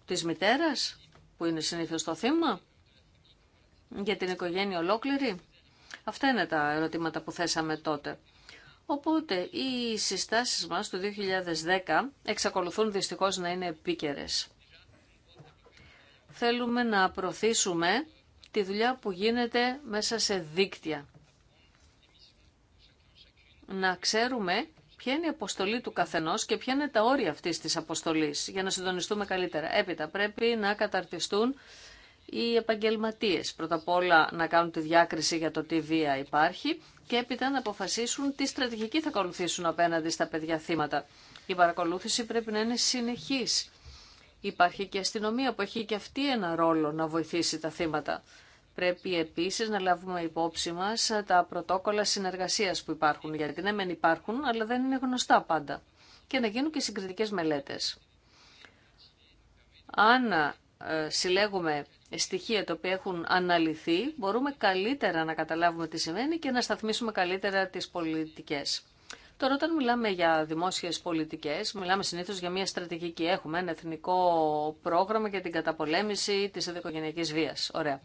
της μητέρας που είναι συνήθως το θύμα, για την οικογένεια ολόκληρη. Αυτά είναι τα ερωτήματα που θέσαμε τότε. Οπότε οι συστάσεις μας του 2010 εξακολουθούν δυστυχώς να είναι επίκαιρες. Θέλουμε να προωθήσουμε τη δουλειά που γίνεται μέσα σε δίκτυα. Να ξέρουμε ποια είναι η αποστολή του καθενός και ποια είναι τα όρια αυτής της αποστολής για να συντονιστούμε καλύτερα. Έπειτα πρέπει να καταρτιστούν οι επαγγελματίες. Πρώτα απ' όλα να κάνουν τη διάκριση για το τι βία υπάρχει και έπειτα να αποφασίσουν τι στρατηγική θα ακολουθήσουν απέναντι στα παιδιά θύματα. Η παρακολούθηση πρέπει να είναι συνεχής. Υπάρχει και αστυνομία που έχει και αυτή ένα ρόλο να βοηθήσει τα θύματα. Πρέπει επίσης να λάβουμε υπόψη μας τα πρωτόκολλα συνεργασίας που υπάρχουν, γιατί ναι μεν υπάρχουν, αλλά δεν είναι γνωστά πάντα. Και να γίνουν και συγκριτικές μελέτες. Αν ε, συλλέγουμε στοιχεία τα οποία έχουν αναλυθεί, μπορούμε καλύτερα να καταλάβουμε τι σημαίνει και να σταθμίσουμε καλύτερα τις πολιτικές. Τώρα όταν μιλάμε για δημόσιες πολιτικές, μιλάμε συνήθως για μια στρατηγική. Έχουμε ένα εθνικό πρόγραμμα για την καταπολέμηση της ενδοικογενειακής βίας. Ωραία.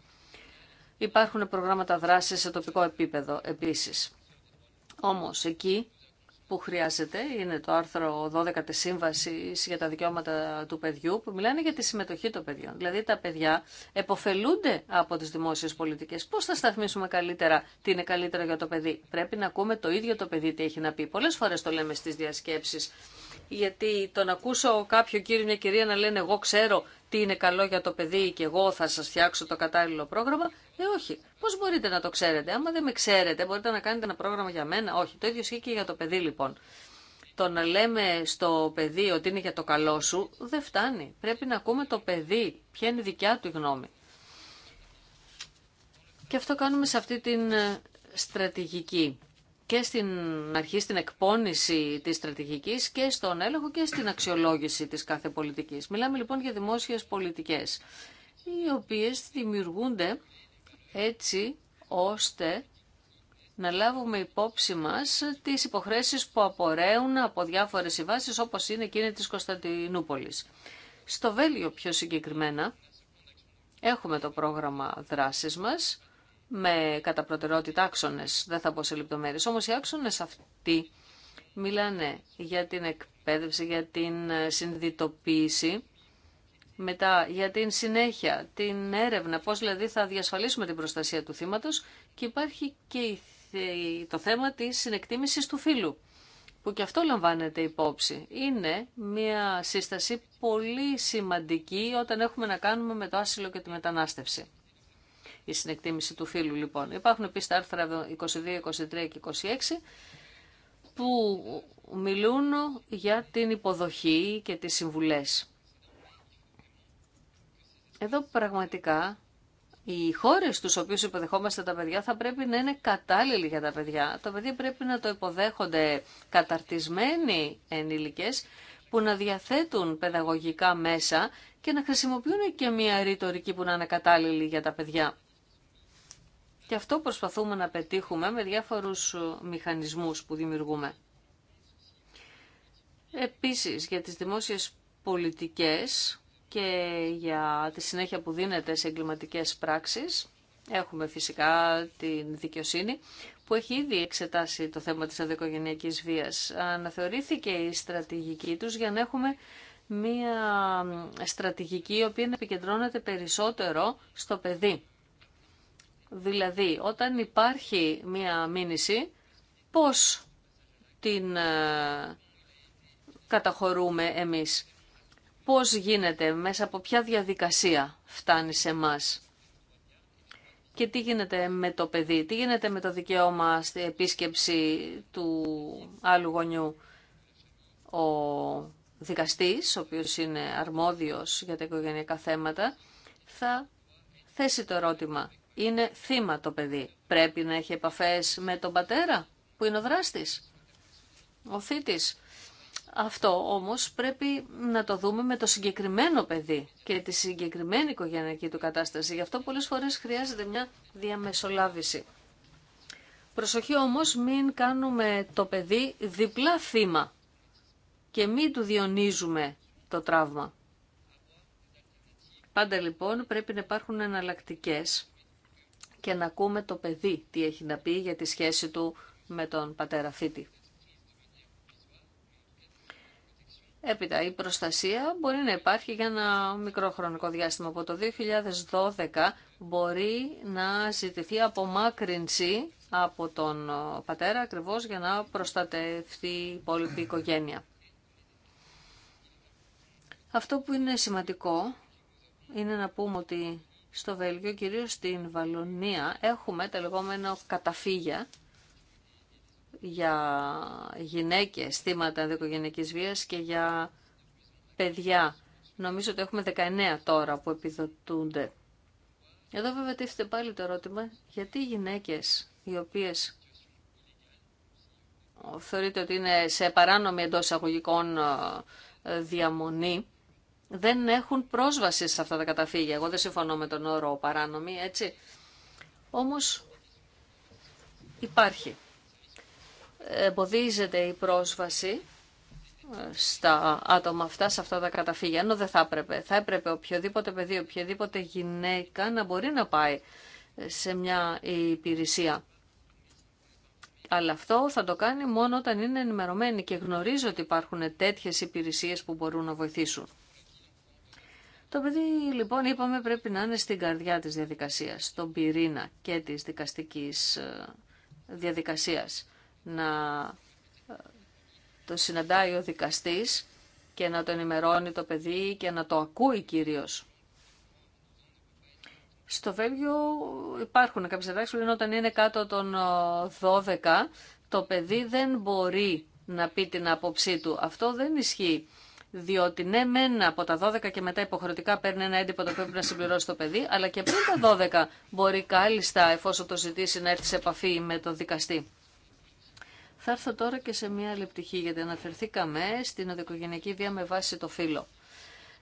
Υπάρχουν προγράμματα δράση σε τοπικό επίπεδο επίση. Όμω εκεί που χρειάζεται είναι το άρθρο 12 τη σύμβαση για τα δικαιώματα του παιδιού που μιλάνε για τη συμμετοχή των παιδιών. Δηλαδή τα παιδιά εποφελούνται από τι δημόσιε πολιτικέ. Πώ θα σταθμίσουμε καλύτερα τι είναι καλύτερο για το παιδί. Πρέπει να ακούμε το ίδιο το παιδί τι έχει να πει. Πολλέ φορέ το λέμε στι διασκέψεις. Γιατί το να ακούσω κάποιο κύριο μια κυρία να λένε εγώ ξέρω τι είναι καλό για το παιδί και εγώ θα σας φτιάξω το κατάλληλο πρόγραμμα ε, όχι. Πώ μπορείτε να το ξέρετε. Άμα δεν με ξέρετε, μπορείτε να κάνετε ένα πρόγραμμα για μένα. Όχι. Το ίδιο ισχύει και για το παιδί, λοιπόν. Το να λέμε στο παιδί ότι είναι για το καλό σου, δεν φτάνει. Πρέπει να ακούμε το παιδί. Ποια είναι η δικιά του γνώμη. Και αυτό κάνουμε σε αυτή την ε, στρατηγική και στην αρχή στην εκπόνηση της στρατηγικής και στον έλεγχο και στην αξιολόγηση της κάθε πολιτικής. Μιλάμε λοιπόν για δημόσιες πολιτικές, οι οποίες δημιουργούνται έτσι ώστε να λάβουμε υπόψη μας τις υποχρέσεις που απορρέουν από διάφορες συμβάσει όπως είναι εκείνη της Κωνσταντινούπολης. Στο Βέλιο πιο συγκεκριμένα έχουμε το πρόγραμμα δράσης μας με κατά προτεραιότητα άξονες, δεν θα πω σε λεπτομέρειες, όμως οι άξονες αυτοί μιλάνε για την εκπαίδευση, για την συνδυτοποίηση μετά για την συνέχεια, την έρευνα, πώς δηλαδή θα διασφαλίσουμε την προστασία του θύματος και υπάρχει και το θέμα της συνεκτίμησης του φύλου που και αυτό λαμβάνεται υπόψη. Είναι μια σύσταση πολύ σημαντική όταν έχουμε να κάνουμε με το άσυλο και τη μετανάστευση. Η συνεκτίμηση του φύλου λοιπόν. Υπάρχουν επίσης τα άρθρα 22, 23 και 26 που μιλούν για την υποδοχή και τις συμβουλές. Εδώ πραγματικά οι χώρε στους οποίους υποδεχόμαστε τα παιδιά θα πρέπει να είναι κατάλληλοι για τα παιδιά. Τα παιδιά πρέπει να το υποδέχονται καταρτισμένοι ενήλικες που να διαθέτουν παιδαγωγικά μέσα και να χρησιμοποιούν και μια ρητορική που να είναι κατάλληλη για τα παιδιά. Και αυτό προσπαθούμε να πετύχουμε με διάφορους μηχανισμούς που δημιουργούμε. Επίσης, για τις δημόσιες πολιτικές και για τη συνέχεια που δίνεται σε εγκληματικέ πράξεις. Έχουμε φυσικά την δικαιοσύνη που έχει ήδη εξετάσει το θέμα της αδικογενειακής βίας. Αναθεωρήθηκε η στρατηγική τους για να έχουμε μια στρατηγική η οποία επικεντρώνεται περισσότερο στο παιδί. Δηλαδή, όταν υπάρχει μια μήνυση, πώς την ε, καταχωρούμε εμείς πώς γίνεται, μέσα από ποια διαδικασία φτάνει σε μας. Και τι γίνεται με το παιδί, τι γίνεται με το δικαίωμα στη επίσκεψη του άλλου γονιού. Ο δικαστής, ο οποίος είναι αρμόδιος για τα οικογενειακά θέματα, θα θέσει το ερώτημα. Είναι θύμα το παιδί. Πρέπει να έχει επαφές με τον πατέρα που είναι ο δράστης, ο θήτης. Αυτό όμως πρέπει να το δούμε με το συγκεκριμένο παιδί και τη συγκεκριμένη οικογενειακή του κατάσταση. Γι' αυτό πολλές φορές χρειάζεται μια διαμεσολάβηση. Προσοχή όμως μην κάνουμε το παιδί διπλά θύμα και μην του διονίζουμε το τραύμα. Πάντα λοιπόν πρέπει να υπάρχουν εναλλακτικέ και να ακούμε το παιδί τι έχει να πει για τη σχέση του με τον πατέρα φίτη. Έπειτα, η προστασία μπορεί να υπάρχει για ένα μικρό χρονικό διάστημα. Από το 2012 μπορεί να ζητηθεί απομάκρυνση από τον πατέρα ακριβώ για να προστατευτεί η υπόλοιπη οικογένεια. Αυτό που είναι σημαντικό είναι να πούμε ότι στο Βέλγιο, κυρίως στην Βαλονία, έχουμε τα λεγόμενα καταφύγια, για γυναίκες, θύματα δικογενειακής βίας και για παιδιά. Νομίζω ότι έχουμε 19 τώρα που επιδοτούνται. Εδώ βέβαια τίθεται πάλι το ερώτημα, γιατί οι γυναίκες οι οποίες θεωρείται ότι είναι σε παράνομη εντό εισαγωγικών ε, διαμονή, δεν έχουν πρόσβαση σε αυτά τα καταφύγια. Εγώ δεν συμφωνώ με τον όρο παράνομη, έτσι. Όμως υπάρχει εμποδίζεται η πρόσβαση ε, στα άτομα αυτά, σε αυτά τα καταφύγια, ενώ δεν θα έπρεπε. Θα έπρεπε οποιοδήποτε παιδί, οποιοδήποτε γυναίκα να μπορεί να πάει ε, σε μια υπηρεσία. Αλλά αυτό θα το κάνει μόνο όταν είναι ενημερωμένη και γνωρίζει ότι υπάρχουν τέτοιες υπηρεσίες που μπορούν να βοηθήσουν. Το παιδί, λοιπόν, είπαμε πρέπει να είναι στην καρδιά της διαδικασίας, στον πυρήνα και της δικαστικής ε, διαδικασίας να ε, το συναντάει ο δικαστής και να το ενημερώνει το παιδί και να το ακούει κυρίως. Στο Βέλγιο υπάρχουν κάποιες εντάξεις που λένε όταν είναι κάτω των 12 ε, το παιδί δεν μπορεί να πει την άποψή του. Αυτό δεν ισχύει. Διότι ναι, μένα, από τα 12 και μετά υποχρεωτικά παίρνει ένα έντυπο το οποίο πρέπει να συμπληρώσει το παιδί, αλλά και πριν τα 12 μπορεί κάλλιστα, εφόσον το ζητήσει, να έρθει σε επαφή με τον δικαστή. Θα έρθω τώρα και σε μια άλλη πτυχή, γιατί αναφερθήκαμε στην οδικογενειακή βία με βάση το φύλλο.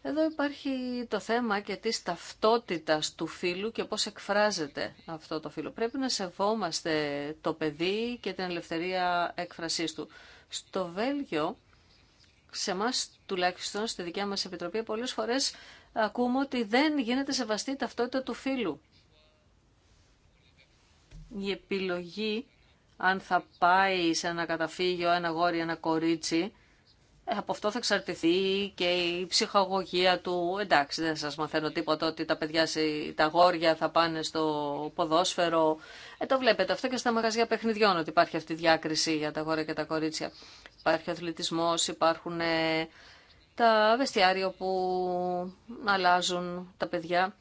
Εδώ υπάρχει το θέμα και της ταυτότητας του φύλου και πώς εκφράζεται αυτό το φύλο. Πρέπει να σεβόμαστε το παιδί και την ελευθερία έκφρασής του. Στο Βέλγιο, σε εμά τουλάχιστον, στη δικιά μας επιτροπή, πολλές φορές ακούμε ότι δεν γίνεται σεβαστή η ταυτότητα του φύλου. Η επιλογή αν θα πάει σε ένα καταφύγιο ένα γόρι, ένα κορίτσι, ε, από αυτό θα εξαρτηθεί και η ψυχαγωγία του. Εντάξει, δεν σας μαθαίνω τίποτα ότι τα παιδιά, τα γόρια θα πάνε στο ποδόσφαιρο. Ε, το βλέπετε αυτό και στα μαγαζιά παιχνιδιών ότι υπάρχει αυτή η διάκριση για τα γόρια και τα κορίτσια. Υπάρχει ο αθλητισμός, υπάρχουν ε, τα βεστιάρια που αλλάζουν τα παιδιά.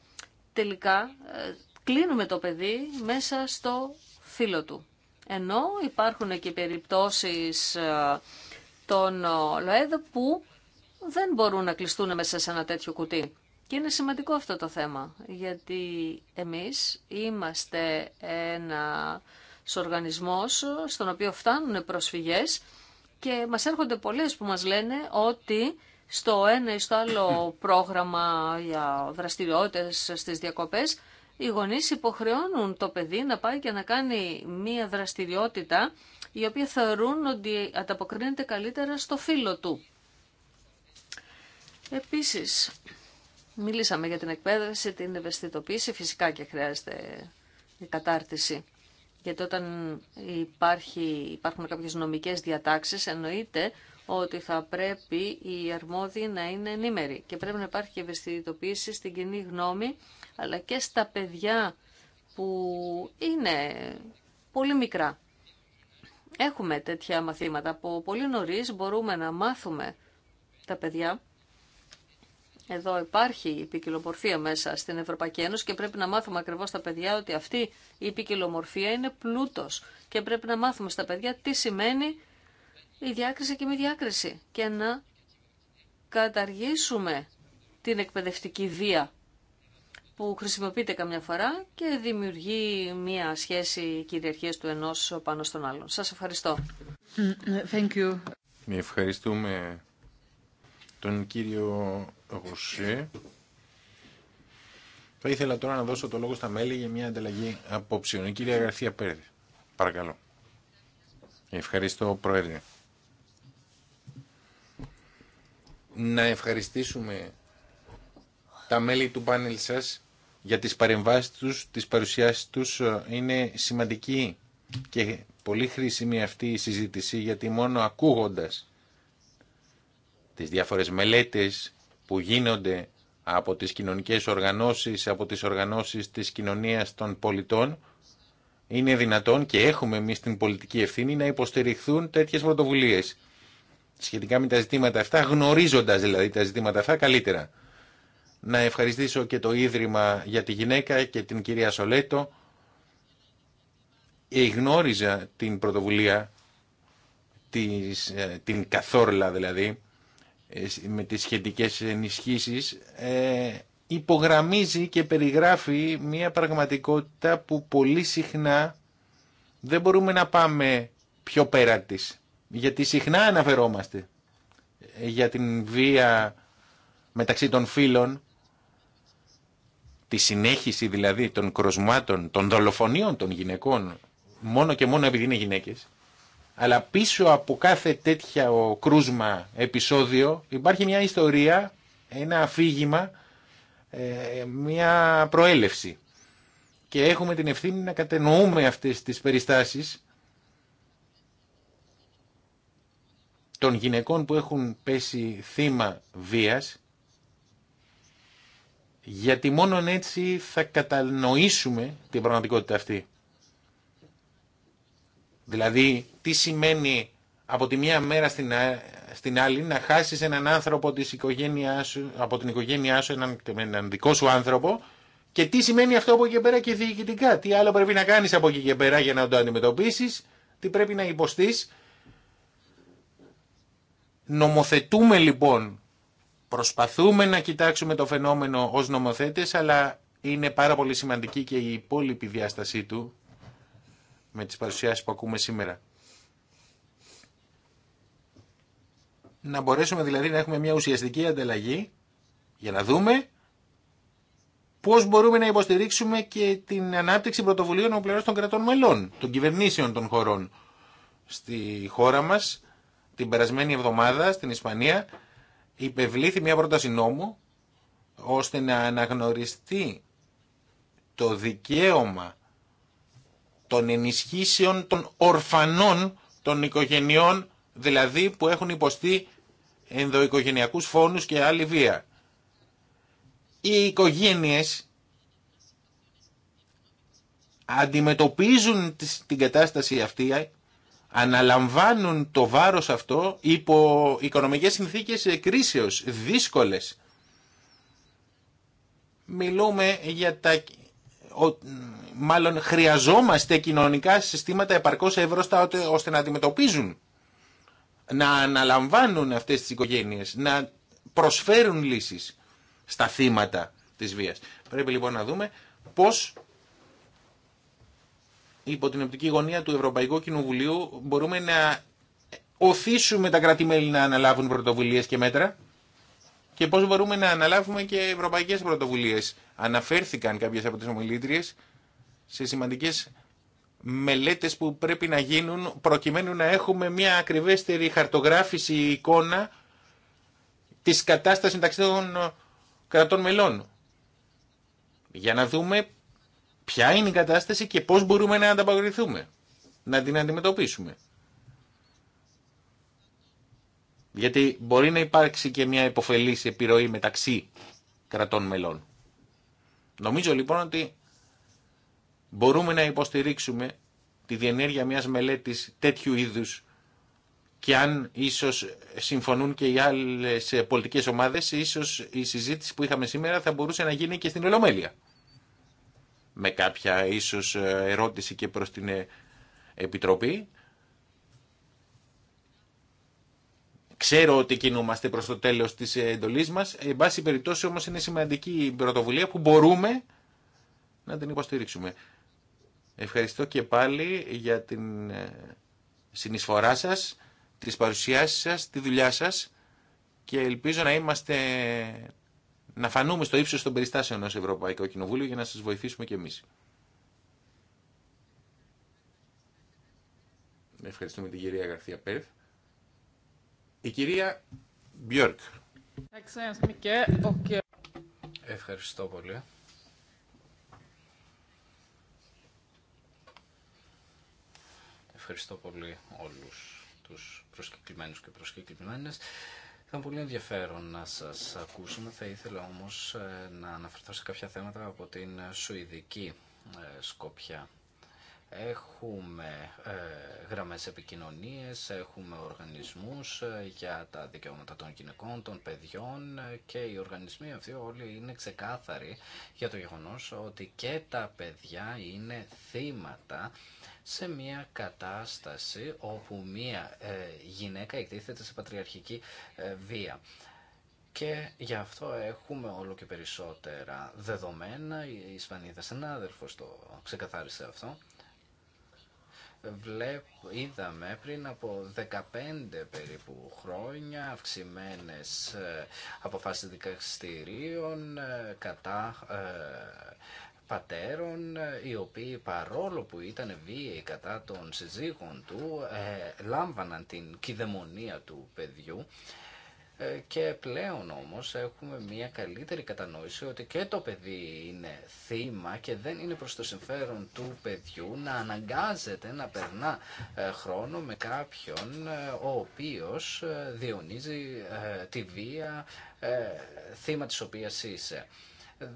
Τελικά ε, κλείνουμε το παιδί μέσα στο φίλο του. Ενώ υπάρχουν και περιπτώσεις ε, των ε, ΛΟΕΔ που δεν μπορούν να κλειστούν μέσα σε ένα τέτοιο κουτί. Και είναι σημαντικό αυτό το θέμα, γιατί εμείς είμαστε ένα οργανισμός στον οποίο φτάνουν προσφυγές και μας έρχονται πολλές που μας λένε ότι στο ένα ή στο άλλο πρόγραμμα για δραστηριότητες στις διακοπές οι γονείς υποχρεώνουν το παιδί να πάει και να κάνει μία δραστηριότητα η οποία θεωρούν ότι ανταποκρίνεται καλύτερα στο φίλο του. Επίσης, μιλήσαμε για την εκπαίδευση, την ευαισθητοποίηση, φυσικά και χρειάζεται η κατάρτιση. Γιατί όταν υπάρχει, υπάρχουν κάποιες νομικές διατάξεις, εννοείται ότι θα πρέπει οι αρμόδιοι να είναι ενήμεροι και πρέπει να υπάρχει και ευαισθητοποίηση στην κοινή γνώμη αλλά και στα παιδιά που είναι πολύ μικρά. Έχουμε τέτοια μαθήματα που πολύ νωρίς μπορούμε να μάθουμε τα παιδιά. Εδώ υπάρχει η ποικιλομορφία μέσα στην Ευρωπαϊκή Ένωση και πρέπει να μάθουμε ακριβώς τα παιδιά ότι αυτή η ποικιλομορφία είναι πλούτος και πρέπει να μάθουμε στα παιδιά τι σημαίνει η διάκριση και η μη διάκριση και να καταργήσουμε την εκπαιδευτική βία που χρησιμοποιείται καμιά φορά και δημιουργεί μία σχέση κυριαρχίας του ενός πάνω στον άλλον. Σας ευχαριστώ. Thank you. Ευχαριστούμε τον κύριο Γουσέ. Θα ήθελα τώρα να δώσω το λόγο στα μέλη για μια ανταλλαγή απόψεων. Η κυρία Γαρθία Πέρδη. Παρακαλώ. Ευχαριστώ, Πρόεδρε. Να ευχαριστήσουμε τα μέλη του πάνελ σας για τις παρεμβάσεις τους, τις παρουσιάσεις τους. Ε, είναι σημαντική και πολύ χρήσιμη αυτή η συζήτηση γιατί μόνο ακούγοντας τις διάφορες μελέτες που γίνονται από τις κοινωνικές οργανώσεις, από τις οργανώσεις της κοινωνίας των πολιτών, είναι δυνατόν και έχουμε εμείς την πολιτική ευθύνη να υποστηριχθούν τέτοιες πρωτοβουλίες σχετικά με τα ζητήματα αυτά, γνωρίζοντας δηλαδή τα ζητήματα αυτά καλύτερα να ευχαριστήσω και το Ίδρυμα για τη γυναίκα και την κυρία Σολέτο. Εγνώριζα την πρωτοβουλία, της, ε, την καθόρλα δηλαδή, ε, με τις σχετικές ενισχύσεις, ε, υπογραμμίζει και περιγράφει μια πραγματικότητα που πολύ συχνά δεν μπορούμε να πάμε πιο πέρα της. Γιατί συχνά αναφερόμαστε για την βία μεταξύ των φίλων τη συνέχιση δηλαδή των κροσμάτων, των δολοφονιών των γυναικών, μόνο και μόνο επειδή είναι γυναίκες, αλλά πίσω από κάθε τέτοια κρούσμα επεισόδιο υπάρχει μια ιστορία, ένα αφήγημα, ε, μια προέλευση. Και έχουμε την ευθύνη να κατενοούμε αυτές τις περιστάσεις των γυναικών που έχουν πέσει θύμα βίας γιατί μόνο έτσι θα κατανοήσουμε την πραγματικότητα αυτή. Δηλαδή, τι σημαίνει από τη μία μέρα στην, στην άλλη να χάσεις έναν άνθρωπο της οικογένειάς σου, από την οικογένειά σου, έναν, έναν δικό σου άνθρωπο και τι σημαίνει αυτό από εκεί και πέρα και διοικητικά. Τι άλλο πρέπει να κάνεις από εκεί και πέρα για να το αντιμετωπίσεις, τι πρέπει να υποστείς. Νομοθετούμε λοιπόν Προσπαθούμε να κοιτάξουμε το φαινόμενο ως νομοθέτες, αλλά είναι πάρα πολύ σημαντική και η υπόλοιπη διάστασή του με τις παρουσιάσεις που ακούμε σήμερα. Να μπορέσουμε δηλαδή να έχουμε μια ουσιαστική ανταλλαγή για να δούμε πώς μπορούμε να υποστηρίξουμε και την ανάπτυξη πρωτοβουλίων από των κρατών μελών, των κυβερνήσεων των χωρών. Στη χώρα μας, την περασμένη εβδομάδα, στην Ισπανία, υπευλήθη μια πρόταση νόμου ώστε να αναγνωριστεί το δικαίωμα των ενισχύσεων των ορφανών των οικογενειών, δηλαδή που έχουν υποστεί ενδοοικογενειακούς φόνους και άλλη βία. Οι οικογένειες αντιμετωπίζουν την κατάσταση αυτή αναλαμβάνουν το βάρος αυτό υπό οικονομικές συνθήκες κρίσεως, δύσκολες. Μιλούμε για τα... Μάλλον χρειαζόμαστε κοινωνικά συστήματα επαρκώς ευρώστα ώστε να αντιμετωπίζουν, να αναλαμβάνουν αυτές τις οικογένειες, να προσφέρουν λύσεις στα θύματα της βίας. Πρέπει λοιπόν να δούμε πώς υπό την οπτική γωνία του Ευρωπαϊκού Κοινοβουλίου μπορούμε να οθήσουμε τα κράτη-μέλη να αναλάβουν πρωτοβουλίες και μέτρα και πώς μπορούμε να αναλάβουμε και ευρωπαϊκές πρωτοβουλίες. Αναφέρθηκαν κάποιες από τις ομιλήτριες σε σημαντικές μελέτες που πρέπει να γίνουν προκειμένου να έχουμε μια ακριβέστερη χαρτογράφηση εικόνα της κατάστασης μεταξύ των κρατών μελών. Για να δούμε ποια είναι η κατάσταση και πώς μπορούμε να ανταπαγρυθούμε, να την αντιμετωπίσουμε. Γιατί μπορεί να υπάρξει και μια υποφελής επιρροή μεταξύ κρατών μελών. Νομίζω λοιπόν ότι μπορούμε να υποστηρίξουμε τη διενέργεια μιας μελέτης τέτοιου είδους και αν ίσως συμφωνούν και οι άλλες πολιτικές ομάδες, ίσως η συζήτηση που είχαμε σήμερα θα μπορούσε να γίνει και στην Ολομέλεια με κάποια ίσως ε, ερώτηση και προς την ε, Επιτροπή. Ξέρω ότι κινούμαστε προς το τέλος της ε, εντολής μας. Εν πάση περιπτώσει όμως είναι σημαντική η πρωτοβουλία που μπορούμε να την υποστηρίξουμε. Ευχαριστώ και πάλι για την συνεισφορά σας, τις παρουσιάσεις σας, τη δουλειά σας και ελπίζω να είμαστε να φανούμε στο ύψο των περιστάσεων ω Ευρωπαϊκό Κοινοβούλιο για να σα βοηθήσουμε κι εμεί. Ευχαριστούμε την κυρία Γαρθία Πέρθ. Η κυρία Μπιόρκ. Ευχαριστώ πολύ. Ευχαριστώ πολύ όλους τους προσκεκλημένους και προσκεκλημένες. Ήταν πολύ ενδιαφέρον να σας ακούσουμε. Θα ήθελα όμως ε, να αναφερθώ σε κάποια θέματα από την Σουηδική ε, Σκοπιά. Έχουμε ε, γραμμές επικοινωνίες, έχουμε οργανισμούς ε, για τα δικαιώματα των γυναικών, των παιδιών ε, και οι οργανισμοί αυτοί όλοι είναι ξεκάθαροι για το γεγονός ότι και τα παιδιά είναι θύματα σε μια κατάσταση όπου μια γυναίκα εκτίθεται σε πατριαρχική βία. Και γι' αυτό έχουμε όλο και περισσότερα δεδομένα. Η Ισπανίδα συνάδελφος το ξεκαθάρισε αυτό βλέπ, είδαμε πριν από 15 περίπου χρόνια αυξημένες ε, αποφάσεις δικαστηρίων ε, κατά ε, πατέρων οι οποίοι παρόλο που ήταν βίαιοι κατά των συζύγων του λάμβαναν την κυδαιμονία του παιδιού ε, και πλέον όμως έχουμε μια καλύτερη κατανόηση ότι και το παιδί είναι θύμα και δεν είναι προς το συμφέρον του παιδιού να αναγκάζεται να περνά ε, χρόνο με κάποιον ε, ο οποίος διονύζει τη βία θύμα της οποίας είσαι.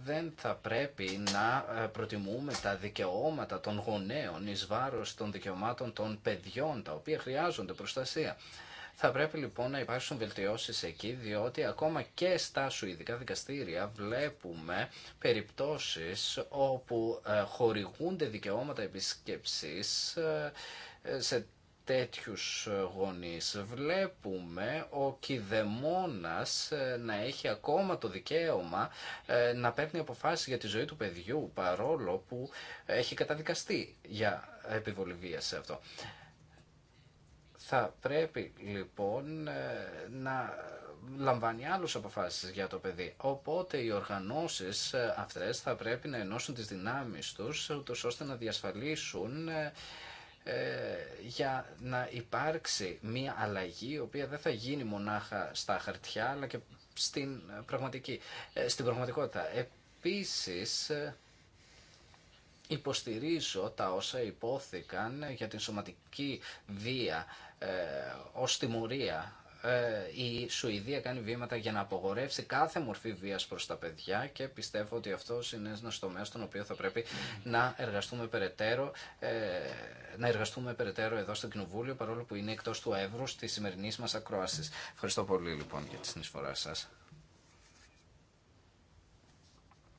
Δεν θα πρέπει να προτιμούμε τα δικαιώματα των γονέων εις βάρος των δικαιωμάτων των παιδιών τα οποία χρειάζονται προστασία. Θα πρέπει λοιπόν να υπάρξουν βελτιώσεις εκεί, διότι ακόμα και στα σουηδικά δικαστήρια βλέπουμε περιπτώσεις όπου ε, χορηγούνται δικαιώματα επισκέψεις ε, ε, σε τέτοιου γονείς. Βλέπουμε ο κηδεμόνας να έχει ακόμα το δικαίωμα να παίρνει αποφάσεις για τη ζωή του παιδιού παρόλο που έχει καταδικαστεί για επιβολη σε αυτό. Θα πρέπει λοιπόν ε, να λαμβάνει άλλους αποφάσεις για το παιδί. Οπότε οι οργανώσεις ε, αυτές θα πρέπει να ενώσουν τις δυνάμεις τους ώστε να διασφαλίσουν ε, για να υπάρξει μία αλλαγή η οποία δεν θα γίνει μονάχα στα χαρτιά αλλά και στην, πραγματική, στην πραγματικότητα. Επίσης υποστηρίζω τα όσα υπόθηκαν για την σωματική βία ε, ως τιμωρία ε, η Σουηδία κάνει βήματα για να απογορεύσει κάθε μορφή βίας προς τα παιδιά και πιστεύω ότι αυτό είναι ένα τομέα στον οποίο θα πρέπει να εργαστούμε περαιτέρω, ε, να εργαστούμε περαιτέρω εδώ στο Κοινοβούλιο παρόλο που είναι εκτός του εύρου τη σημερινή μας ακρόασης. Ευχαριστώ πολύ λοιπόν για τη συνεισφορά σας.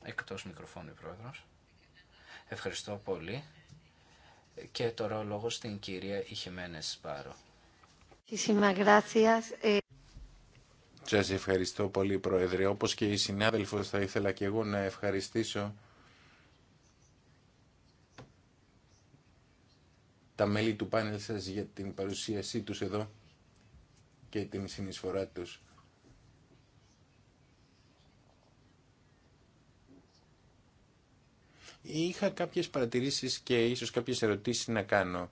Εκτός μικροφώνου πρόεδρος. Ευχαριστώ πολύ. Και τώρα ο λόγος στην κυρία Ιχεμένες Σπάρο. Eh. Σα ευχαριστώ πολύ Πρόεδρε. Όπω και οι συνάδελφος θα ήθελα και εγώ να ευχαριστήσω τα μέλη του πάνελ σα για την παρουσίασή του εδώ και την συνεισφορά του. Είχα κάποιες παρατηρήσεις και ίσως κάποιες ερωτήσεις να κάνω.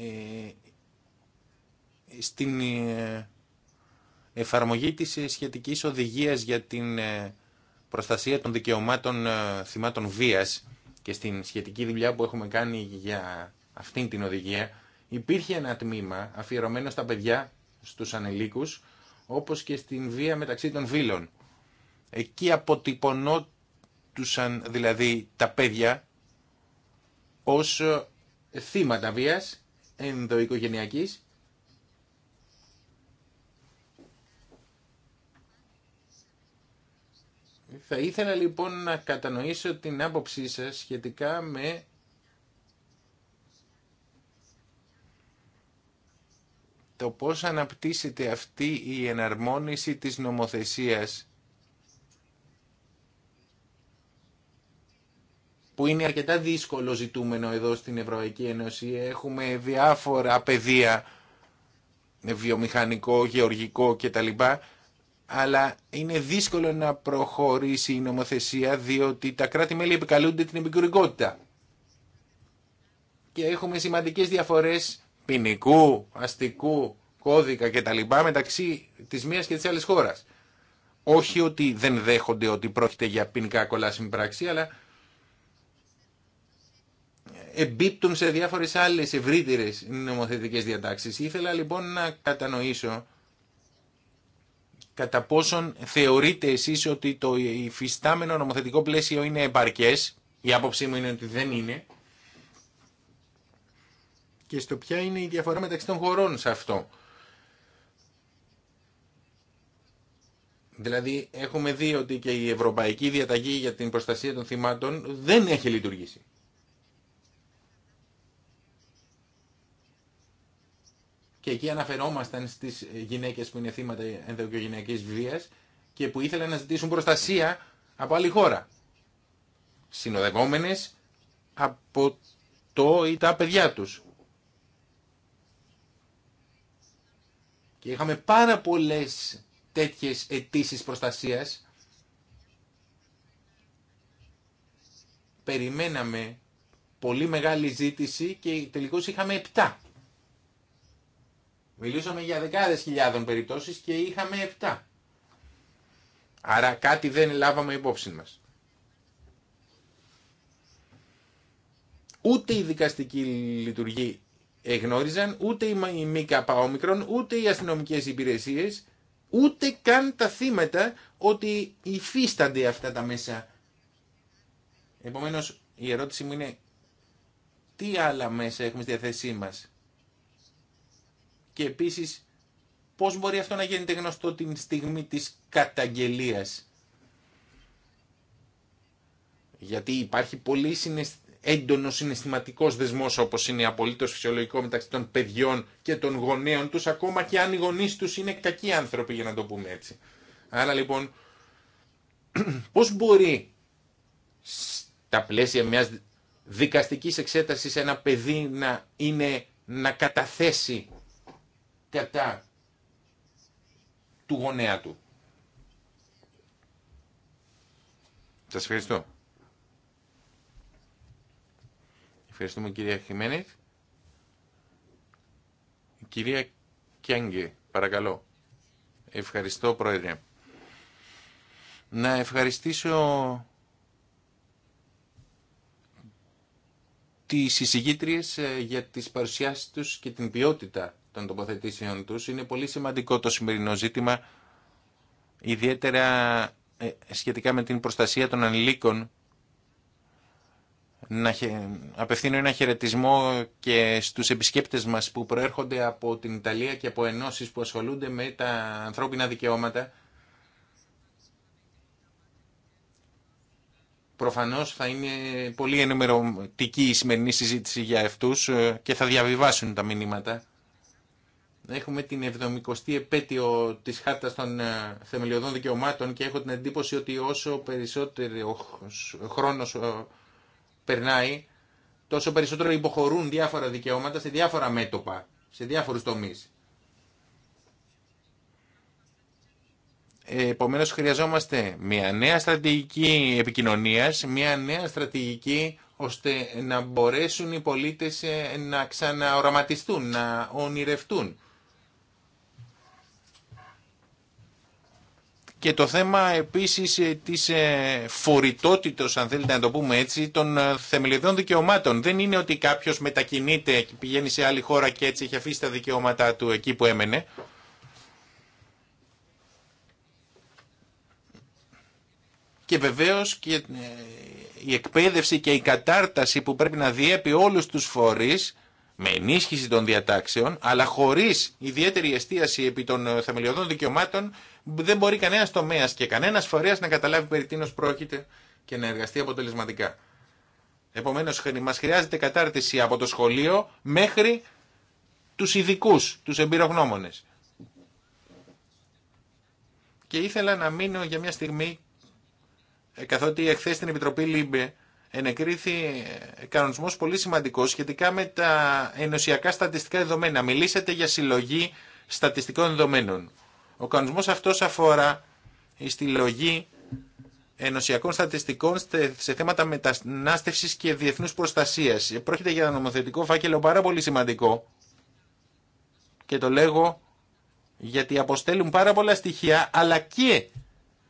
Ε, στην ε, εφαρμογή της ε, σχετικής οδηγίας για την προστασία των δικαιωμάτων θυμάτων βίας και στην σχετική δουλειά που έχουμε κάνει για αυτήν την οδηγία υπήρχε ένα τμήμα αφιερωμένο στα παιδιά, στους ανελίκους όπως και στην βία μεταξύ των βίλων. Εκεί αποτυπωνόντουσαν δηλαδή τα παιδιά ως θύματα βίας ενδοοικογενειακής Θα ήθελα λοιπόν να κατανοήσω την άποψή σας σχετικά με το πώς αναπτύσσεται αυτή η εναρμόνιση της νομοθεσίας που είναι αρκετά δύσκολο ζητούμενο εδώ στην Ευρωπαϊκή Ένωση. Έχουμε διάφορα πεδία, βιομηχανικό, γεωργικό κτλ. Αλλά είναι δύσκολο να προχωρήσει η νομοθεσία διότι τα κράτη-μέλη επικαλούνται την επικουρικότητα. Και έχουμε σημαντικές διαφορές ποινικού, αστικού, κώδικα κτλ. μεταξύ της μίας και της άλλης χώρας. Όχι ότι δεν δέχονται ότι πρόκειται για ποινικά κολάσιμη πράξη, αλλά εμπίπτουν σε διάφορε άλλες ευρύτερε νομοθετικές διατάξεις. Ήθελα λοιπόν να κατανοήσω κατά πόσον θεωρείτε εσείς ότι το υφιστάμενο νομοθετικό πλαίσιο είναι επαρκές, η άποψή μου είναι ότι δεν είναι, και στο ποια είναι η διαφορά μεταξύ των χωρών σε αυτό. Δηλαδή έχουμε δει ότι και η Ευρωπαϊκή Διαταγή για την Προστασία των Θυμάτων δεν έχει λειτουργήσει. και εκεί αναφερόμασταν στις γυναίκες που είναι θύματα ενδοκιογενειακή βίας και που ήθελαν να ζητήσουν προστασία από άλλη χώρα. Συνοδευόμενε από το ή τα παιδιά τους. Και είχαμε πάρα πολλέ τέτοιε αιτήσει προστασία Περιμέναμε πολύ μεγάλη ζήτηση και τελικώς είχαμε 7 Μιλούσαμε για δεκάδες χιλιάδων περιπτώσεις και είχαμε 7. Άρα κάτι δεν λάβαμε υπόψη μας. Ούτε η δικαστική λειτουργοί εγνώριζαν, ούτε η ΜΚΑ όμικρον, ούτε οι αστυνομικές υπηρεσίες, ούτε καν τα θύματα ότι υφίστανται αυτά τα μέσα. Επομένως η ερώτηση μου είναι τι άλλα μέσα έχουμε στη διαθέσή μας και επίσης πώς μπορεί αυτό να γίνεται γνωστό την στιγμή της καταγγελίας. Γιατί υπάρχει πολύ έντονο συναισθηματικό δεσμό, όπω είναι απολύτω φυσιολογικό μεταξύ των παιδιών και των γονέων του, ακόμα και αν οι γονεί του είναι κακοί άνθρωποι, για να το πούμε έτσι. Άρα λοιπόν, πώ μπορεί στα πλαίσια μια δικαστική εξέταση ένα παιδί να, είναι, να καταθέσει κατά του γονέα του. Σας ευχαριστώ. Ευχαριστούμε κυρία Χιμένεθ. Κυρία Κιάνγκε, παρακαλώ. Ευχαριστώ πρόεδρε. Να ευχαριστήσω τις εισηγήτριες ε, για τις παρουσιάσεις τους και την ποιότητα των τοποθετήσεων τους. Είναι πολύ σημαντικό το σημερινό ζήτημα, ιδιαίτερα ε, σχετικά με την προστασία των ανηλίκων. Να απευθύνω ένα χαιρετισμό και στους επισκέπτες μας που προέρχονται από την Ιταλία και από ενώσεις που ασχολούνται με τα ανθρώπινα δικαιώματα. Προφανώς θα είναι πολύ ενημερωτική η σημερινή συζήτηση για αυτούς ε, και θα διαβιβάσουν τα μηνύματα. Έχουμε την 70η επέτειο της Χάρτας των ε, Θεμελιωδών Δικαιωμάτων και έχω την εντύπωση ότι όσο περισσότερο χρόνος ε, περνάει, τόσο περισσότερο υποχωρούν διάφορα δικαιώματα σε διάφορα μέτωπα, σε διάφορους τομείς. Επομένως, χρειαζόμαστε μια νέα στρατηγική επικοινωνίας, μια νέα στρατηγική ώστε να μπορέσουν οι πολίτες ε, να ξαναοραματιστούν, να ονειρευτούν. και το θέμα επίσης ε, της ε, φορητότητος, αν θέλετε να το πούμε έτσι, των ε, θεμελιωδών δικαιωμάτων. Δεν είναι ότι κάποιος μετακινείται και πηγαίνει σε άλλη χώρα και έτσι έχει αφήσει τα δικαιώματά του εκεί που έμενε. Και βεβαίως και η εκπαίδευση και η κατάρταση που πρέπει να διέπει όλους τους φορείς με ενίσχυση των διατάξεων, αλλά χωρίς ιδιαίτερη εστίαση επί των θεμελιωδών δικαιωμάτων, δεν μπορεί κανένα τομέα και κανένα φορέα να καταλάβει περί τίνο πρόκειται και να εργαστεί αποτελεσματικά. Επομένω, μα χρειάζεται κατάρτιση από το σχολείο μέχρι του ειδικού, του εμπειρογνώμονε. Και ήθελα να μείνω για μια στιγμή, ε, καθότι εχθέ στην Επιτροπή ΛΥΜΠΕ ενεκρίθη ε, κανονισμός πολύ σημαντικός σχετικά με τα ενωσιακά στατιστικά δεδομένα. Μιλήσατε για συλλογή στατιστικών δεδομένων. Ο κανονισμός αυτός αφορά στη λογή ενωσιακών στατιστικών σε θέματα μετανάστευσης και διεθνούς προστασίας. Πρόκειται για ένα νομοθετικό φάκελο πάρα πολύ σημαντικό και το λέγω γιατί αποστέλουν πάρα πολλά στοιχεία αλλά και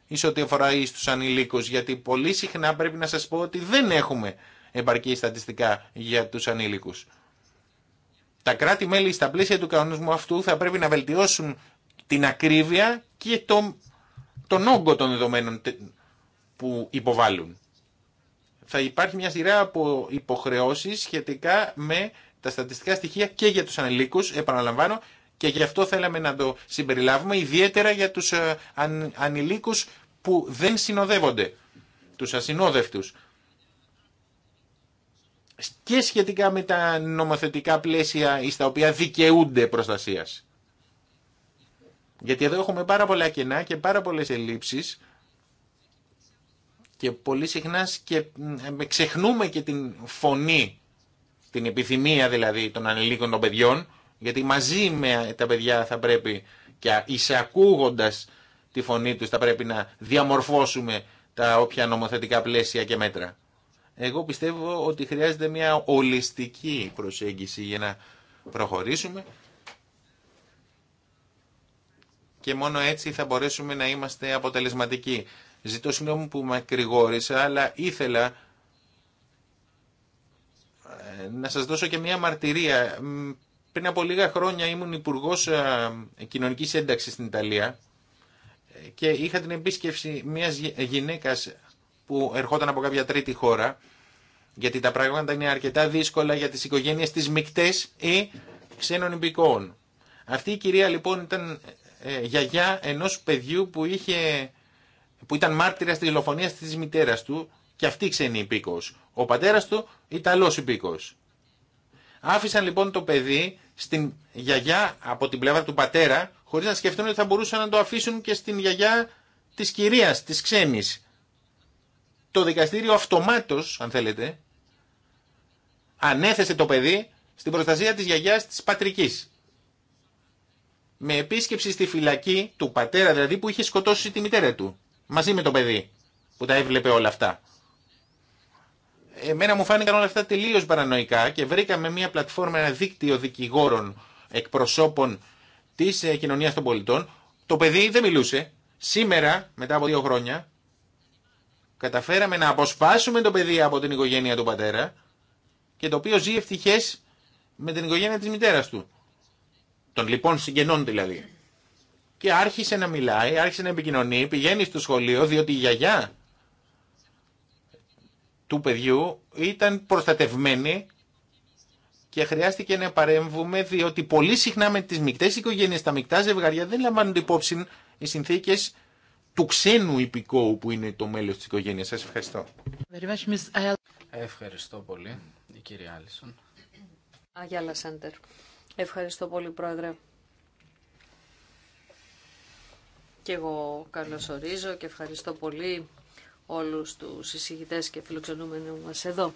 εις ό,τι αφορά εις τους ανηλίκους γιατί πολύ συχνά πρέπει να σας πω ότι δεν έχουμε επαρκή στατιστικά για τους ανήλικους. Τα κράτη-μέλη στα πλαίσια του κανονισμού αυτού θα πρέπει να βελτιώσουν την ακρίβεια και τον όγκο των δεδομένων που υποβάλλουν. Θα υπάρχει μια σειρά από υποχρεώσεις σχετικά με τα στατιστικά στοιχεία και για τους ανηλίκους, επαναλαμβάνω, και γι' αυτό θέλαμε να το συμπεριλάβουμε, ιδιαίτερα για τους ε, ανηλίκους που δεν συνοδεύονται, τους ασυνόδευτους. Και σχετικά με τα νομοθετικά πλαίσια στα οποία δικαιούνται προστασίας. Γιατί εδώ έχουμε πάρα πολλά κενά και πάρα πολλές ελλείψεις και πολύ συχνά και ξεχνούμε και την φωνή, την επιθυμία δηλαδή των ανηλίκων των παιδιών, γιατί μαζί με τα παιδιά θα πρέπει και εισακούγοντας τη φωνή τους θα πρέπει να διαμορφώσουμε τα όποια νομοθετικά πλαίσια και μέτρα. Εγώ πιστεύω ότι χρειάζεται μια ολιστική προσέγγιση για να προχωρήσουμε και μόνο έτσι θα μπορέσουμε να είμαστε αποτελεσματικοί. Ζητώ συγγνώμη που με κρηγόρησα, αλλά ήθελα ε, να σας δώσω και μια μαρτυρία. Πριν από λίγα χρόνια ήμουν υπουργό ε, κοινωνικη ενταξη στην Ιταλία ε, και είχα την επίσκεψη μιας γυναίκας που ερχόταν από κάποια τρίτη χώρα γιατί τα πράγματα είναι αρκετά δύσκολα για τις οικογένειες της μικτές ή ξένων υπηκόων. Αυτή η κυρία λοιπόν ήταν ε, γιαγιά ενός παιδιού που, είχε, που ήταν μάρτυρας της δολοφονίας της μητέρας του και αυτή ξένη υπήκος. Ο πατέρας του Ιταλός υπήκος. Άφησαν λοιπόν το παιδί στην γιαγιά από την πλευρά του πατέρα χωρίς να σκεφτούν ότι θα μπορούσαν να το αφήσουν και στην γιαγιά της κυρίας, της ξένης. Το δικαστήριο αυτομάτως, αν θέλετε, ανέθεσε το παιδί στην προστασία της γιαγιάς της πατρικής με επίσκεψη στη φυλακή του πατέρα δηλαδή που είχε σκοτώσει τη μητέρα του μαζί με το παιδί που τα έβλεπε όλα αυτά. Εμένα μου φάνηκαν όλα αυτά τελείως παρανοϊκά και βρήκαμε μια πλατφόρμα, ένα δίκτυο δικηγόρων εκπροσώπων της ε, κοινωνίας των πολιτών. Το παιδί δεν μιλούσε. Σήμερα, μετά από δύο χρόνια, καταφέραμε να αποσπάσουμε το παιδί από την οικογένεια του πατέρα και το οποίο ζει ευτυχές με την οικογένεια της μητέρας του των λοιπόν συγγενών δηλαδή. Και άρχισε να μιλάει, άρχισε να επικοινωνεί, πηγαίνει στο σχολείο διότι η γιαγιά του παιδιού ήταν προστατευμένη και χρειάστηκε να παρέμβουμε διότι πολύ συχνά με τις μικτές οικογένειες, τα μεικτά ζευγαριά δεν λαμβάνουν υπόψη οι συνθήκες του ξένου υπηκόου που είναι το μέλος της οικογένειας. Σας ευχαριστώ. Ευχαριστώ πολύ, η κυρία Άλισον. Αγιάλα Ευχαριστώ πολύ, Πρόεδρε. Και εγώ καλωσορίζω και ευχαριστώ πολύ όλους τους εισηγητές και φιλοξενούμενους μας εδώ.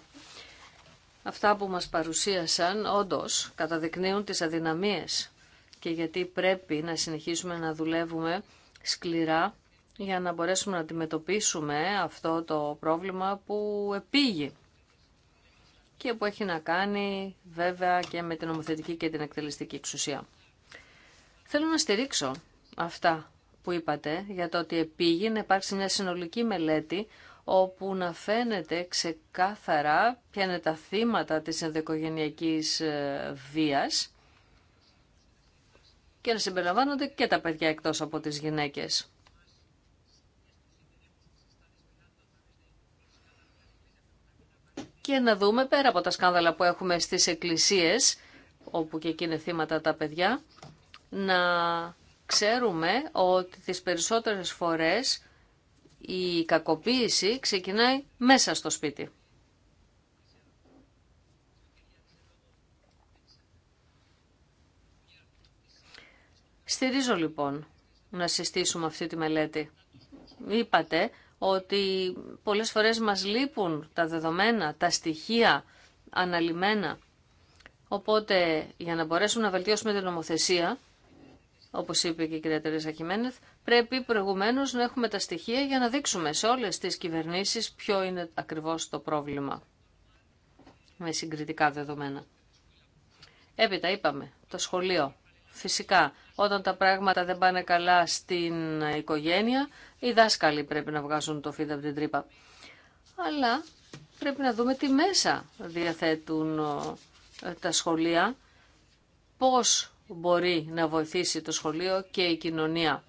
Αυτά που μας παρουσίασαν όντως καταδεικνύουν τις αδυναμίες και γιατί πρέπει να συνεχίσουμε να δουλεύουμε σκληρά για να μπορέσουμε να αντιμετωπίσουμε αυτό το πρόβλημα που επήγει και που έχει να κάνει βέβαια και με την νομοθετική και την εκτελεστική εξουσία. Θέλω να στηρίξω αυτά που είπατε για το ότι επήγει να υπάρξει μια συνολική μελέτη όπου να φαίνεται ξεκάθαρα ποια είναι τα θύματα της ενδοικογενειακής ε, βίας και να συμπεριλαμβάνονται και τα παιδιά εκτός από τις γυναίκες. και να δούμε πέρα από τα σκάνδαλα που έχουμε στις εκκλησίες, όπου και εκεί είναι θύματα τα παιδιά, να ξέρουμε ότι τις περισσότερες φορές η κακοποίηση ξεκινάει μέσα στο σπίτι. Στηρίζω λοιπόν να συστήσουμε αυτή τη μελέτη. Είπατε ότι πολλές φορές μας λείπουν τα δεδομένα, τα στοιχεία αναλυμένα. Οπότε για να μπορέσουμε να βελτιώσουμε την νομοθεσία, όπως είπε και η κυρία Τεριζα Χιμένεθ, πρέπει προηγουμένως να έχουμε τα στοιχεία για να δείξουμε σε όλες τις κυβερνήσεις ποιο είναι ακριβώς το πρόβλημα με συγκριτικά δεδομένα. Έπειτα είπαμε, το σχολείο. Φυσικά όταν τα πράγματα δεν πάνε καλά στην οικογένεια, οι δάσκαλοι πρέπει να βγάζουν το φίδι από την τρύπα. Αλλά πρέπει να δούμε τι μέσα διαθέτουν ε, τα σχολεία, πώς μπορεί να βοηθήσει το σχολείο και η κοινωνία.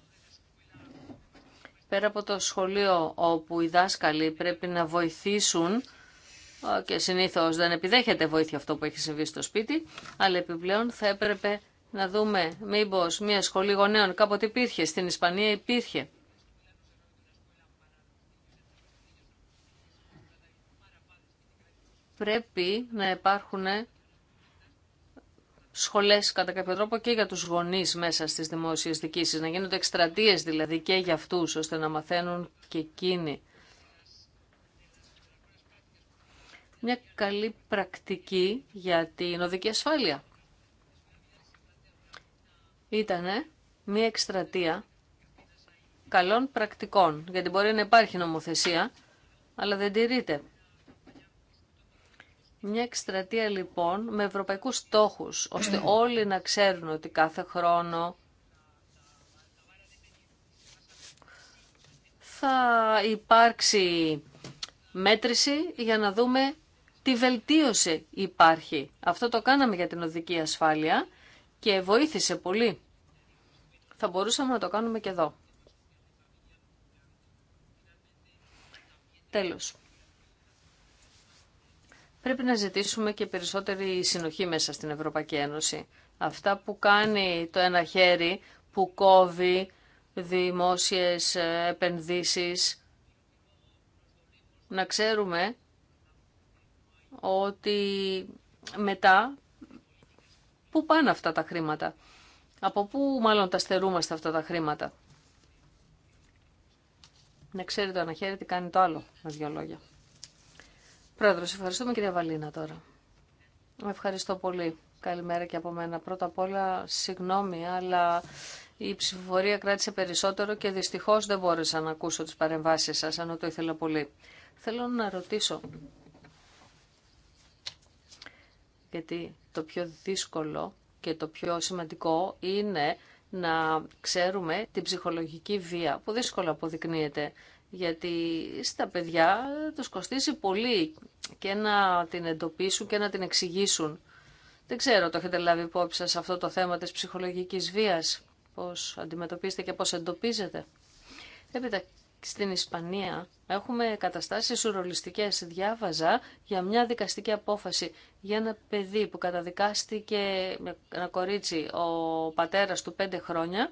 Πέρα από το σχολείο όπου οι δάσκαλοι πρέπει να βοηθήσουν ε, και συνήθως δεν επιδέχεται βοήθεια αυτό που έχει συμβεί στο σπίτι, αλλά επιπλέον θα έπρεπε να δούμε μήπω, μια σχολή γονέων κάποτε υπήρχε, στην Ισπανία υπήρχε. Πρέπει να υπάρχουν σχολές κατά κάποιο τρόπο και για τους γονείς μέσα στις δημόσιες δικήσεις, να γίνονται εκστρατείες δηλαδή και για αυτούς, ώστε να μαθαίνουν και εκείνοι. Μια καλή πρακτική για την οδική ασφάλεια. Ήτανε μια εκστρατεία καλών πρακτικών, γιατί μπορεί να υπάρχει νομοθεσία, αλλά δεν τηρείται. Μια εκστρατεία λοιπόν με ευρωπαϊκούς στόχους, ώστε όλοι να ξέρουν ότι κάθε χρόνο θα υπάρξει μέτρηση για να δούμε τι βελτίωση υπάρχει. Αυτό το κάναμε για την οδική ασφάλεια και βοήθησε πολύ. Θα μπορούσαμε να το κάνουμε και εδώ. Τέλος. Πρέπει να ζητήσουμε και περισσότερη συνοχή μέσα στην Ευρωπαϊκή Ένωση. Αυτά που κάνει το ένα χέρι που κόβει δημόσιες επενδύσεις. Να ξέρουμε ότι μετά πού πάνε αυτά τα χρήματα. Από πού μάλλον τα στερούμαστε αυτά τα χρήματα. Να ξέρετε το τι κάνει το άλλο, με δύο λόγια. Πρόεδρος, ευχαριστούμε κυρία Βαλίνα τώρα. Ευχαριστώ πολύ. Καλημέρα και από μένα. Πρώτα απ' όλα, συγγνώμη, αλλά η ψηφοφορία κράτησε περισσότερο και δυστυχώς δεν μπόρεσα να ακούσω τις παρεμβάσεις σας, αν το ήθελα πολύ. Θέλω να ρωτήσω γιατί το πιο δύσκολο και το πιο σημαντικό είναι να ξέρουμε την ψυχολογική βία που δύσκολα αποδεικνύεται γιατί στα παιδιά τους κοστίζει πολύ και να την εντοπίσουν και να την εξηγήσουν. Δεν ξέρω, το έχετε λάβει υπόψη σας αυτό το θέμα της ψυχολογικής βίας, πώς αντιμετωπίζετε και πώς εντοπίζετε. Έπειτα στην Ισπανία έχουμε καταστάσεις ουρολιστικές. Διάβαζα για μια δικαστική απόφαση για ένα παιδί που καταδικάστηκε, ένα κορίτσι, ο πατέρας του πέντε χρόνια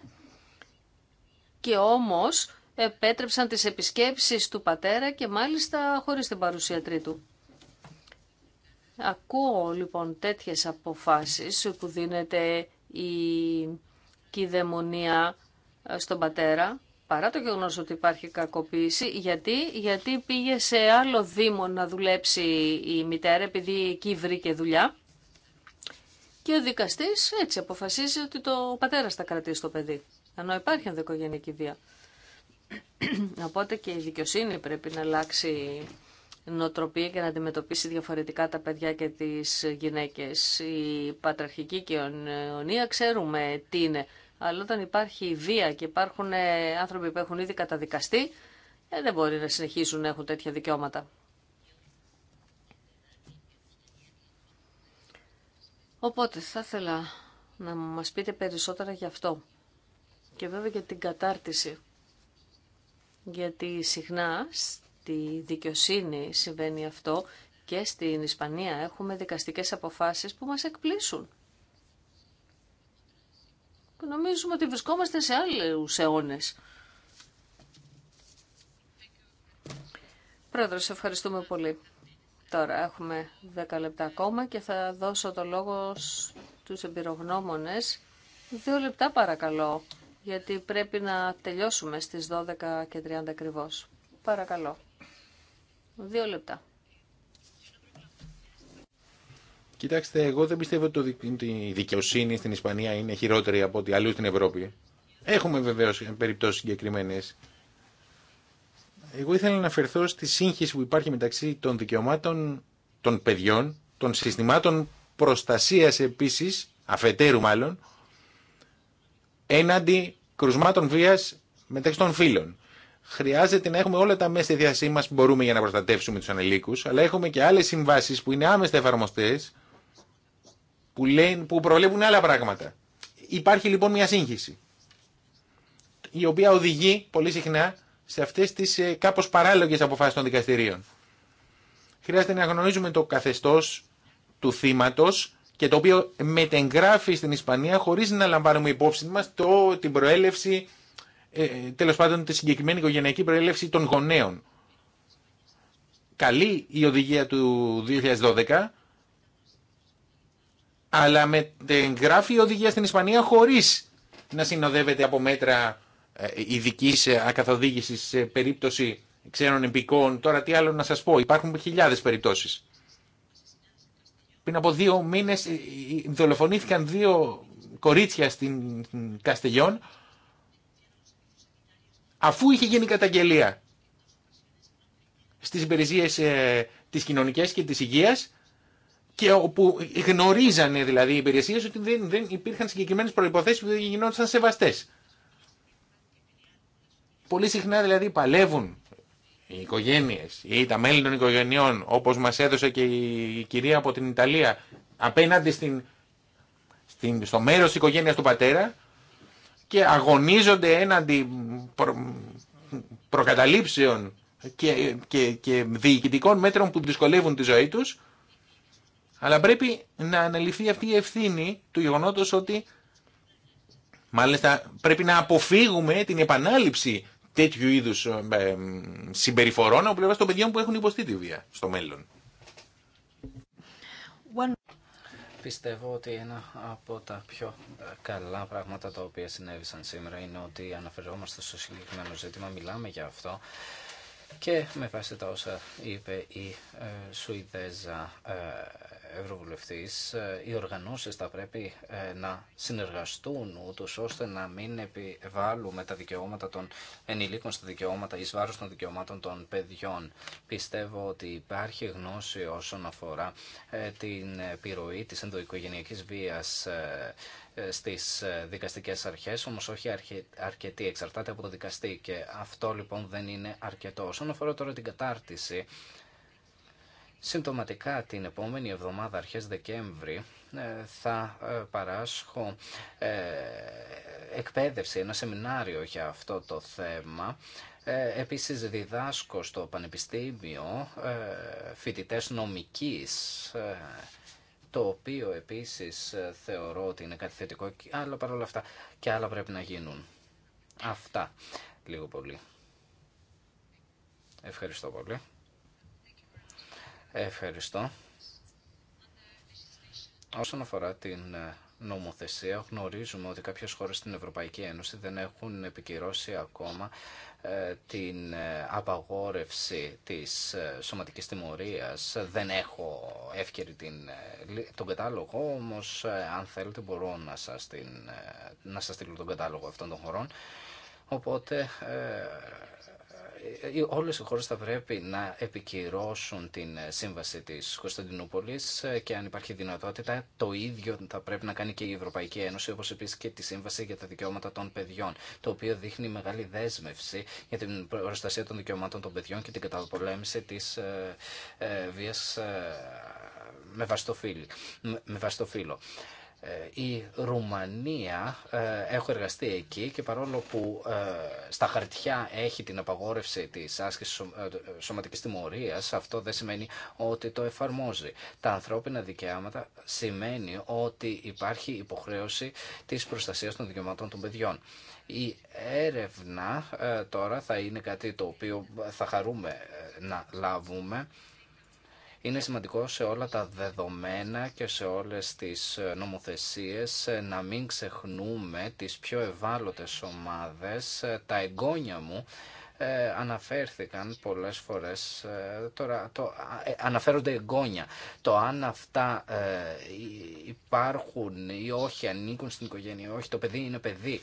και όμως επέτρεψαν τις επισκέψεις του πατέρα και μάλιστα χωρίς την παρουσία τρίτου. Ακούω λοιπόν τέτοιες αποφάσεις που δίνεται η κυδαιμονία ε, στον πατέρα παρά το γεγονό ότι υπάρχει κακοποίηση. Γιατί? Γιατί πήγε σε άλλο δήμο να δουλέψει η μητέρα επειδή εκεί βρήκε δουλειά. Και ο δικαστή έτσι αποφασίζει ότι το πατέρα θα κρατήσει το παιδί. Ενώ υπάρχει ενδοοικογενειακή βία. Οπότε και η δικαιοσύνη πρέπει να αλλάξει νοοτροπία και να αντιμετωπίσει διαφορετικά τα παιδιά και τις γυναίκες. Η πατραρχική κοινωνία ξέρουμε τι είναι. Αλλά όταν υπάρχει βία και υπάρχουν ε, άνθρωποι που έχουν ήδη καταδικαστεί, ε, δεν μπορεί να συνεχίσουν να έχουν τέτοια δικαιώματα. Οπότε θα ήθελα να μας πείτε περισσότερα γι' αυτό. Και βέβαια για την κατάρτιση. Γιατί συχνά στη δικαιοσύνη συμβαίνει αυτό και στην Ισπανία έχουμε δικαστικές αποφάσεις που μας εκπλήσουν νομίζουμε ότι βρισκόμαστε σε άλλους αιώνες. σε ευχαριστούμε πολύ. Τώρα έχουμε 10 λεπτά ακόμα και θα δώσω το λόγο στους εμπειρογνώμονες. Δύο λεπτά παρακαλώ, γιατί πρέπει να τελειώσουμε στις 12.30 και ακριβώ. Παρακαλώ. Δύο λεπτά. Κοιτάξτε, εγώ δεν πιστεύω ότι η δικαιοσύνη στην Ισπανία είναι χειρότερη από ό,τι αλλού στην Ευρώπη. Έχουμε βεβαίω περιπτώσει συγκεκριμένε. Εγώ ήθελα να αναφερθώ στη σύγχυση που υπάρχει μεταξύ των δικαιωμάτων των παιδιών, των συστημάτων προστασία επίση, αφετέρου μάλλον, έναντι κρουσμάτων βία μεταξύ των φίλων. Χρειάζεται να έχουμε όλα τα μέσα στη διάθεσή μα που μπορούμε για να προστατεύσουμε του ανελίκου, αλλά έχουμε και άλλε συμβάσει που είναι άμεσα εφαρμοστέ που, λένε, που προλέπουν άλλα πράγματα. Υπάρχει λοιπόν μια σύγχυση η οποία οδηγεί πολύ συχνά σε αυτές τις ε, κάπως παράλογες αποφάσεις των δικαστηρίων. Χρειάζεται να γνωρίζουμε το καθεστώς του θύματος και το οποίο μετεγγράφει στην Ισπανία χωρίς να λαμβάνουμε υπόψη μας το, την προέλευση, ε, ε, τέλος πάντων τη συγκεκριμένη οικογενειακή προέλευση των γονέων. Καλή η οδηγία του 2012 αλλά με γράφει οδηγία στην Ισπανία χωρίς να συνοδεύεται από μέτρα ε, ειδική ε, ακαθοδήγηση σε περίπτωση ξένων εμπικών. Τώρα τι άλλο να σα πω, υπάρχουν χιλιάδε περιπτώσει. Πριν από δύο μήνε ε, δολοφονήθηκαν δύο κορίτσια στην Καστελιόν αφού είχε γίνει καταγγελία στις υπηρεσίες ε, της κοινωνικής και της υγείας και όπου γνωρίζανε δηλαδή οι υπηρεσίε ότι δεν, δεν υπήρχαν συγκεκριμένε προποθέσει που δεν γινόντουσαν σεβαστέ. Πολύ συχνά δηλαδή παλεύουν οι οικογένειε ή τα μέλη των οικογενειών, όπω μα έδωσε και η κυρία από την Ιταλία, απέναντι στην, στην, στο μέρο τη οικογένεια του πατέρα και αγωνίζονται έναντι προ, προκαταλήψεων και, και, και διοικητικών μέτρων που δυσκολεύουν τη ζωή τους αλλά πρέπει να αναλυθεί αυτή η ευθύνη του γεγονότος ότι μάλιστα πρέπει να αποφύγουμε την επανάληψη τέτοιου είδους ε, ε, συμπεριφορών από πλευρά των παιδιών που έχουν υποστεί τη βία στο μέλλον. Πιστεύω ότι ένα από τα πιο ε, καλά πράγματα τα οποία συνέβησαν σήμερα είναι ότι αναφερόμαστε στο συγκεκριμένο ζήτημα, μιλάμε για αυτό και με βάση τα όσα είπε η Σουηδέζα Ευρωβουλευτής, ε, οι οργανώσεις θα πρέπει ε, να συνεργαστούν ούτως ώστε να μην επιβάλλουμε τα δικαιώματα των ενηλίκων στα δικαιώματα εις βάρος των δικαιωμάτων των παιδιών. Πιστεύω ότι υπάρχει γνώση όσον αφορά ε, την επιρροή της ενδοοικογενειακής βίας στις δικαστικές αρχές, όμως όχι αρκετή, εξαρτάται από το δικαστή και αυτό λοιπόν δεν είναι αρκετό. Όσον αφορά τώρα την κατάρτιση, Συμπτωματικά την επόμενη εβδομάδα αρχές Δεκέμβρη ε, θα ε, παράσχω ε, εκπαίδευση, ένα σεμινάριο για αυτό το θέμα. Επίσης διδάσκω στο Πανεπιστήμιο φοιτητές νομικής το οποίο επίσης θεωρώ ότι είναι κάτι θετικό, αλλά παρόλα αυτά και άλλα πρέπει να γίνουν. Αυτά, λίγο πολύ. Ευχαριστώ πολύ. Ευχαριστώ. Όσον αφορά την ε, νομοθεσία, γνωρίζουμε ότι κάποιες χώρες στην Ευρωπαϊκή Ένωση δεν έχουν επικυρώσει ακόμα ε, την ε, απαγόρευση της σωματικής τιμωρίας. Δεν έχω εύκαιρη την, τον κατάλογο, όμως αν θέλετε μπορώ να σας, την, να σας στείλω τον κατάλογο αυτών των χωρών. Οπότε ε, ε, όλες οι χώρες θα πρέπει να επικυρώσουν την ε, σύμβαση της Κωνσταντινούπολης και αν υπάρχει δυνατότητα το ίδιο θα πρέπει να κάνει και η Ευρωπαϊκή Ένωση όπως επίσης και τη Σύμβαση για τα Δικαιώματα των Παιδιών το οποίο δείχνει μεγάλη δέσμευση για την προστασία των δικαιωμάτων των παιδιών και την καταπολέμηση της βίας με βαστοφύλλο. Ε, η Ρουμανία, ε, έχω εργαστεί εκεί και παρόλο που ε, στα χαρτιά έχει την απαγόρευση της άσκησης σωματικής τιμωρίας, αυτό δεν σημαίνει ότι το εφαρμόζει. Τα ανθρώπινα δικαιώματα σημαίνει ότι υπάρχει υποχρέωση της προστασίας των δικαιωμάτων των παιδιών. Η έρευνα τώρα θα είναι κάτι το οποίο θα χαρούμε να λάβουμε είναι σημαντικό σε όλα τα δεδομένα και σε όλες τις ε, νομοθεσίες ε, να μην ξεχνούμε τις πιο ευάλωτες ομάδες. Ε, τα εγγόνια μου αναφέρθηκαν πολλές φορές, τώρα το, ε, αναφέρονται εγγόνια. Το αν αυτά υπάρχουν ή όχι, ανήκουν στην οικογένεια όχι, το παιδί είναι παιδί.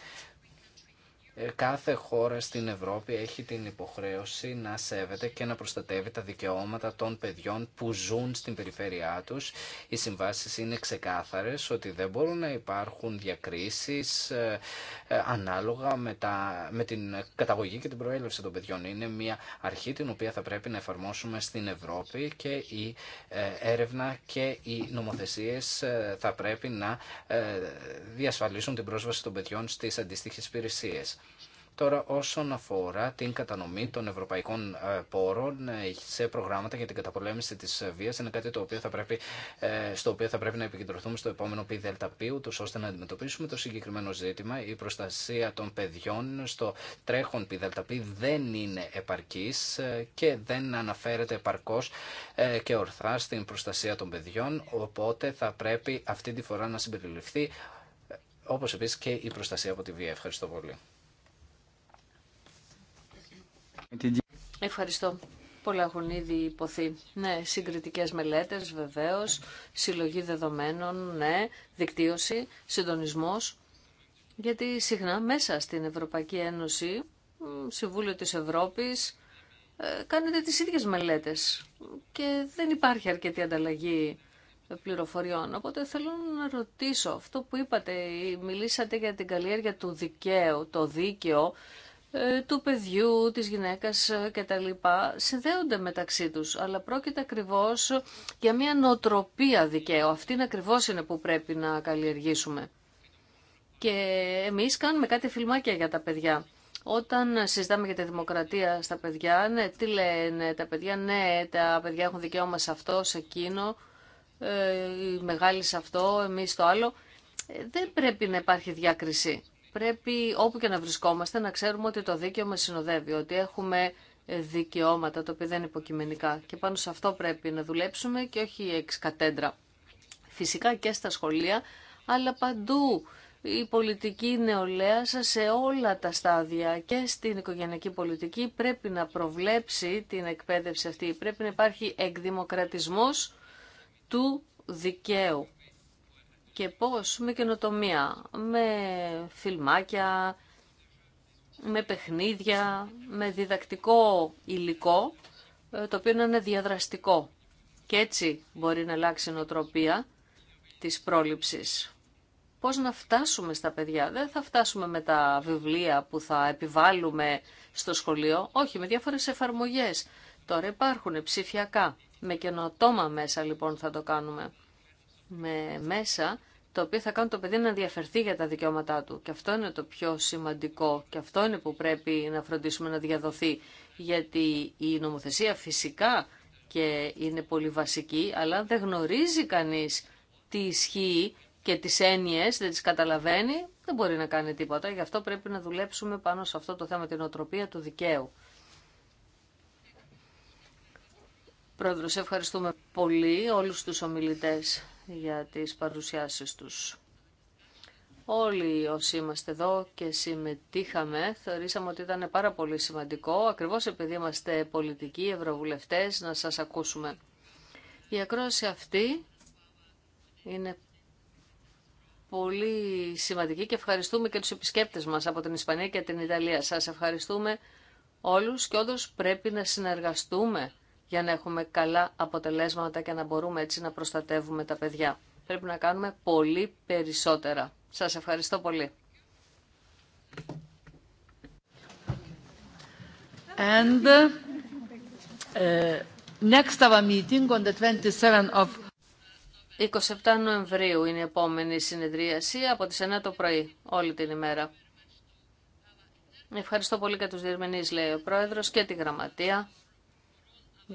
Ε, κάθε χώρα στην Ευρώπη έχει την υποχρέωση να σέβεται και να προστατεύει τα δικαιώματα των παιδιών που ζουν στην περιφέρειά τους. Οι συμβάσεις είναι ξεκάθαρες ότι δεν μπορούν να υπάρχουν διακρίσεις ε, ε, ανάλογα με, τα, με την καταγωγή και την προέλευση των παιδιών. Είναι μια αρχή την οποία θα πρέπει να εφαρμόσουμε στην Ευρώπη και η έρευνα και οι νομοθεσίες θα πρέπει να διασφαλίσουν την πρόσβαση των παιδιών στις αντίστοιχες υπηρεσίες. Τώρα όσον αφορά την κατανομή των ευρωπαϊκών ε, πόρων ε, σε προγράμματα για την καταπολέμηση της ε, βίας είναι κάτι το οποίο θα πρέπει, στο οποίο θα πρέπει να επικεντρωθούμε στο επόμενο ΠΔΠ ούτως ώστε να αντιμετωπίσουμε το συγκεκριμένο ζήτημα. Η προστασία των παιδιών στο τρέχον ΠΔΠ δεν είναι επαρκής και δεν αναφέρεται επαρκώς και ορθά στην προστασία των παιδιών οπότε θα πρέπει αυτή τη φορά να συμπεριληφθεί όπως επίσης και η προστασία από τη βία. Ευχαριστώ πολύ. Ευχαριστώ. Πολλά έχουν ήδη υποθεί. Ναι, συγκριτικές μελέτες βεβαίως, συλλογή δεδομένων, ναι, δικτύωση, συντονισμό. Γιατί συχνά μέσα στην Ευρωπαϊκή Ένωση, Συμβούλιο της Ευρώπης, ε, κάνετε τις ίδιες μελέτες και δεν υπάρχει αρκετή ανταλλαγή πληροφοριών. Οπότε θέλω να ρωτήσω αυτό που είπατε, μιλήσατε για την καλλιέργεια του δικαίου, το δίκαιο ε, του παιδιού, της γυναίκας ε, λοιπά συνδέονται μεταξύ τους, αλλά πρόκειται ακριβώς για μια νοοτροπία δικαίου. είναι ακριβώς είναι που πρέπει να καλλιεργήσουμε. Και εμείς κάνουμε κάτι φιλμάκια για τα παιδιά. Όταν συζητάμε για τη δημοκρατία στα παιδιά, ναι, τι λένε τα παιδιά, ναι, τα παιδιά έχουν δικαίωμα σε αυτό, σε εκείνο, ε, οι μεγάλοι σε αυτό, εμείς το άλλο. Ε, δεν πρέπει να υπάρχει διάκριση πρέπει όπου και να βρισκόμαστε να ξέρουμε ότι το δίκαιο μας συνοδεύει, ότι έχουμε δικαιώματα τα οποία δεν είναι υποκειμενικά και πάνω σε αυτό πρέπει να δουλέψουμε και όχι εξ κατέντρα. Φυσικά και στα σχολεία, αλλά παντού η πολιτική νεολαία σε όλα τα στάδια και στην οικογενειακή πολιτική πρέπει να προβλέψει την εκπαίδευση αυτή. Πρέπει να υπάρχει εκδημοκρατισμός του δικαίου και πώς με καινοτομία, με φιλμάκια, με παιχνίδια, με διδακτικό υλικό, ε, το οποίο να είναι διαδραστικό. Και έτσι μπορεί να αλλάξει η νοοτροπία της πρόληψης. Πώς να φτάσουμε στα παιδιά. Δεν θα φτάσουμε με τα βιβλία που θα επιβάλλουμε στο σχολείο. Όχι, με διάφορες εφαρμογές. Τώρα υπάρχουν ψηφιακά. Με καινοτόμα μέσα λοιπόν θα το κάνουμε. Με μέσα το οποίο θα κάνουν το παιδί να ενδιαφερθεί για τα δικαιώματά του. Και αυτό είναι το πιο σημαντικό και αυτό είναι που πρέπει να φροντίσουμε να διαδοθεί. Γιατί η νομοθεσία φυσικά και είναι πολύ βασική, αλλά δεν γνωρίζει κανείς τι ισχύει και τις έννοιες, δεν τις καταλαβαίνει, δεν μπορεί να κάνει τίποτα. Γι' αυτό πρέπει να δουλέψουμε πάνω σε αυτό το θέμα, την οτροπία του δικαίου. Πρόεδρος, ευχαριστούμε πολύ όλους τους ομιλητές για τις παρουσιάσεις τους. Όλοι όσοι είμαστε εδώ και συμμετείχαμε, θεωρήσαμε ότι ήταν πάρα πολύ σημαντικό, ακριβώς επειδή είμαστε πολιτικοί, ευρωβουλευτές, να σας ακούσουμε. Η ακρόαση αυτή είναι πολύ σημαντική και ευχαριστούμε και τους επισκέπτες μας από την Ισπανία και την Ιταλία. Σας ευχαριστούμε όλους και όντως πρέπει να συνεργαστούμε για να έχουμε καλά αποτελέσματα και να μπορούμε έτσι να προστατεύουμε τα παιδιά. Πρέπει να κάνουμε πολύ περισσότερα. Σας ευχαριστώ πολύ. And, uh, next our meeting on the 27 of 27 Νοεμβρίου είναι η επόμενη συνεδρίαση από τις 9 το πρωί, όλη την ημέρα. Ευχαριστώ πολύ και τους διερμηνείς, λέει ο Πρόεδρος, και τη Γραμματεία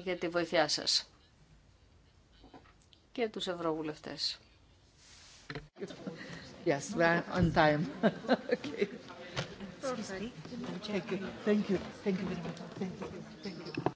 για τη βοήθειά σας και τους ευρωβουλευτές. Yes, we're on time. okay. Thank you. Thank you. Thank you. Thank you.